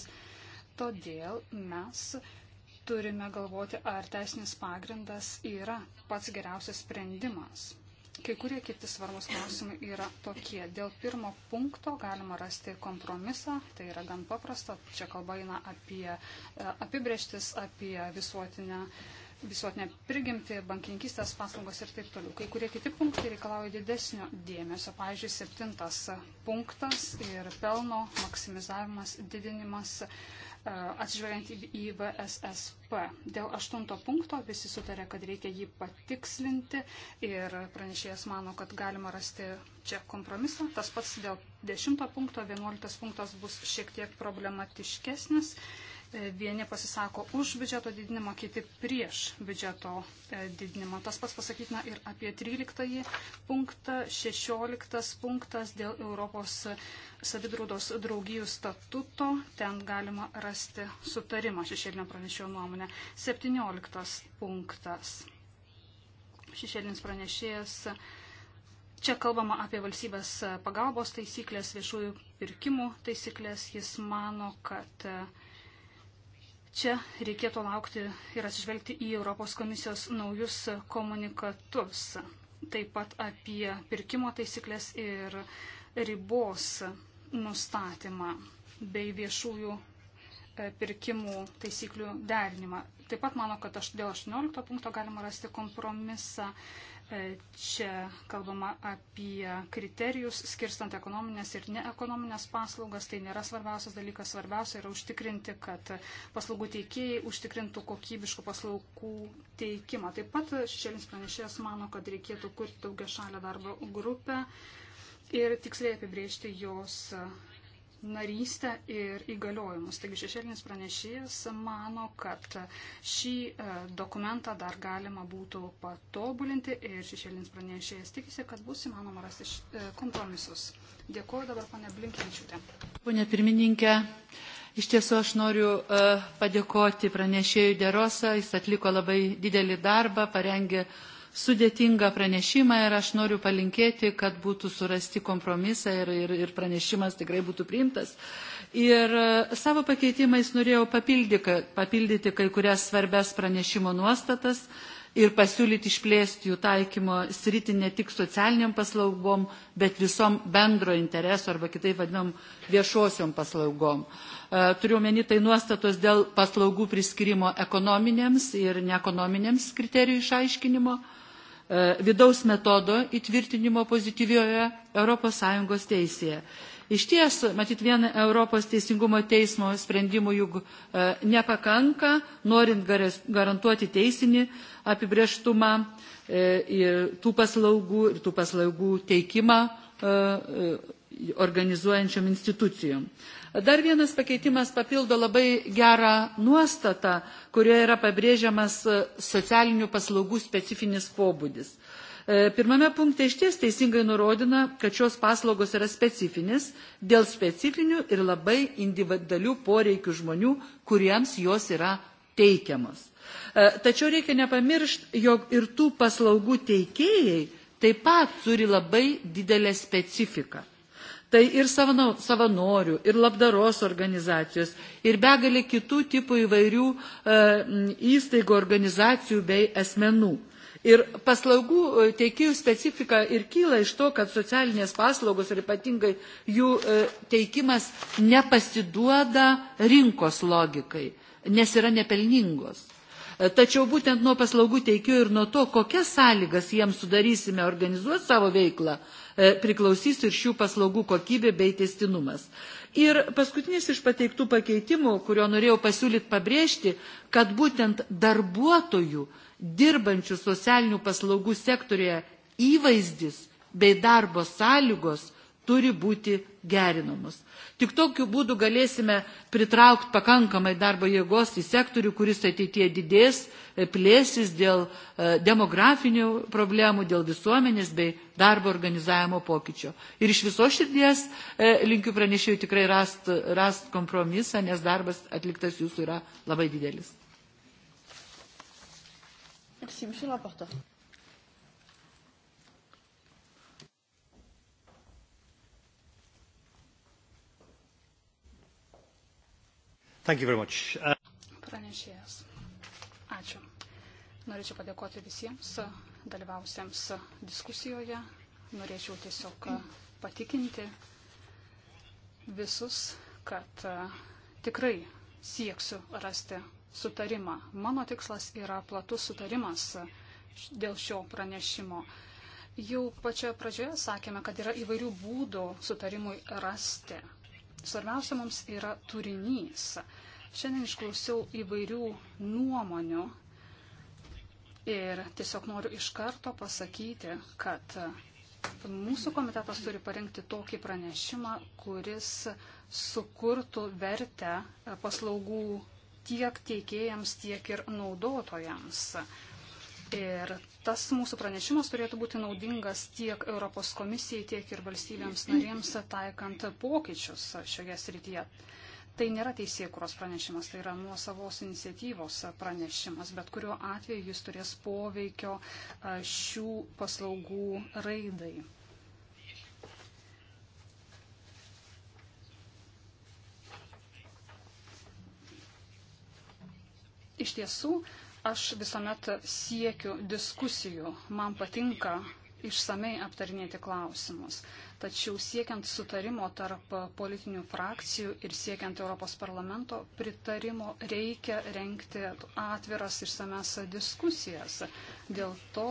Todėl mes turime galvoti, ar teisinis pagrindas yra pats geriausias sprendimas. Kai kurie kiti svarbus klausimai yra tokie. Dėl pirmo punkto galima rasti kompromisą, tai yra gan paprasta. Čia kalba eina apie e, apibrieštis, apie visuotinę uh, visuotinę prigimtį, bankininkistės paslaugos ir taip toliau. Kai kurie kiti punktai reikalauja didesnio dėmesio. Pavyzdžiui, septintas punktas ir pelno maksimizavimas, didinimas e, atsižvelgiant į VSSP. Dėl aštunto punkto visi sutarė, kad reikia jį patikslinti ir pranešėjas mano, kad galima rasti čia kompromisą. Tas pats dėl dešimto punkto, vienuoliktas punktas bus šiek tiek problematiškesnis Vieni pasisako už biudžeto didinimą, kiti prieš biudžeto e, didinimą. Tas pats pasakytina ir apie 13 punktą, 16 punktas dėl Europos savidraudos draugijų statuto. Ten galima rasti sutarimą šešėlinio pranešėjo nuomonę. 17 punktas. Šešėlinis pranešėjas. Čia kalbama apie valstybės pagalbos taisyklės, viešųjų pirkimų taisyklės. Jis mano, kad uh, Čia reikėtų laukti ir atsižvelgti į Europos komisijos naujus komunikatus, taip pat apie pirkimo taisyklės ir ribos nustatymą bei viešųjų e, pirkimų taisyklių derinimą. Taip pat mano, kad aš dėl 18 punkto galima rasti kompromisą E, čia kalbama apie kriterijus, skirstant ekonominės ir neekonominės paslaugas. Tai nėra svarbiausias dalykas. Svarbiausia yra užtikrinti, kad paslaugų teikėjai užtikrintų kokybiškų paslaugų teikimą. Taip pat šešėlis pranešėjas mano, kad reikėtų kurti daugia šalia darbo grupę ir tiksliai apibriežti jos narystę ir įgaliojimus. Taigi šešėlinis pranešėjas mano, kad šį e, dokumentą dar galima būtų patobulinti ir šešėlinis pranešėjas tikisi, kad bus įmanoma rasti e, kompromisus. Dėkuoju dabar, pane Blinkevičiūtė. Pone pirmininkė, iš tiesų aš noriu e, padėkoti pranešėjui Derosą, jis atliko labai didelį darbą, parengė sudėtingą pranešimą ir aš noriu palinkėti, kad būtų surasti kompromisą ir, ir, ir pranešimas tikrai būtų priimtas. Ir e, savo pakeitimais norėjau papildyti, papildyti kai kurias svarbias pranešimo nuostatas ir pasiūlyti išplėsti jų taikymo sritį ne tik socialiniam paslaugom, bet visom bendro intereso arba kitaip vadinam viešosiom paslaugom. E, turiu meni tai nuostatos dėl paslaugų priskirimo ekonominėms ir neekonominėms kriterijų išaiškinimo E, vidaus metodo įtvirtinimo pozityvioje ES teisėje. Iš ties, matyt, vieną Europos teisingumo teismo sprendimų juk e, nepakanka, norint garantuoti teisinį apibrieštumą e, ir tų paslaugų ir tų paslaugų teikimą organizuojančiom institucijom. Dar vienas pakeitimas papildo labai gerą nuostatą, kurioje yra pabrėžiamas e, socialinių paslaugų specifinis pobūdis. E, pirmame punkte išties teisingai nurodina, kad šios paslaugos yra specifinis dėl specifinių ir labai individualių poreikių žmonių, kuriems jos yra teikiamos. E, tačiau reikia nepamiršti, jog ir tų paslaugų teikėjai taip pat turi labai didelę specifiką tai ir savanorių, ir labdaros organizacijos, ir begalė kitų tipų įvairių e, įstaigų, organizacijų bei asmenų. Ir paslaugų e, teikėjų specifika ir kyla iš to, kad socialinės paslaugos ir ypatingai jų e, teikimas nepasiduoda rinkos logikai, nes yra nepelningos. Tačiau būtent nuo paslaugų teikėjų ir nuo to, kokias sąlygas jiems sudarysime organizuoti savo veiklą, E, priklausys ir šių paslaugų kokybė bei testinumas. Ir paskutinis iš pateiktų pakeitimų, kurio norėjau pasiūlyti pabrėžti, kad būtent darbuotojų dirbančių socialinių paslaugų sektorėje įvaizdis bei darbo sąlygos turi būti gerinamos. Tik tokiu būdu galėsime pritraukti pakankamai darbo jėgos į sektorių, kuris ateitie didės, e, plėsis dėl e, demografinių problemų, dėl visuomenės bei darbo organizavimo pokyčio. Ir iš viso širdies e, linkiu pranešėjų tikrai rast, rast kompromisą, nes darbas atliktas jūsų yra labai didelis. Merci, monsieur le rapporteur. Thank you very much. Uh... Pranešėjas. Ačiū. Norėčiau padėkoti visiems dalyvausiems diskusijoje. Norėčiau tiesiog patikinti visus, kad uh, tikrai sieksiu rasti sutarimą. Mano tikslas yra platus sutarimas dėl šio pranešimo. Jau pačioje pradžioje sakėme, kad yra įvairių būdų sutarimui rasti. Svarbiausia mums yra turinys. Šiandien išklausiau įvairių nuomonių ir tiesiog noriu iš karto pasakyti, kad mūsų komitetas turi parengti tokį pranešimą, kuris sukurtų vertę paslaugų tiek teikėjams, tiek ir naudotojams. Ir tas mūsų pranešimas turėtų būti naudingas tiek Europos komisijai, tiek ir valstybėms narėms taikant pokyčius šioje srityje. Tai nėra teisėkuros pranešimas, tai yra nuo savos iniciatyvos pranešimas, bet kuriuo atveju jis turės poveikio šių paslaugų raidai. Iš tiesų, Aš visuomet siekiu diskusijų, man patinka išsamei aptarinėti klausimus. Tačiau siekiant sutarimo tarp politinių frakcijų ir siekiant Europos parlamento pritarimo reikia renkti atviras išsames diskusijas. Dėl to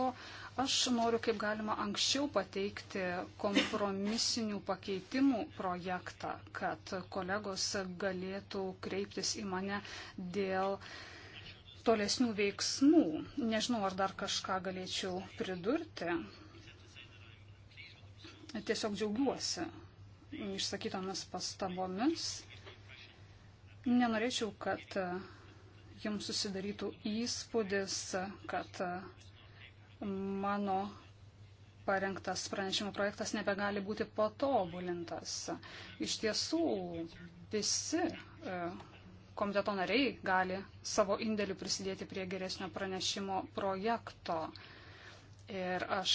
aš noriu kaip galima anksčiau pateikti kompromisinių pakeitimų projektą, kad kolegos galėtų kreiptis į mane dėl uh, tolesnių veiksmų. Nežinau, ar dar kažką galėčiau pridurti. Tiesiog džiaugiuosi išsakytomis pastabomis. Nenorėčiau, kad jums susidarytų įspūdis, kad mano parengtas pranešimo projektas nebegali būti patobulintas. Iš tiesų, visi komiteto nariai gali savo indėliu prisidėti prie geresnio pranešimo projekto. Ir aš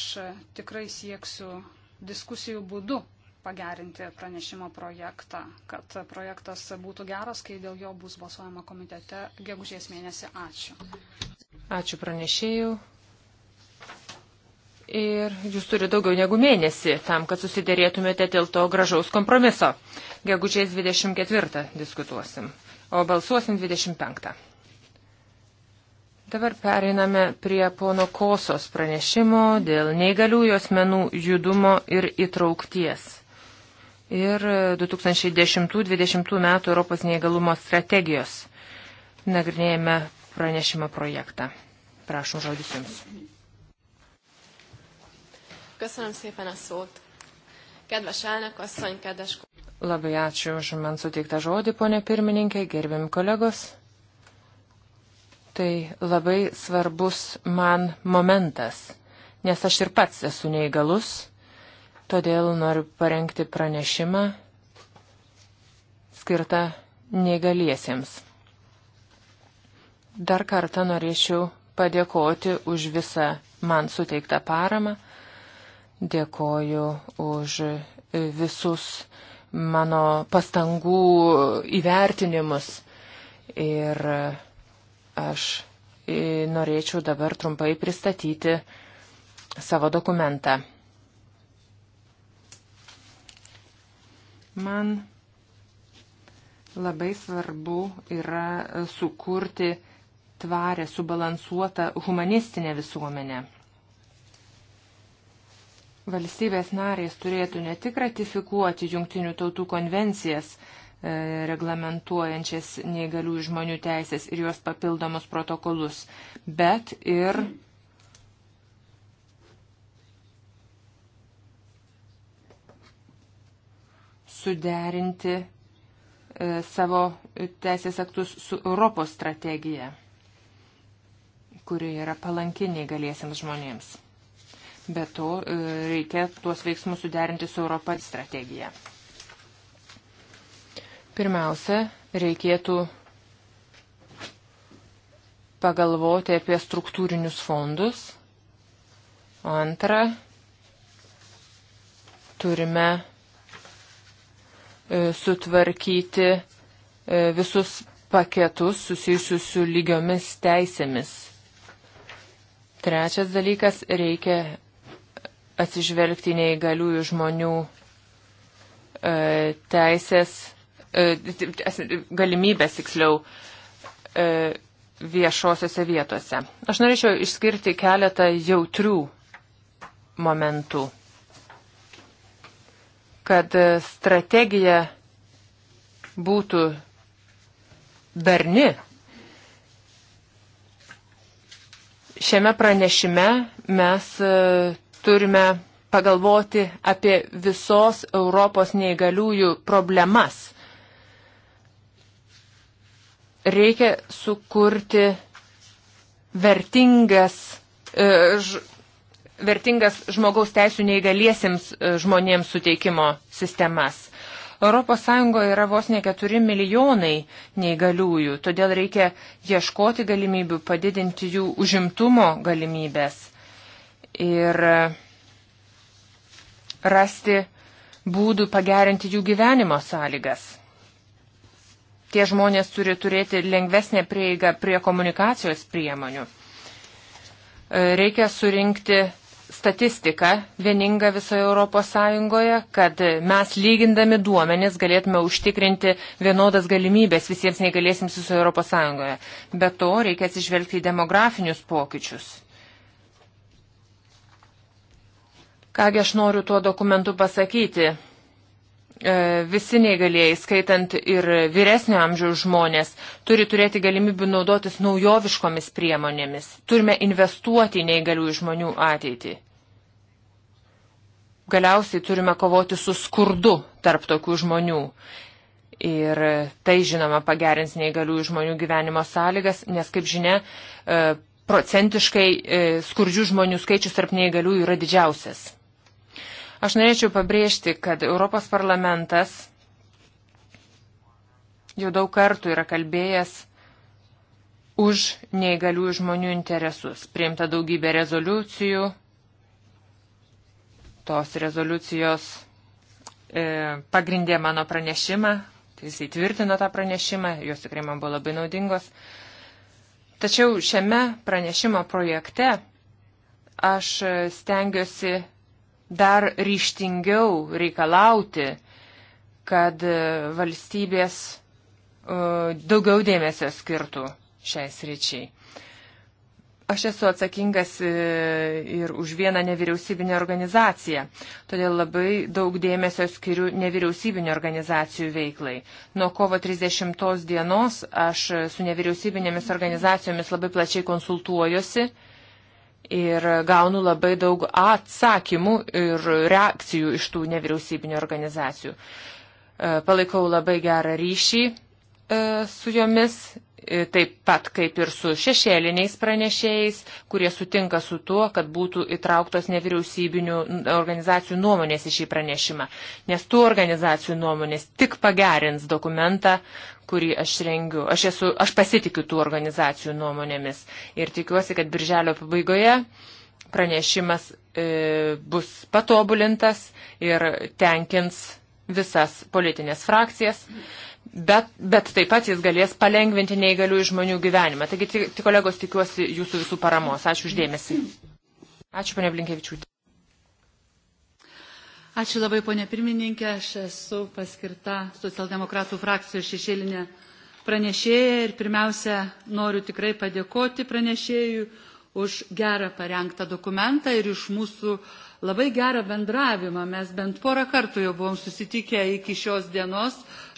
tikrai sieksiu diskusijų būdu pagerinti pranešimo projektą, kad projektas būtų geras, kai dėl jo bus balsuojama komitete gegužės mėnesį. Ačiū. Ačiū pranešėjų. Ir jūs turite daugiau negu mėnesį tam, kad susidėrėtumėte dėl to gražaus kompromiso. Gegužės 24 diskutuosim o balsuosim 25. Dabar pereiname prie pono Kosos pranešimo dėl neįgaliųjų asmenų judumo ir įtraukties. Ir 2010-2020 metų Europos neįgalumo strategijos. Nagrinėjame pranešimo projektą. Prašom žodis Jums. Köszönöm szépen a szót. Kedves elnök asszony, kedves... Labai ačiū už man suteiktą žodį, ponė pirmininkė, gerbiami kolegos. Tai labai svarbus man momentas, nes aš ir pats esu neįgalus, todėl noriu parengti pranešimą skirtą neįgaliesiems. Dar kartą norėčiau padėkoti už visą man suteiktą paramą. Dėkoju už visus mano pastangų įvertinimus. Ir aš e, norėčiau dabar trumpai pristatyti savo dokumentą. Man labai svarbu yra sukurti tvarę, subalansuotą humanistinę visuomenę valstybės narės turėtų ne tik ratifikuoti jungtinių tautų konvencijas, e, reglamentuojančias neįgalių žmonių teisės ir jos papildomus protokolus, bet ir suderinti e, savo teisės aktus su Europos strategija, kuri yra palankiniai galiesiams žmonėms. Be to e, reikia tuos veiksmus suderinti su Europos strategija. Pirmiausia, reikėtų pagalvoti apie struktūrinius fondus. Antra, turime e, sutvarkyti e, visus paketus susijusius su lygiomis teisėmis. Trečias dalykas - reikia atsižvelgti neįgaliųjų žmonių e, teisės, e, galimybės tiksliau e, viešosiose vietose. Aš norėčiau išskirti keletą jautrių momentų, kad strategija būtų darni. Šiame pranešime mes turime pagalvoti apie visos Europos neįgaliųjų problemas. Reikia sukurti vertingas, e, ž, vertingas žmogaus teisų neįgaliesiems e, žmonėms suteikimo sistemas. ES yra vos ne 4 milijonai neįgaliųjų, todėl reikia ieškoti galimybių, padidinti jų užimtumo galimybės ir e, rasti būdų pagerinti jų gyvenimo sąlygas. Tie žmonės turi turėti lengvesnę prieigą prie komunikacijos priemonių. E, reikia surinkti statistiką vieningą visoje Europos Sąjungoje, kad mes lygindami duomenis galėtume užtikrinti vienodas galimybės visiems neįgalėsims visoje Europos Sąjungoje. Be to reikia atsižvelgti į demografinius pokyčius. Kągi aš noriu tuo dokumentu pasakyti? E, visi neįgalėjai, skaitant ir vyresnio amžiaus žmonės, turi turėti galimybių naudotis naujoviškomis priemonėmis. Turime investuoti į neįgaliųjų žmonių ateitį. Galiausiai turime kovoti su skurdu tarp tokių žmonių. Ir tai, žinoma, pagerins neįgaliųjų žmonių gyvenimo sąlygas, nes, kaip žinia, e, procentiškai e, skurdžių žmonių skaičius tarp neįgaliųjų yra didžiausias. Aš norėčiau pabrėžti, kad Europos parlamentas jau daug kartų yra kalbėjęs už neįgaliųjų žmonių interesus. Priimta daugybė rezoliucijų. Tos rezoliucijos e, pagrindė mano pranešimą. Tai jisai tvirtino tą pranešimą, jos tikrai man buvo labai naudingos. Tačiau šiame pranešimo projekte aš stengiuosi dar ryštingiau reikalauti, kad valstybės e, daugiau dėmesio skirtų šiais ryčiai. Aš esu atsakingas e, ir už vieną nevyriausybinę organizaciją, todėl labai daug dėmesio skiriu nevyriausybinio organizacijų veiklai. Nuo kovo 30 dienos aš su nevyriausybinėmis organizacijomis labai plačiai konsultuojosi, uh, ir gaunu labai daug atsakymų ir reakcijų iš tų nevyriausybinio organizacijų. E, palaikau labai gerą ryšį e, su jomis E, taip pat kaip ir su šešėliniais pranešėjais, kurie sutinka su tuo, kad būtų įtrauktos nevyriausybinių organizacijų nuomonės į šį pranešimą. Nes tų organizacijų nuomonės tik pagerins dokumentą, kurį aš rengiu. Aš, esu, aš pasitikiu tų organizacijų nuomonėmis ir tikiuosi, kad birželio pabaigoje pranešimas e, bus patobulintas ir tenkins visas politinės frakcijas. Mm bet, bet taip pat jis galės palengvinti neįgaliųjų žmonių gyvenimą. Taigi, tik kolegos, tikiuosi jūsų visų paramos. Ačiū uždėmesi. Ačiū, ponia Blinkevičiūtė. Ačiū labai, ponia pirmininkė. Aš esu paskirta socialdemokratų frakcijos šešėlinė pranešėja ir pirmiausia noriu tikrai padėkoti pranešėjui už gerą parengtą dokumentą ir iš mūsų uh, labai gerą bendravimą. Mes bent porą kartų jau buvom susitikę iki šios dienos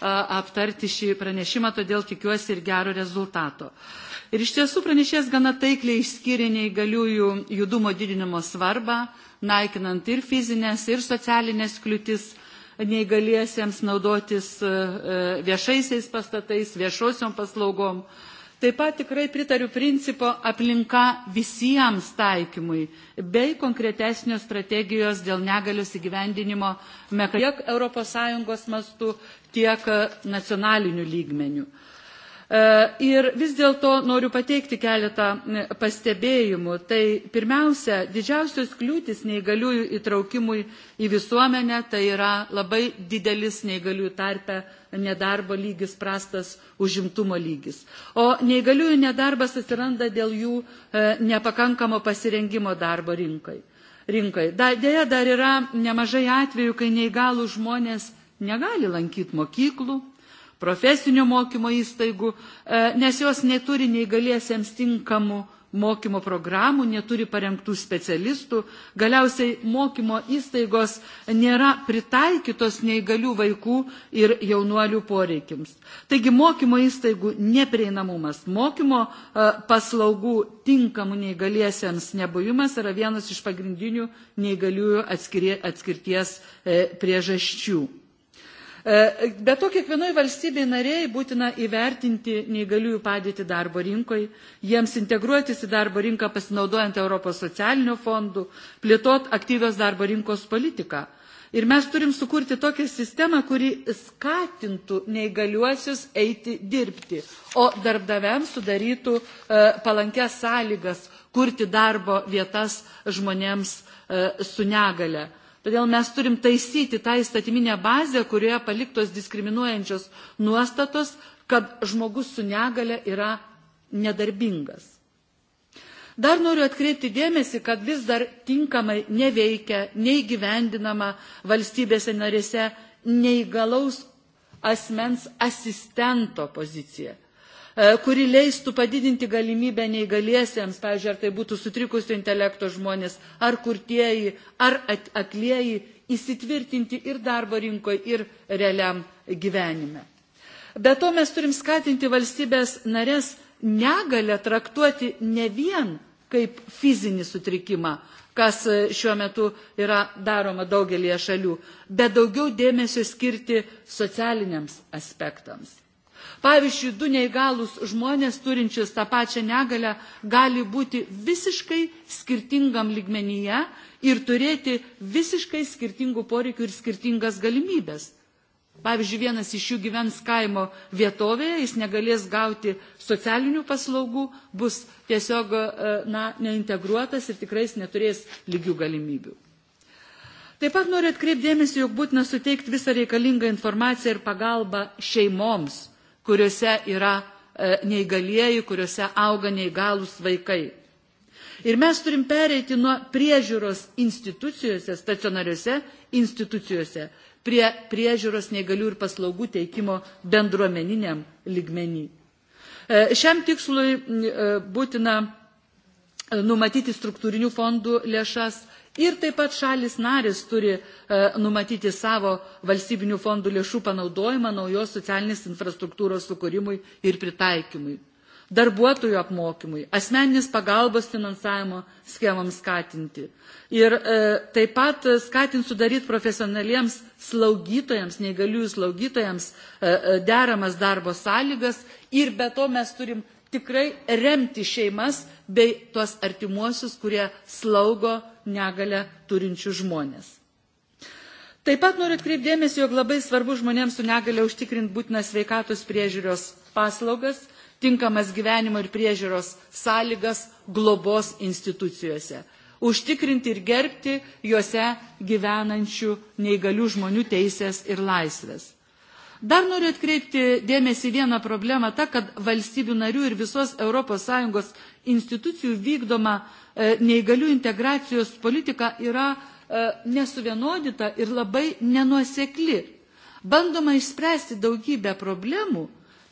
aptarti šį pranešimą, todėl tikiuosi ir gero rezultato. Ir iš tiesų pranešės gana taikliai išskyrė neįgaliųjų judumo didinimo svarbą, naikinant ir fizinės, ir socialinės kliūtis neįgaliesiems naudotis viešaisiais pastatais, viešosiom paslaugom. Uh, Taip pat tikrai pritariu principo aplinka visiems taikymui bei konkretesnės strategijos dėl negalios įgyvendinimo tiek ES mastų, tiek e, nacionalinių lygmenių. E, ir vis dėlto noriu pateikti keletą pastebėjimų. Tai pirmiausia, didžiausios kliūtis neįgaliųjų įtraukimui į visuomenę tai yra labai didelis neįgaliųjų tarpe nedarbo lygis, prastas užimtumo lygis. O neįgaliųjų nedarbas atsiranda dėl jų e, nepakankamo pasirengimo darbo rinkai. rinkai. Da, dėja, dar yra nemažai atvejų, kai neįgalų žmonės negali lankyti mokyklų, profesinio mokymo įstaigų, e, nes jos neturi neįgaliesiems tinkamų mokymo programų, neturi parengtų specialistų, galiausiai mokymo įstaigos nėra pritaikytos neįgalių vaikų ir jaunuolių poreikims. Taigi mokymo įstaigų neprieinamumas, mokymo e, paslaugų tinkamų neįgaliesiems nebuvimas yra vienas iš pagrindinių neįgaliųjų atskirties e, priežasčių. E, be to, kiekvienoje valstybėje narėje būtina įvertinti neįgaliųjų padėtį darbo rinkoje, jiems integruotis į darbo rinką pasinaudojant Europos socialinio fondų, plėtot aktyvios darbo rinkos politiką. Ir mes turim sukurti tokią sistemą, kuri skatintų neįgaliuosius eiti dirbti, o darbdaviams sudarytų e, palankęs sąlygas kurti darbo vietas žmonėms e, su negale. Todėl mes turim taisyti tą įstatyminę bazę, kurioje paliktos diskriminuojančios nuostatos, kad žmogus su negale yra nedarbingas. Dar noriu atkreipti dėmesį, kad vis dar tinkamai neveikia, neįgyvendinama valstybėse narėse neįgalaus asmens asistento pozicija. E, kuri leistų padidinti galimybę neįgaliesiems, pavyzdžiui, ar tai būtų sutrikusio intelekto žmonės, ar kurtieji, ar aklieji, įsitvirtinti ir darbo rinkoje, ir realiam gyvenime. Be to mes turim skatinti valstybės narės negalę traktuoti ne vien kaip fizinį sutrikimą, kas e, šiuo metu yra daroma daugelie šalių, bet daugiau dėmesio skirti socialiniams aspektams. Pavyzdžiui, du neįgalus žmonės turinčius tą pačią negalę gali būti visiškai skirtingam ligmenyje ir turėti visiškai skirtingų poreikių ir skirtingas galimybės. Pavyzdžiui, vienas iš jų gyvens kaimo vietovėje, jis negalės gauti socialinių paslaugų, bus tiesiog e, na, neintegruotas ir tikrai neturės lygių galimybių. Taip pat noriu atkreipdėmėsi, jog būtina suteikti visą reikalingą informaciją ir pagalbą šeimoms, kuriuose yra e, neįgalieji, kuriuose auga neįgalus vaikai. Ir mes turim pereiti nuo priežiūros institucijose, stacionariuose institucijose, prie priežiūros negalių ir paslaugų teikimo bendruomeniniam lygmenį. E, šiam tikslui e, būtina numatyti struktūrinių fondų lėšas, Ir taip pat šalis narės turi e, numatyti savo valstybinių fondų lėšų panaudojimą naujos socialinės infrastruktūros sukūrimui ir pritaikymui darbuotojų apmokymui, asmeninės pagalbos finansavimo schemams skatinti. Ir e, taip pat skatinti sudaryti profesionaliems slaugytojams, neįgaliųjų slaugytojams e, e, deramas darbo sąlygas ir be to mes turim tikrai remti šeimas, bei tuos artimuosius, kurie slaugo negalę turinčių žmonės. Taip pat noriu atkreipdėmėsi, jog labai svarbu žmonėms su negale užtikrinti būtinas sveikatos priežiūros paslaugas, tinkamas gyvenimo ir priežiūros sąlygas globos institucijose, užtikrinti ir gerbti juose gyvenančių neįgalių žmonių teisės ir laisvės. Dar noriu atkreipti dėmesį vieną problemą, ta, kad valstybių narių ir visos ES institucijų vykdoma e, neįgalių integracijos politika yra e, nesuvienodita ir labai nenuosekli. Bandoma išspręsti daugybę problemų,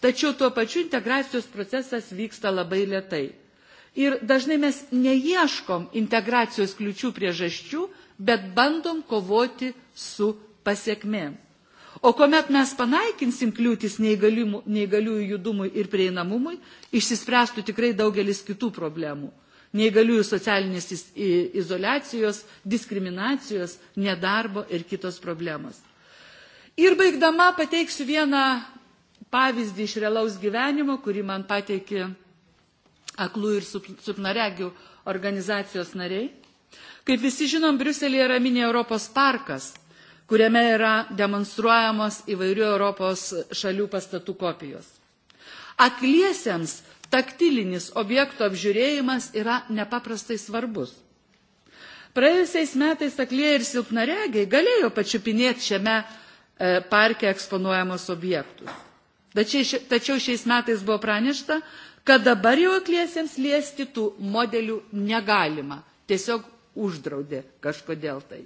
tačiau tuo pačiu integracijos procesas vyksta labai lietai. Ir dažnai mes neieškom integracijos kliučių priežasčių, bet bandom kovoti su pasiekmėm. O kuomet mes panaikinsim kliūtis neįgaliųjų judumui ir prieinamumui, išsispręstų tikrai daugelis kitų problemų. Neįgaliųjų socialinės izolacijos, diskriminacijos, nedarbo ir kitos problemos. Ir baigdama pateiksiu vieną pavyzdį iš realaus gyvenimo, kurį man pateikė aklų ir supnaregių organizacijos nariai. Kaip visi žinom, Briuselėje yra mini Europos parkas, kuriame yra demonstruojamos įvairių Europos šalių pastatų kopijos. Akliesiems taktilinis objekto apžiūrėjimas yra nepaprastai svarbus. Praėjusiais metais aklieji ir silpnaregiai galėjo pačiupinėti šiame e, parke eksponuojamos objektus. Tačiau šiais metais buvo pranešta, kad dabar jau akliesiems liesti tų modelių negalima. Tiesiog uždraudė kažkodėl tai.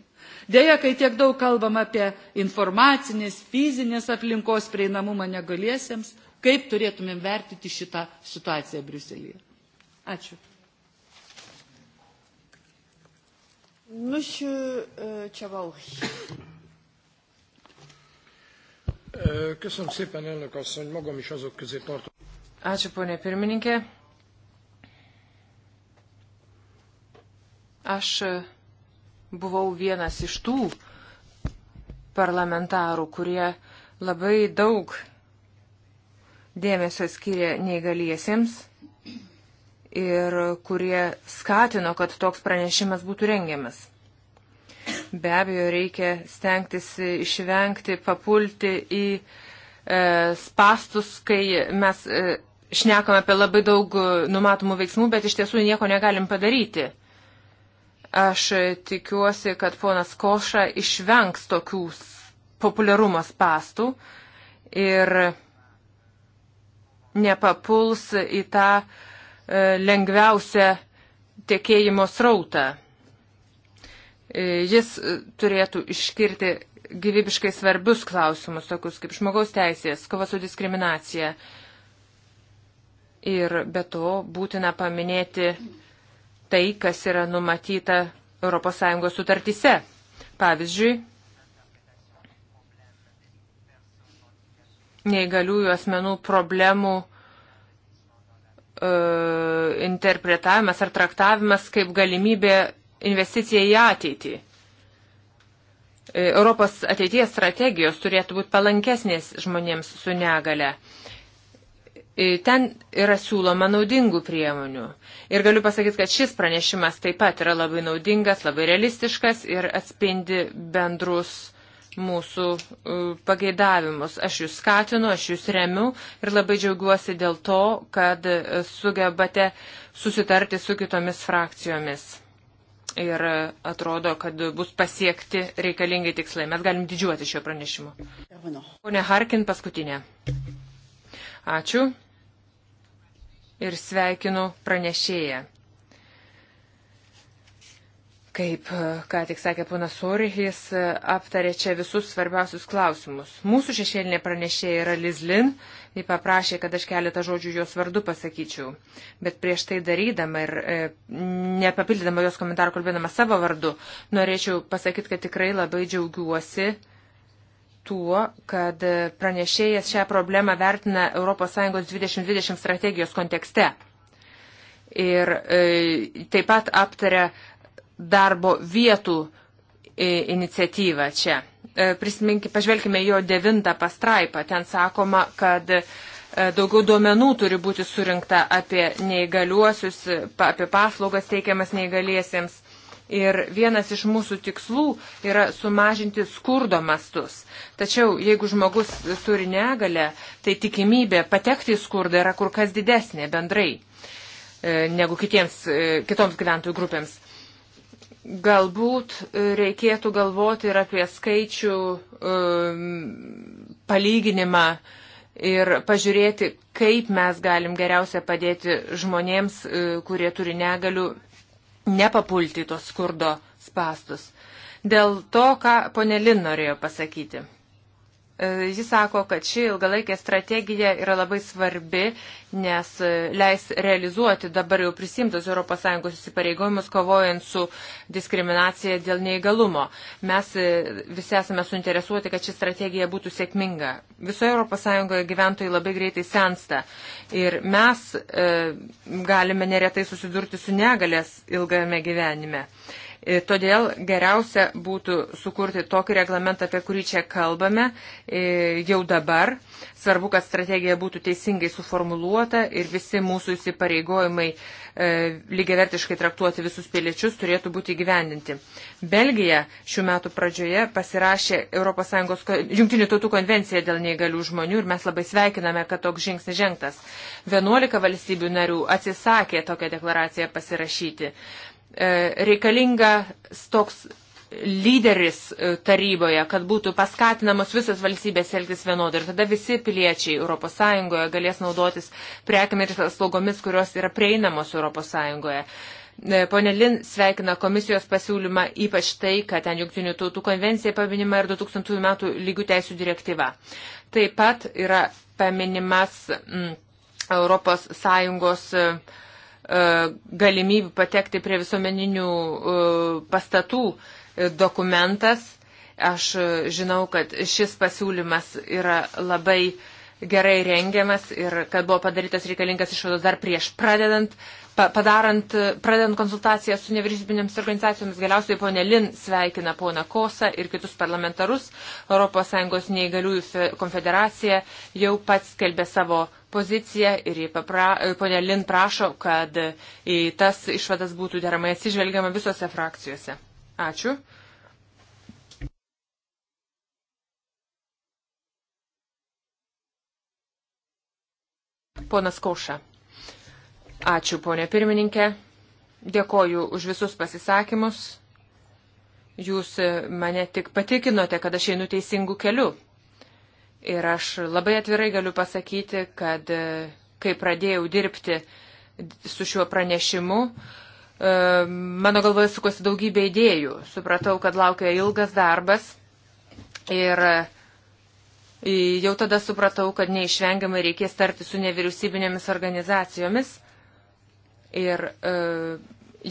Deja, kai tiek daug kalbam apie informacinės, fizinės aplinkos prieinamumą negaliesiems, kaip turėtumėm vertinti šitą situaciją Briuselėje. Ačiū. Monsieur Csavauri. Köszönöm szépen, elnök asszony, magam is azok közé tartom. Ačiū, ponė pirmininkė. Aš buvau vienas iš tų parlamentarų, kurie labai daug dėmesio skiria neįgaliesiems ir kurie skatino, kad toks pranešimas būtų rengiamas. Be abejo, reikia stengtis išvengti, papulti į e, spastus, kai mes e, šnekam apie labai daug numatomų veiksmų, bet iš tiesų nieko negalim padaryti. Aš tikiuosi, kad ponas Koša išvengs tokių populiarumo spastų ir nepapuls į tą e, lengviausią tiekėjimo srautą. E, jis e, turėtų iškirti gyvybiškai svarbius klausimus, tokius kaip žmogaus teisės, kova su diskriminacija. Ir be to būtina paminėti tai, kas yra numatyta ES sutartyse. Pavyzdžiui, neįgaliųjų asmenų problemų e, interpretavimas ar traktavimas kaip galimybė investicija į ateitį. E, Europos ateities strategijos turėtų būti palankesnės žmonėms su negale. E, ten yra siūloma naudingų priemonių. Ir galiu pasakyti, kad šis pranešimas taip pat yra labai naudingas, labai realistiškas ir atspindi bendrus mūsų e, pageidavimus. Aš jūs skatinu, aš jūs remiu ir labai džiaugiuosi dėl to, kad e, sugebate susitarti su kitomis frakcijomis. Ir atrodo, kad bus pasiekti reikalingi tikslai. Mes galim didžiuoti šio pranešimu. Pone Harkin, paskutinė. Ačiū ir sveikinu pranešėją. Kaip, e, ką tik sakė ponas Sori, jis e, aptarė čia visus svarbiausius klausimus. Mūsų šešėlinė pranešėja yra Lizlin, ji paprašė, kad aš keletą žodžių jos vardu pasakyčiau. Bet prieš tai darydama ir e, nepapildydama jos komentarų, kalbėdama savo vardu, norėčiau pasakyti, kad tikrai labai džiaugiuosi tuo, kad pranešėjas šią problemą vertina ES 2020 strategijos kontekste. Ir e, taip pat aptaria darbo vietų e, iniciatyvą čia. E, prisiminkime, pažvelkime jo devintą pastraipą. Ten sakoma, kad e, daugiau duomenų turi būti surinkta apie neįgaliuosius, pa, apie paslaugas teikiamas neįgaliesiems Ir vienas iš mūsų tikslų yra sumažinti skurdo mastus. Tačiau jeigu žmogus turi negalę, tai tikimybė patekti į skurdą yra kur kas didesnė bendrai e, negu kitiems, e, kitoms gyventojų grupėms. Galbūt e, reikėtų galvoti ir apie skaičių palyginimą ir pažiūrėti, kaip mes galim geriausia padėti žmonėms, kurie turi negalių nepapulti į tos skurdo spastus. Dėl to, ką ponelin norėjo pasakyti. E, Jis sako, kad ši ilgalaikė strategija yra labai svarbi, nes e, leis realizuoti dabar jau prisimtus ES įsipareigojimus kovojant su diskriminacija dėl neįgalumo. Mes e, visi esame suinteresuoti, kad ši strategija būtų sėkminga. Visoje ES gyventojai labai greitai sensta ir mes e, galime neretai susidurti su negalės ilgame gyvenime. E, E, todėl geriausia būtų sukurti tokį reglamentą, apie kurį čia kalbame e, jau dabar. Svarbu, kad strategija būtų teisingai suformuluota ir visi mūsų įsipareigojimai e, lygiavertiškai traktuoti visus piliečius turėtų būti gyvendinti. Belgija šių metų pradžioje pasirašė ES Junktinių tautų konvenciją dėl neįgalių žmonių ir mes labai sveikiname, kad toks žingsnis žengtas. 11 valstybių narių atsisakė tokią deklaraciją pasirašyti. E, reikalingas toks lyderis e, taryboje, kad būtų paskatinamos visas valstybės elgtis vienodai. Ir tada visi piliečiai ES galės naudotis prekiamis ir slaugomis, kurios yra prieinamos ES. E, Pone Lin sveikina komisijos pasiūlymą ypač tai, kad ten Junktinių tautų konvencija paminima ir 2000 metų lygių teisų direktyva. Taip pat yra paminimas mm, Europos Sąjungos mm, E, galimybių patekti prie visuomeninių e, pastatų e, dokumentas. Aš žinau, kad šis pasiūlymas yra labai gerai rengiamas ir kad buvo padarytas reikalingas išvados dar prieš pradedant, pa, padarant, pradedant konsultaciją su nevyriausybinėms organizacijomis. Galiausiai ponė Lin sveikina poną Kosą ir kitus parlamentarus. ES neįgaliųjų konfederacija jau pats skelbė savo poziciją ir papra, e, ponia Lin prašo, kad į tas išvadas būtų deramai atsižvelgiama visose frakcijose. Ačiū. Ponas Kauša. Ačiū, ponė pirmininkė. Dėkoju už visus pasisakymus. Jūs e, mane tik patikinote, kad aš einu teisingų kelių. Ir aš labai atvirai galiu pasakyti, kad e, kai pradėjau dirbti su šiuo pranešimu, e, mano galvoje sukosi daugybė idėjų. Supratau, kad laukia ilgas darbas ir e, jau tada supratau, kad neišvengiamai reikės tarti su nevyriausybinėmis organizacijomis. Ir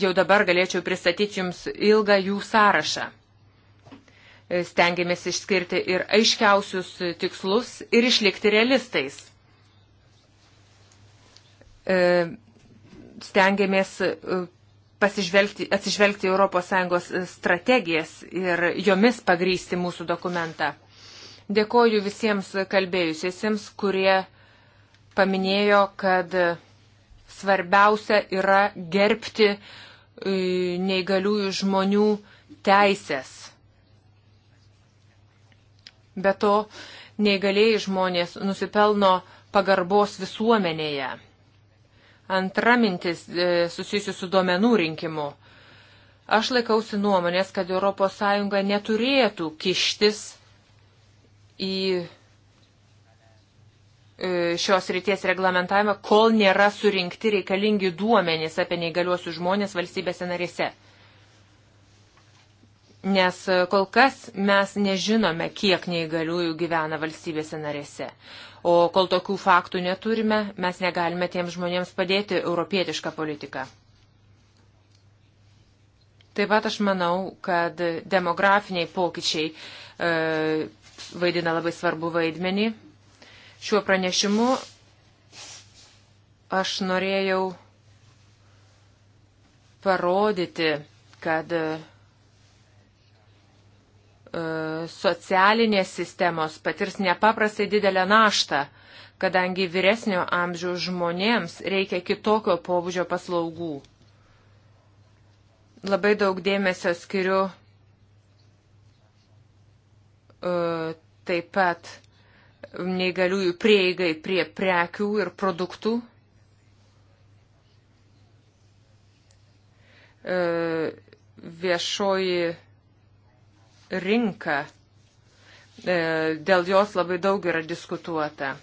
jau dabar galėčiau pristatyti jums ilgą jų sąrašą stengiamės išskirti ir aiškiausius tikslus ir išlikti realistais. E, stengiamės e, atsižvelgti ES strategijas ir jomis pagrysti mūsų dokumentą. Dėkoju visiems kalbėjusiesiems, kurie paminėjo, kad svarbiausia yra gerbti e, neįgaliųjų žmonių teisės Be to, neįgaliai žmonės nusipelno pagarbos visuomenėje. Antra mintis e, susijusi su duomenų rinkimu. Aš laikausi nuomonės, kad ES neturėtų kištis į e, šios ryties reglamentavimą, kol nėra surinkti reikalingi duomenys apie neįgaliuosius žmonės valstybėse narėse nes e, kol kas mes nežinome, kiek neįgaliųjų gyvena valstybėse narėse. O kol tokių faktų neturime, mes negalime tiems žmonėms padėti europietišką politiką. Taip pat aš manau, kad demografiniai pokyčiai e, vaidina labai svarbu vaidmenį. Šiuo pranešimu aš norėjau parodyti, kad e, E, socialinės sistemos patirs nepaprastai didelę naštą, kadangi vyresnio amžiaus žmonėms reikia kitokio pobūdžio paslaugų. Labai daug dėmesio skiriu e, taip pat neįgaliųjų prieigai prie prekių ir produktų. E, viešoji rinką. E, dėl jos labai daug yra diskutuota.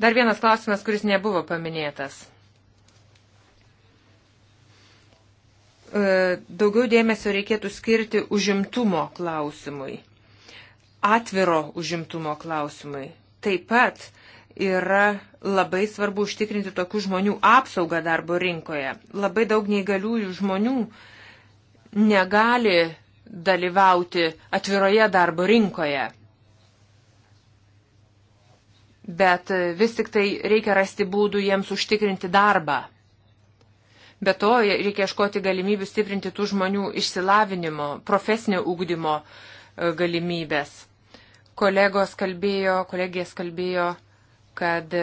Dar vienas klausimas, kuris nebuvo paminėtas. E, daugiau dėmesio reikėtų skirti užimtumo klausimui, atviro užimtumo klausimui. Taip pat yra labai svarbu užtikrinti tokių žmonių apsaugą darbo rinkoje. Labai daug neįgaliųjų žmonių negali dalyvauti atviroje darbo rinkoje. Bet vis tik tai reikia rasti būdų jiems užtikrinti darbą. Be to, reikia iškoti galimybių stiprinti tų žmonių išsilavinimo, profesinio ūkdymo e, galimybės. Kolegos kalbėjo, kolegijas kalbėjo, kad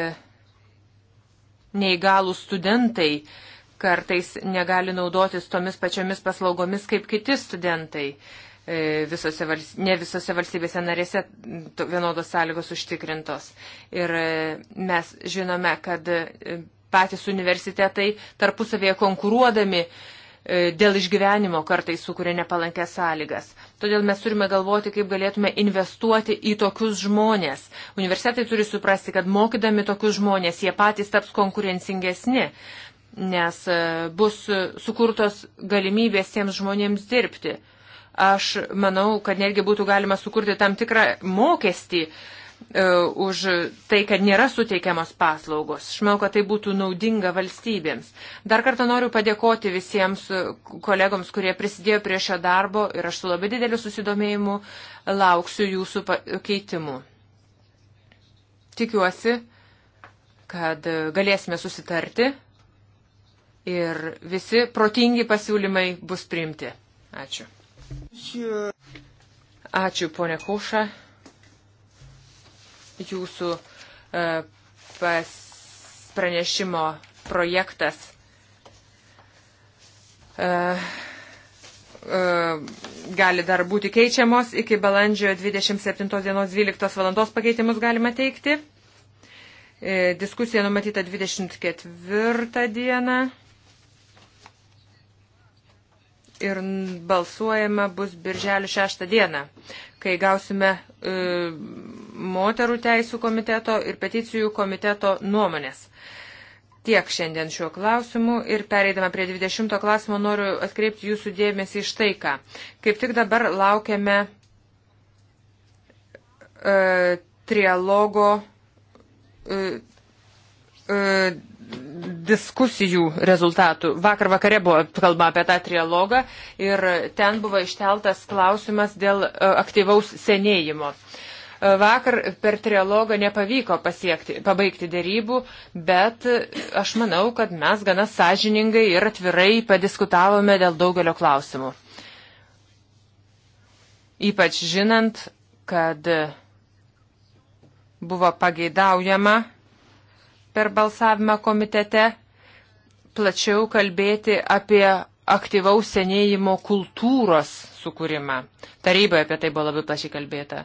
neįgalų studentai uh, kartais negali naudotis tomis pačiomis paslaugomis kaip kiti studentai. E, visose, ne visose valstybėse narėse vienodos sąlygos užtikrintos. Ir e, mes žinome, kad e, patys universitetai tarpusavėje konkuruodami dėl išgyvenimo kartais sukuria nepalankęs sąlygas. Todėl mes turime galvoti, kaip galėtume investuoti į tokius žmonės. Universitetai turi suprasti, kad mokydami tokius žmonės, jie patys taps konkurencingesni nes e, bus sukurtos galimybės tiems žmonėms dirbti. Aš manau, kad netgi būtų galima sukurti tam tikrą mokestį e, už tai, kad nėra suteikiamos paslaugos. Aš manau, kad tai būtų naudinga valstybėms. Dar kartą noriu padėkoti visiems kolegoms, kurie prisidėjo prie šio darbo ir aš su labai dideliu susidomėjimu lauksiu jūsų keitimų. Tikiuosi, kad galėsime susitarti ir visi protingi pasiūlymai bus priimti. Ačiū. Ačiū, ponė Kuša. Jūsų uh, pranešimo projektas uh, uh, gali dar būti keičiamos. Iki balandžio 27 dienos 12 valandos pakeitimus galima teikti. Diskusija numatyta 24 dieną ir balsuojama bus birželio 6 dieną, kai gausime e, moterų teisų komiteto ir peticijų komiteto nuomonės. Tiek šiandien šiuo klausimu ir pereidama prie 20 klausimo noriu atkreipti jūsų dėmesį iš tai, ką. Kaip tik dabar laukiame e, trialogo e, e, diskusijų rezultatų. Vakar vakare buvo kalba apie tą trialogą ir ten buvo išteltas klausimas dėl e, aktyvaus senėjimo. E, vakar per trialogą nepavyko pasiekti, pabaigti dėrybų, bet e, aš manau, kad mes gana sąžiningai ir atvirai padiskutavome dėl daugelio klausimų. Ypač žinant, kad buvo pageidaujama per balsavimą komitete plačiau kalbėti apie aktyvaus senėjimo kultūros sukūrimą. Taryboje apie tai buvo labai plačiai kalbėta.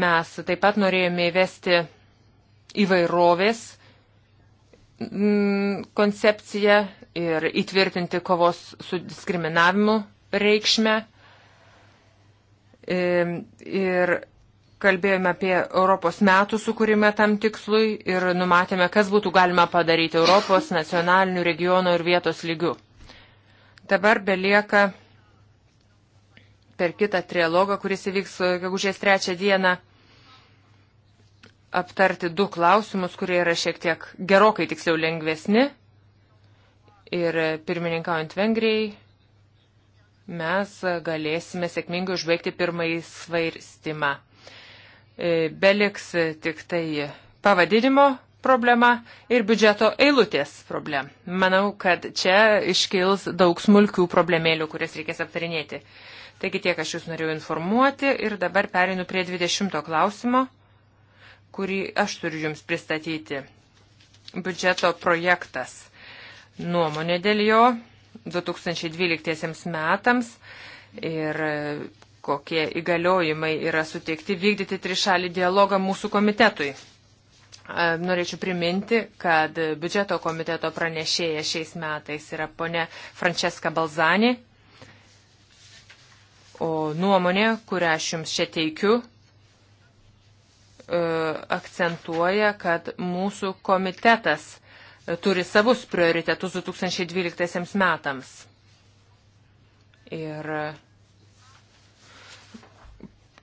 Mes taip pat norėjome įvesti įvairovės mm, koncepciją ir įtvirtinti kovos su diskriminavimu reikšmę. Ehm, ir kalbėjome apie Europos metų sukūrimą tam tikslui ir numatėme, kas būtų galima padaryti Europos, nacionalinių, regiono ir vietos lygių. Dabar belieka per kitą trialogą, kuris įvyks e, gegužės trečią dieną, aptarti du klausimus, kurie yra šiek tiek gerokai tiksliau lengvesni. Ir pirmininkaujant Vengrijai mes galėsime sėkmingai užbaigti pirmąjį svarstymą. E, beliks tik tai pavadinimo problema ir biudžeto eilutės problema. Manau, kad čia iškils daug smulkių problemėlių, kurias reikės aptarinėti. Taigi tiek aš jūs norėjau informuoti ir dabar perinu prie 20 klausimo, kurį aš turiu jums pristatyti. Biudžeto projektas. Nuomonė dėl jo 2012 metams ir kokie įgaliojimai yra suteikti vykdyti trišalį dialogą mūsų komitetui. Norėčiau priminti, kad biudžeto komiteto pranešėja šiais metais yra ponė Franceska Balzani. O nuomonė, kurią aš jums čia teikiu, e, akcentuoja, kad mūsų komitetas e, turi savus prioritetus 2012 metams. Ir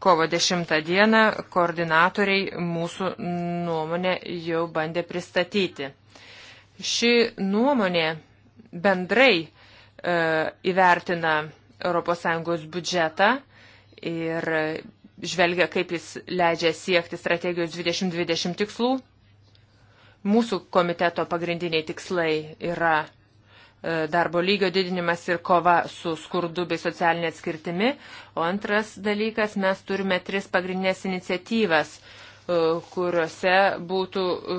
Kovo 10 dieną koordinatoriai mūsų nuomonę jau bandė pristatyti. Ši nuomonė bendrai e, įvertina ES biudžetą ir žvelgia, kaip jis leidžia siekti strategijos 2020 tikslų. Mūsų komiteto pagrindiniai tikslai yra E, darbo lygio didinimas ir kova su skurdu bei socialinė atskirtimi. O antras dalykas, mes turime tris pagrindinės iniciatyvas, e, kuriuose būtų e,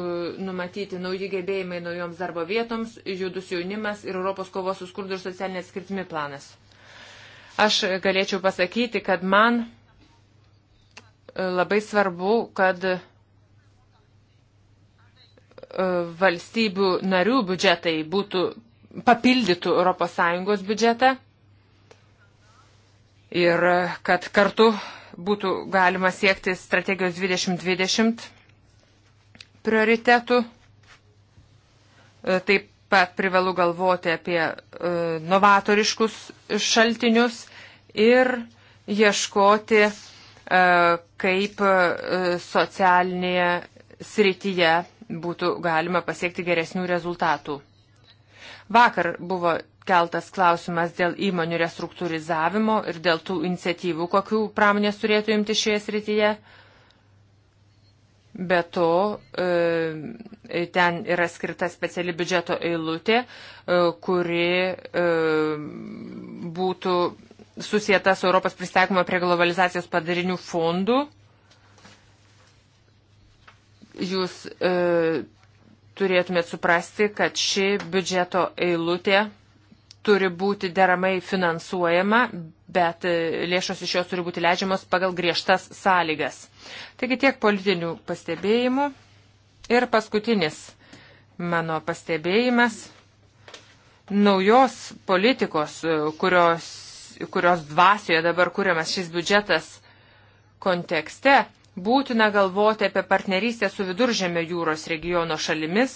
numatyti nauji gebėjimai naujoms darbo vietoms, judus jaunimas ir Europos kovos su skurdu ir socialinė atskirtimi planas. Aš galėčiau pasakyti, kad man labai svarbu, kad valstybių narių biudžetai būtų papildytų ES biudžetą ir kad kartu būtų galima siekti strategijos 2020 prioritetų. Taip pat privalu galvoti apie e, novatoriškus šaltinius ir ieškoti, e, kaip e, socialinėje srityje būtų galima pasiekti geresnių rezultatų. Vakar buvo keltas klausimas dėl įmonių restruktūrizavimo ir dėl tų iniciatyvų, kokių pramonės turėtų imti šioje srityje. Be to, e, ten yra skirta speciali biudžeto eilutė, e, kuri e, būtų susijęta su Europos pristaikymo prie globalizacijos padarinių fondų. Jūs turėtumėt suprasti, kad ši biudžeto eilutė turi būti deramai finansuojama, bet e, lėšos iš jos turi būti leidžiamos pagal griežtas sąlygas. Taigi tiek politinių pastebėjimų. Ir paskutinis mano pastebėjimas. Naujos politikos, e, kurios, kurios dvasioje dabar kuriamas šis biudžetas kontekste, Būtina galvoti apie partnerystę su viduržėmio jūros regiono šalimis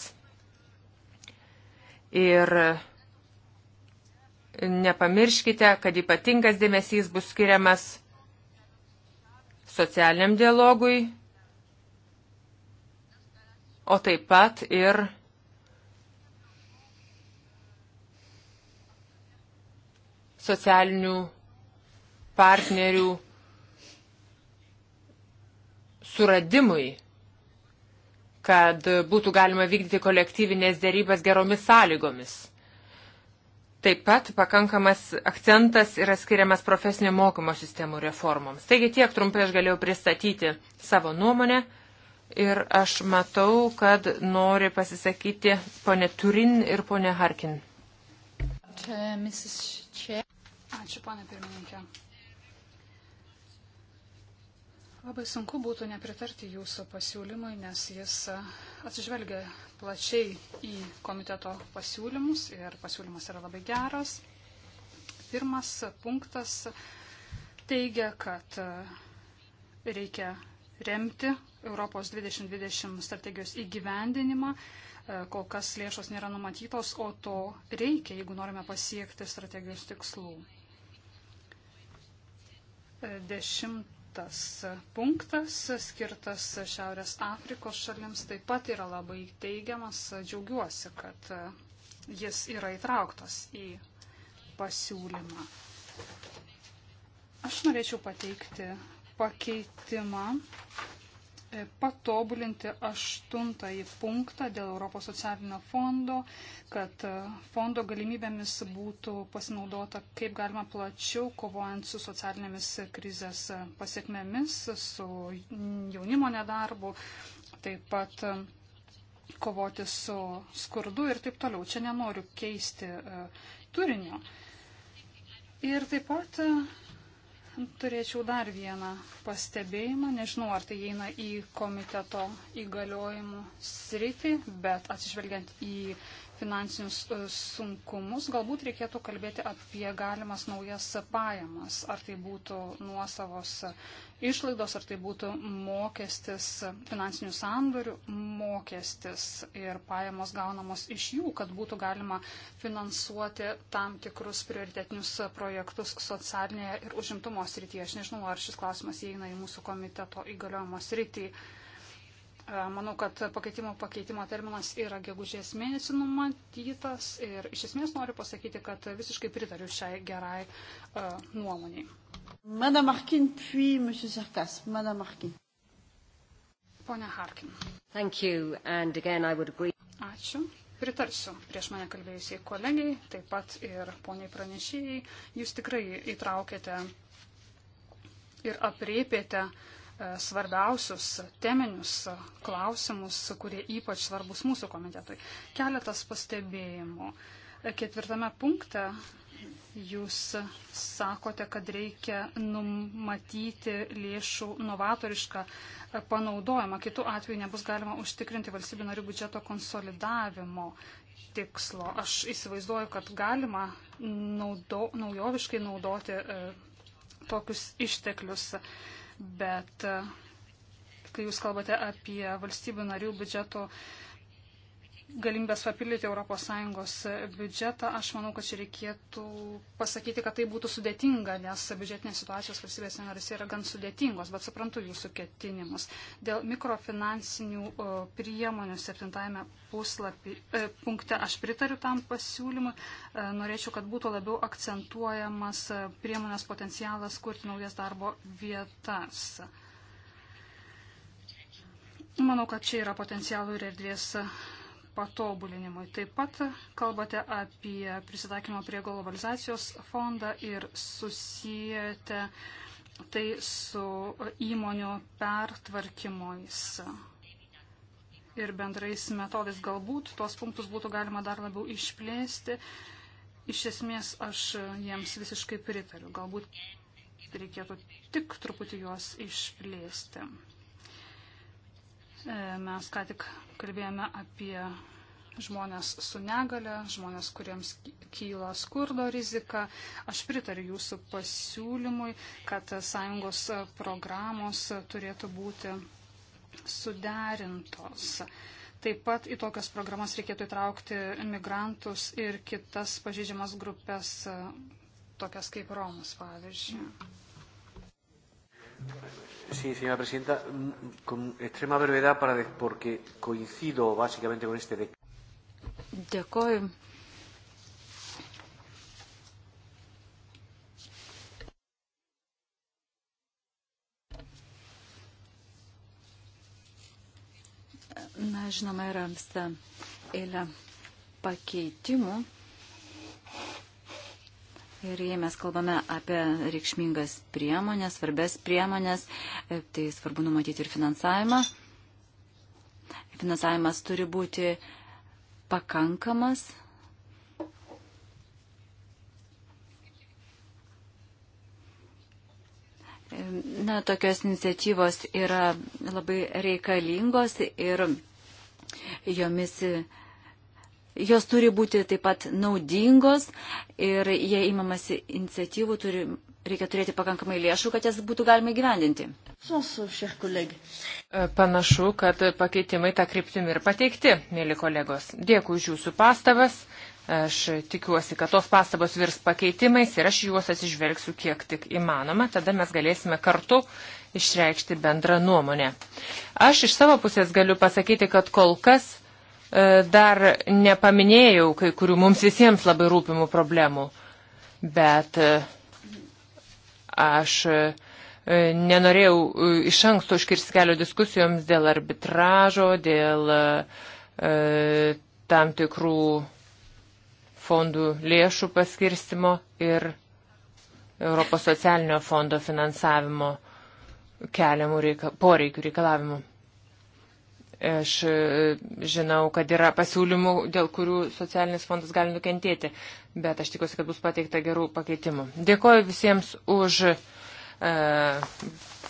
ir nepamirškite, kad ypatingas dėmesys bus skiriamas socialiniam dialogui, o taip pat ir socialinių partnerių suradimui, kad būtų galima vykdyti kolektyvinės dėrybas geromis sąlygomis. Taip pat pakankamas akcentas yra skiriamas profesinio mokymo sistemų reformoms. Taigi tiek trumpai aš galėjau pristatyti savo nuomonę ir aš matau, kad nori pasisakyti ponė Turin ir ponė Harkin. Ačiū, ponė pirmininkė. Labai sunku būtų nepritarti jūsų pasiūlymui, nes jis atsižvelgia plačiai į komiteto pasiūlymus ir pasiūlymas yra labai geras. Pirmas punktas teigia, kad reikia remti Europos 2020 strategijos įgyvendinimą. Kol kas lėšos nėra numatytos, o to reikia, jeigu norime pasiekti strategijos tikslų. Dešimt penktas punktas, skirtas Šiaurės Afrikos šalims, taip pat yra labai teigiamas. Džiaugiuosi, kad jis yra įtrauktas į pasiūlymą. Aš norėčiau pateikti pakeitimą E, patobulinti aštuntąjį punktą dėl Europos socialinio fondo, kad e, fondo galimybėmis būtų pasinaudota kaip galima plačiau, kovojant su socialinėmis krizės pasiekmėmis, su jaunimo nedarbu, taip pat e, kovoti su skurdu ir taip toliau. Čia nenoriu keisti turinio. Ir taip pat turėčiau dar vieną pastebėjimą. Nežinau, ar tai eina į komiteto įgaliojimų sritį, bet atsižvelgiant į finansinius e, sunkumus, galbūt reikėtų kalbėti apie galimas naujas pajamas, ar tai būtų nuosavos išlaidos, ar tai būtų mokestis, finansinių sandorių mokestis ir pajamos gaunamos iš jų, kad būtų galima finansuoti tam tikrus prioritetinius projektus socialinėje ir užimtumo srityje. Aš nežinau, ar šis klausimas įeina į mūsų komiteto įgaliojimo srityje. Manau, kad pakeitimo pakeitimo terminas yra gegužės mėnesį numatytas ir iš esmės noriu pasakyti, kad visiškai pritariu šiai gerai uh, nuomoniai. Madame Harkin, puis Monsieur Sarkas. Madame Harkin. Pone Harkin. Thank you, and again I would agree. Ačiū. Pritarsiu prieš mane kalbėjusiai kolegiai, taip pat ir poniai pranešėjai. Jūs tikrai įtraukėte ir apriepėte uh, E, svarbiausius teminius klausimus, kurie ypač svarbus mūsų komitetui. Keletas pastebėjimų. E, ketvirtame punkte jūs sakote, kad reikia numatyti lėšų novatorišką e, panaudojimą. Kitu atveju nebus galima užtikrinti valstybių narių biudžeto konsolidavimo tikslo. Aš įsivaizduoju, kad galima naudo, naujoviškai naudoti e, tokius išteklius. E, bet e, kai jūs kalbate apie valstybių narių biudžeto uh, galimybės papildyti ES biudžetą, aš manau, kad čia reikėtų pasakyti, kad tai būtų sudėtinga, nes biudžetinės situacijos valstybės narėse yra gan sudėtingos, bet suprantu jūsų ketinimus. Dėl mikrofinansinių priemonių septintame puslapį, e, punkte aš pritariu tam pasiūlymui. E, norėčiau, kad būtų labiau akcentuojamas e, priemonės potencialas kurti naujas darbo vietas. Manau, kad čia yra potencialų ir erdvės patobulinimui. Taip pat kalbate apie prisitaikymą prie globalizacijos fondą ir susijęte tai su įmonių pertvarkymais ir bendrais metodais. Galbūt tuos punktus būtų galima dar labiau išplėsti. Iš esmės aš jiems visiškai pritariu. Galbūt reikėtų tik truputį juos išplėsti. Mes ką tik kalbėjome apie žmonės su negale, žmonės, kuriems kyla skurdo rizika. Aš pritariu jūsų pasiūlymui, kad sąjungos programos turėtų būti suderintos. Taip pat į tokias programas reikėtų įtraukti migrantus ir kitas pažydžiamas grupės, tokias kaip Romus, pavyzdžiui. Sí, señora presidenta, mm, con extrema brevedad para de, porque coincido básicamente con este decreto. Dėkoju. Na, žinoma, yra visa eilė pakeitimų, Ir jei mes kalbame apie reikšmingas priemonės, svarbės priemonės, e, tai svarbu numatyti ir finansavimą. Finansavimas turi būti pakankamas. Na, tokios iniciatyvos yra labai reikalingos ir jomis jos turi būti taip pat naudingos ir jei imamasi iniciatyvų, turi, reikia turėti pakankamai lėšų, kad jas būtų galima gyvendinti. E, panašu, kad pakeitimai tą kryptimį ir pateikti, mėly kolegos. Dėkui už jūsų pastabas. Aš tikiuosi, kad tos pastabos virs pakeitimais ir aš juos atsižvelgsiu kiek tik įmanoma. Tada mes galėsime kartu išreikšti bendrą nuomonę. Aš iš savo pusės galiu pasakyti, kad kol kas E, dar nepaminėjau kai kurių mums visiems labai rūpimų problemų, bet e, aš e, nenorėjau iš anksto užkirsti kelio diskusijoms dėl arbitražo, dėl tam tikrų fondų lėšų paskirstimo ir Europos socialinio fondo finansavimo keliamų reika, poreikių reikalavimų. Aš e, žinau, kad yra pasiūlymų, dėl kurių socialinis fondas gali nukentėti, bet aš tikiuosi, kad bus pateikta gerų pakeitimų. Dėkoju visiems už e,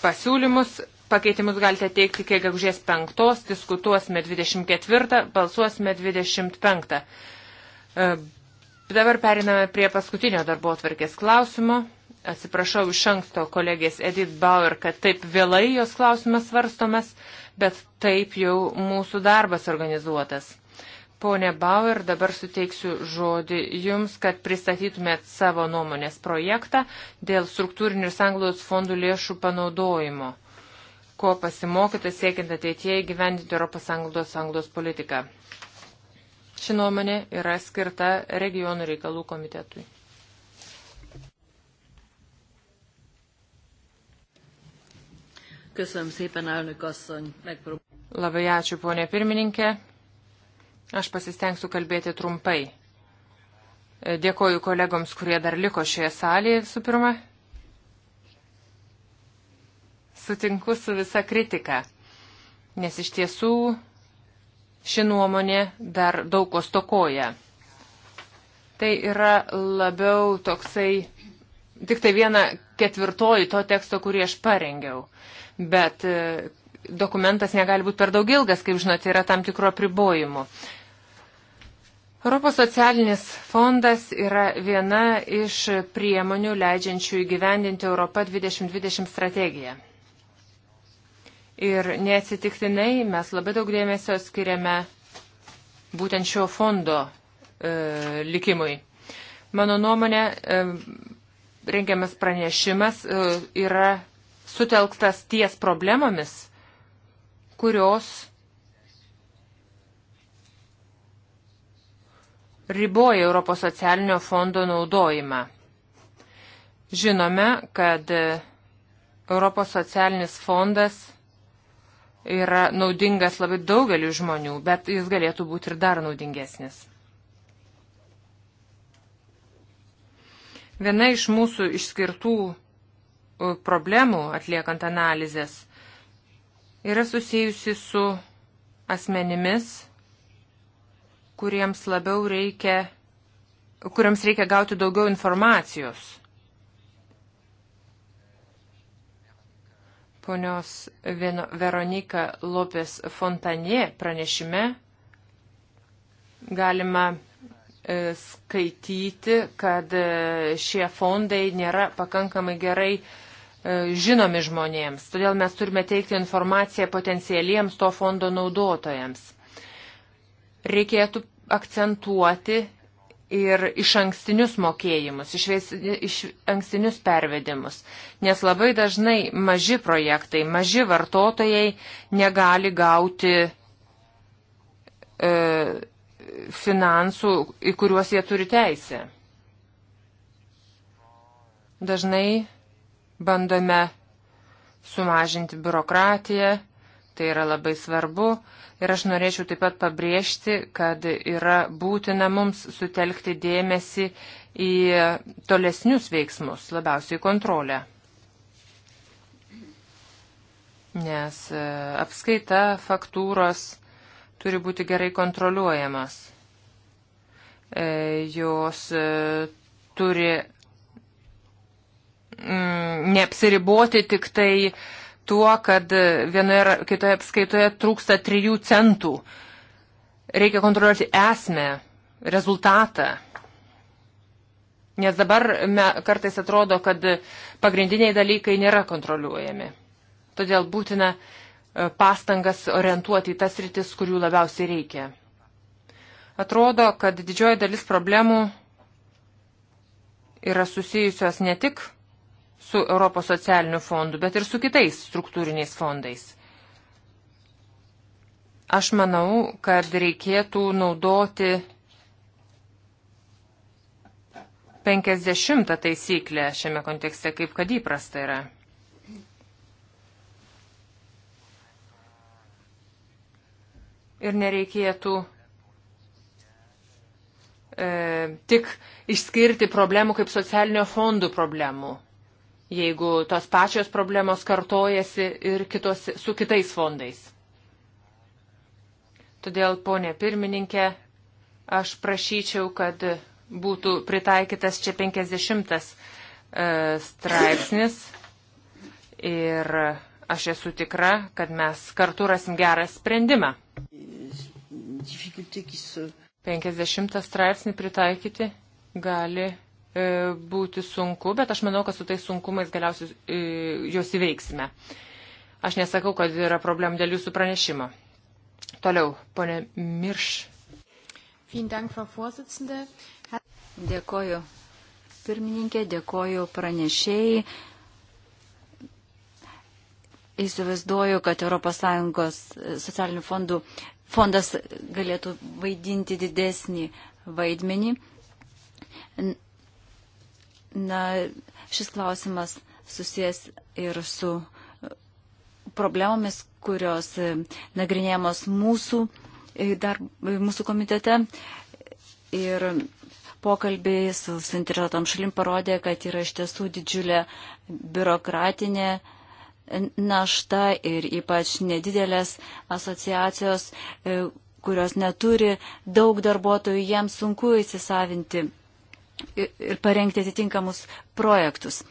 pasiūlymus. Pakeitimus galite teikti iki gegužės 5, diskutuosime 24, balsuosime 25. E, dabar periname prie paskutinio darbo atvarkės klausimo. Atsiprašau iš anksto kolegės Edith Bauer, kad taip vėlai jos klausimas svarstomas. E, bet taip jau mūsų darbas organizuotas. Pone Bauer, dabar suteiksiu žodį Jums, kad pristatytumėt savo nuomonės projektą dėl struktūrinių ir sanglaudos fondų lėšų panaudojimo, ko pasimokyta siekiant ateitie įgyvendinti Europos sanglaudos sanglaudos politiką. Ši nuomonė yra skirta regionų reikalų komitetui. Köszönöm szépen, elnök asszony. Megpróbálom. Labai ačiū, ponė pirmininkė. Aš pasistengsiu kalbėti trumpai. Dėkoju kolegoms, kurie dar liko šioje salėje visų pirma. Sutinku su visa kritika, nes iš tiesų ši nuomonė dar daug ko stokoja. Tai yra labiau toksai, tik tai viena ketvirtoji to teksto, kurį aš parengiau. Uh, bet e, dokumentas negali būti per daug ilgas, kaip žinote, yra tam tikro pribojimo. Europos socialinis fondas yra viena iš priemonių leidžiančių įgyvendinti Europą 2020 strategiją. Ir neatsitiktinai mes labai daug dėmesio skiriame būtent šio fondo e, likimui. Mano nuomonė, e, rengiamas pranešimas e, yra sutelktas ties problemomis, kurios riboja Europos socialinio fondo naudojimą. Žinome, kad Europos socialinis fondas yra naudingas labai daugeliu žmonių, bet jis galėtų būti ir dar naudingesnis. Viena iš mūsų išskirtų problemų atliekant analizės yra susijusi su asmenimis, kuriems labiau reikia, kuriems reikia gauti daugiau informacijos. Ponios Veronika Lopės Fontanie pranešime galima e, skaityti, kad e, šie fondai nėra pakankamai gerai uh, E, žinomi žmonėms. Todėl mes turime teikti informaciją potencialiems to fondo naudotojams. Reikėtų akcentuoti ir iš ankstinius mokėjimus, iš, vis, iš ankstinius pervedimus, nes labai dažnai maži projektai, maži vartotojai negali gauti e, finansų, į kuriuos jie turi teisę. Dažnai bandome sumažinti biurokratiją, tai yra labai svarbu. Ir aš norėčiau taip pat pabrėžti, kad yra būtina mums sutelkti dėmesį į tolesnius veiksmus, labiausiai kontrolę. Nes e, apskaita, faktūros turi būti gerai kontroliuojamas. E, jos e, turi mm, neapsiriboti tik tai tuo, kad vienoje ar kitoje apskaitoje trūksta trijų centų. Reikia kontroliuoti esmę, rezultatą. Nes dabar me, kartais atrodo, kad pagrindiniai dalykai nėra kontroliuojami. Todėl būtina e, pastangas orientuoti į tas rytis, kurių labiausiai reikia. Atrodo, kad didžioji dalis problemų yra susijusios ne tik su Europos socialiniu fondu, bet ir su kitais struktūriniais fondais. Aš manau, kad reikėtų naudoti 50 taisyklę šiame kontekste, kaip kad įprasta yra. Ir nereikėtų e, tik išskirti problemų kaip socialinio fondų problemų jeigu tos pačios problemos kartojasi ir kitos, su kitais fondais. Todėl, ponė pirmininkė, aš prašyčiau, kad būtų pritaikytas čia 50 e, straipsnis ir aš esu tikra, kad mes kartu rasim gerą sprendimą. 50 straipsnį pritaikyti gali E, būti sunku, bet aš manau, kad su tais sunkumais galiausiai e, juos įveiksime. Aš nesakau, kad yra problemų dėl jūsų pranešimo. Toliau, ponė Mirš. Dėkoju. Pirmininkė, dėkoju pranešėjai. Įsivaizduoju, kad ES socialinių fondų fondas galėtų vaidinti didesnį vaidmenį Na, šis klausimas susijęs ir su e, problemomis, kurios e, nagrinėjamos mūsų, e, dar, mūsų komitete. Ir pokalbiai su suinteresuotam šalim parodė, kad yra iš tiesų didžiulė biurokratinė našta ir ypač nedidelės asociacijos, kurios neturi daug darbuotojų, jiems sunku įsisavinti ir parengti atitinkamus projektus.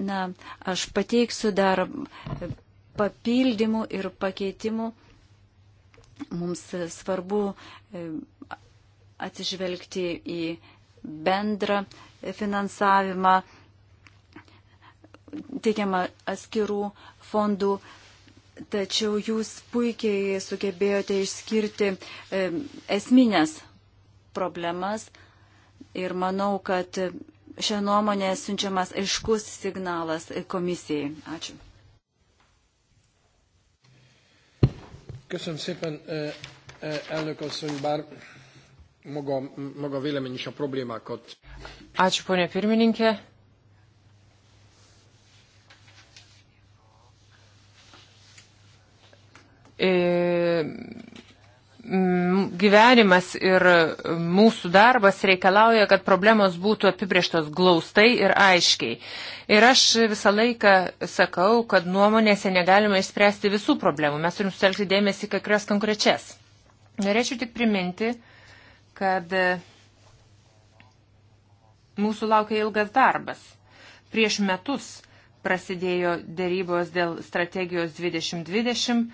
Na, aš pateiksiu dar papildymų ir pakeitimų. Mums svarbu e, atsižvelgti į bendrą finansavimą teikiamą atskirų fondų, tačiau jūs puikiai sugebėjote išskirti e, esminės problemas ir manau, kad šią nuomonę siunčiamas aiškus signalas komisijai. Ačiū. Köszönöm szépen, elnök asszony, bár maga, maga vélemény is a problémákat. Ačiū, ponė pirmininkė. E, gyvenimas ir mūsų darbas reikalauja, kad problemos būtų apibrieštos glaustai ir aiškiai. Ir aš visą laiką sakau, kad nuomonėse negalima išspręsti visų problemų. Mes turim sutelkti dėmesį kai kurias konkrečias. Norėčiau tik priminti, kad mūsų laukia ilgas darbas. Prieš metus prasidėjo dėrybos dėl strategijos 2020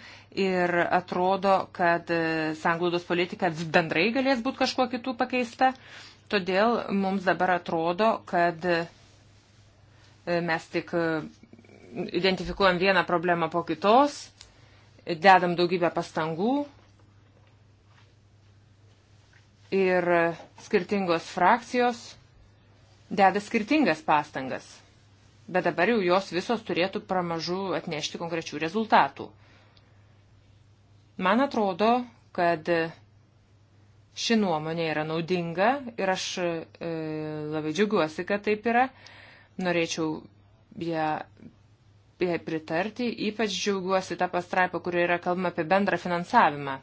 ir atrodo, kad e, sanglaudos politika bendrai galės būti kažkuo kitų pakeista. Todėl mums dabar atrodo, kad e, mes tik e, identifikuojam vieną problemą po kitos, dedam daugybę pastangų ir skirtingos frakcijos deda skirtingas pastangas bet dabar jau jos visos turėtų pramažu atnešti konkrečių rezultatų. Man atrodo, kad ši nuomonė yra naudinga ir aš e, labai džiaugiuosi, kad taip yra. Norėčiau ją, ją pritarti, ypač džiaugiuosi tą pastraipą, kurioje yra kalbama apie bendrą finansavimą.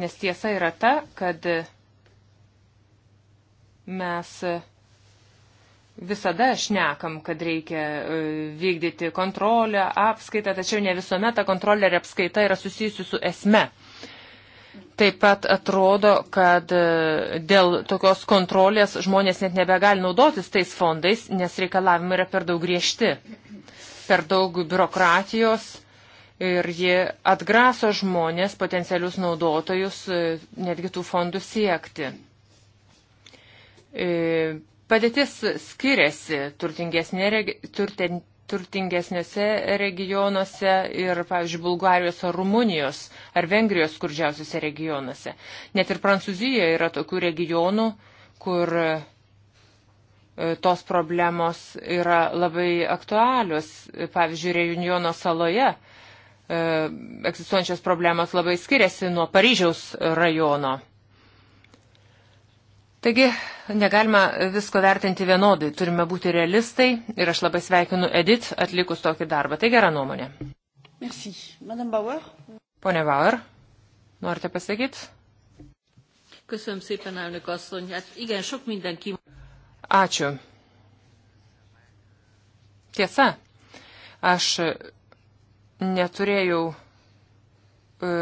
Nes tiesa yra ta, kad mes. E, visada šnekam, kad reikia e, vykdyti kontrolę, apskaitą, tačiau ne visuomet ta kontrolė ir apskaita yra susijusi su esme. Taip pat atrodo, kad e, dėl tokios kontrolės žmonės net nebegali naudotis tais fondais, nes reikalavimai yra per daug griežti, per daug biurokratijos ir ji atgraso žmonės, potencialius naudotojus, e, netgi tų fondų siekti Padėtis skiriasi regi turten, turtingesniuose regionuose ir, pavyzdžiui, Bulgarijos ar Rumunijos ar Vengrijos skurdžiausiuose regionuose. Net ir Prancūzijoje yra tokių regionų, kur e, tos problemos yra labai aktualios. Pavyzdžiui, Reunijono saloje e, egzistuojančios problemos labai skiriasi nuo Paryžiaus rajono. Taigi, negalima visko vertinti vienodai, turime būti realistai ir aš labai sveikinu Edit atlikus tokį darbą. Tai gera nuomonė. Merci. Madame Bauer. Pone Bauer, norite pasakyti? Köszönöm szépen, elnök asszony. Hát igen, sok mindenki. Ačiū. Tiesa, aš e, neturėjau e,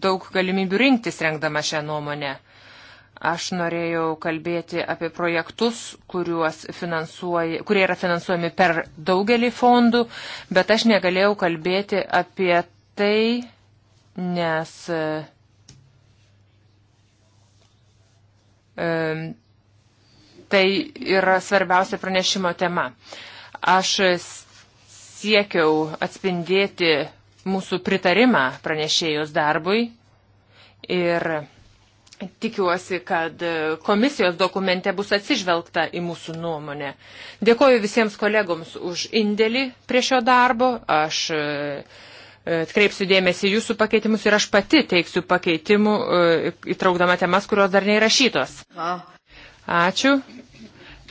daug galimybių rinktis rengdama šią nuomonę. Aš norėjau kalbėti apie projektus, kurie yra finansuojami per daugelį fondų, bet aš negalėjau kalbėti apie tai, nes tai yra svarbiausia pranešimo tema. Aš siekiau atspindėti mūsų pritarimą pranešėjos darbui ir Tikiuosi, kad komisijos dokumente bus atsižvelgta į mūsų nuomonę. Dėkoju visiems kolegoms už indėlį prie šio darbo. Aš e, e, atkreipsiu dėmesį jūsų pakeitimus ir aš pati teiksiu pakeitimų, e, įtraukdama temas, kurios dar neįrašytos. Ačiū.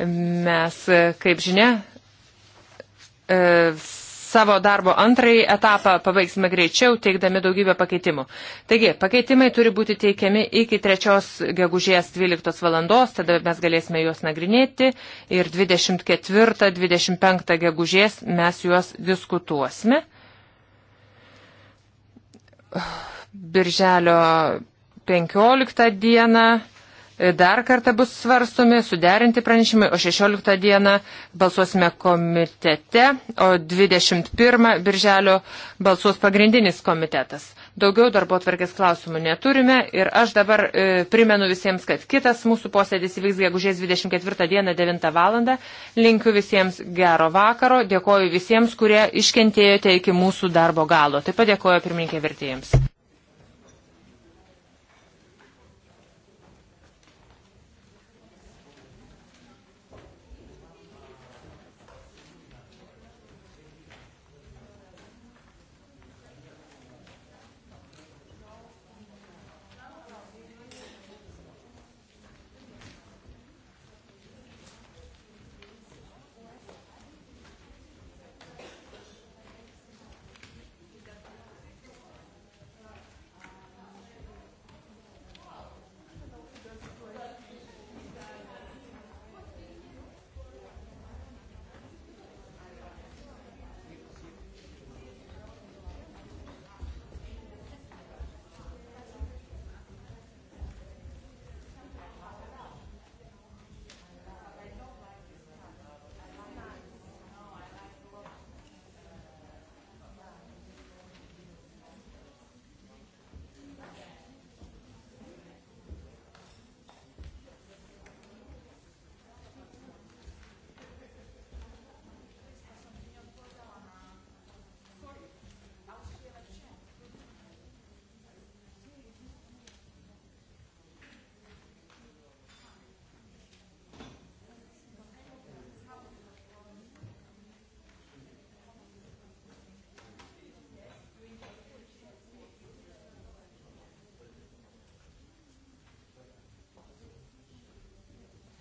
Mes, kaip žinia, savo darbo antrąjį etapą pabaigsime greičiau, teikdami daugybę pakeitimų. Taigi, pakeitimai turi būti teikiami iki 3 gegužės 12 valandos, tada mes galėsime juos nagrinėti ir 24-25 gegužės mes juos diskutuosime. Birželio 15 dieną dar kartą bus svarstomi, suderinti pranešimai, o 16 dieną balsuosime komitete, o 21 birželio balsuos pagrindinis komitetas. Daugiau darbo tvarkės klausimų neturime ir aš dabar e, primenu visiems, kad kitas mūsų posėdis įvyks gegužės 24 dieną 9 val. Linkiu visiems gero vakaro, dėkoju visiems, kurie iškentėjote iki mūsų darbo galo. Taip pat dėkoju pirmininkė vertėjams.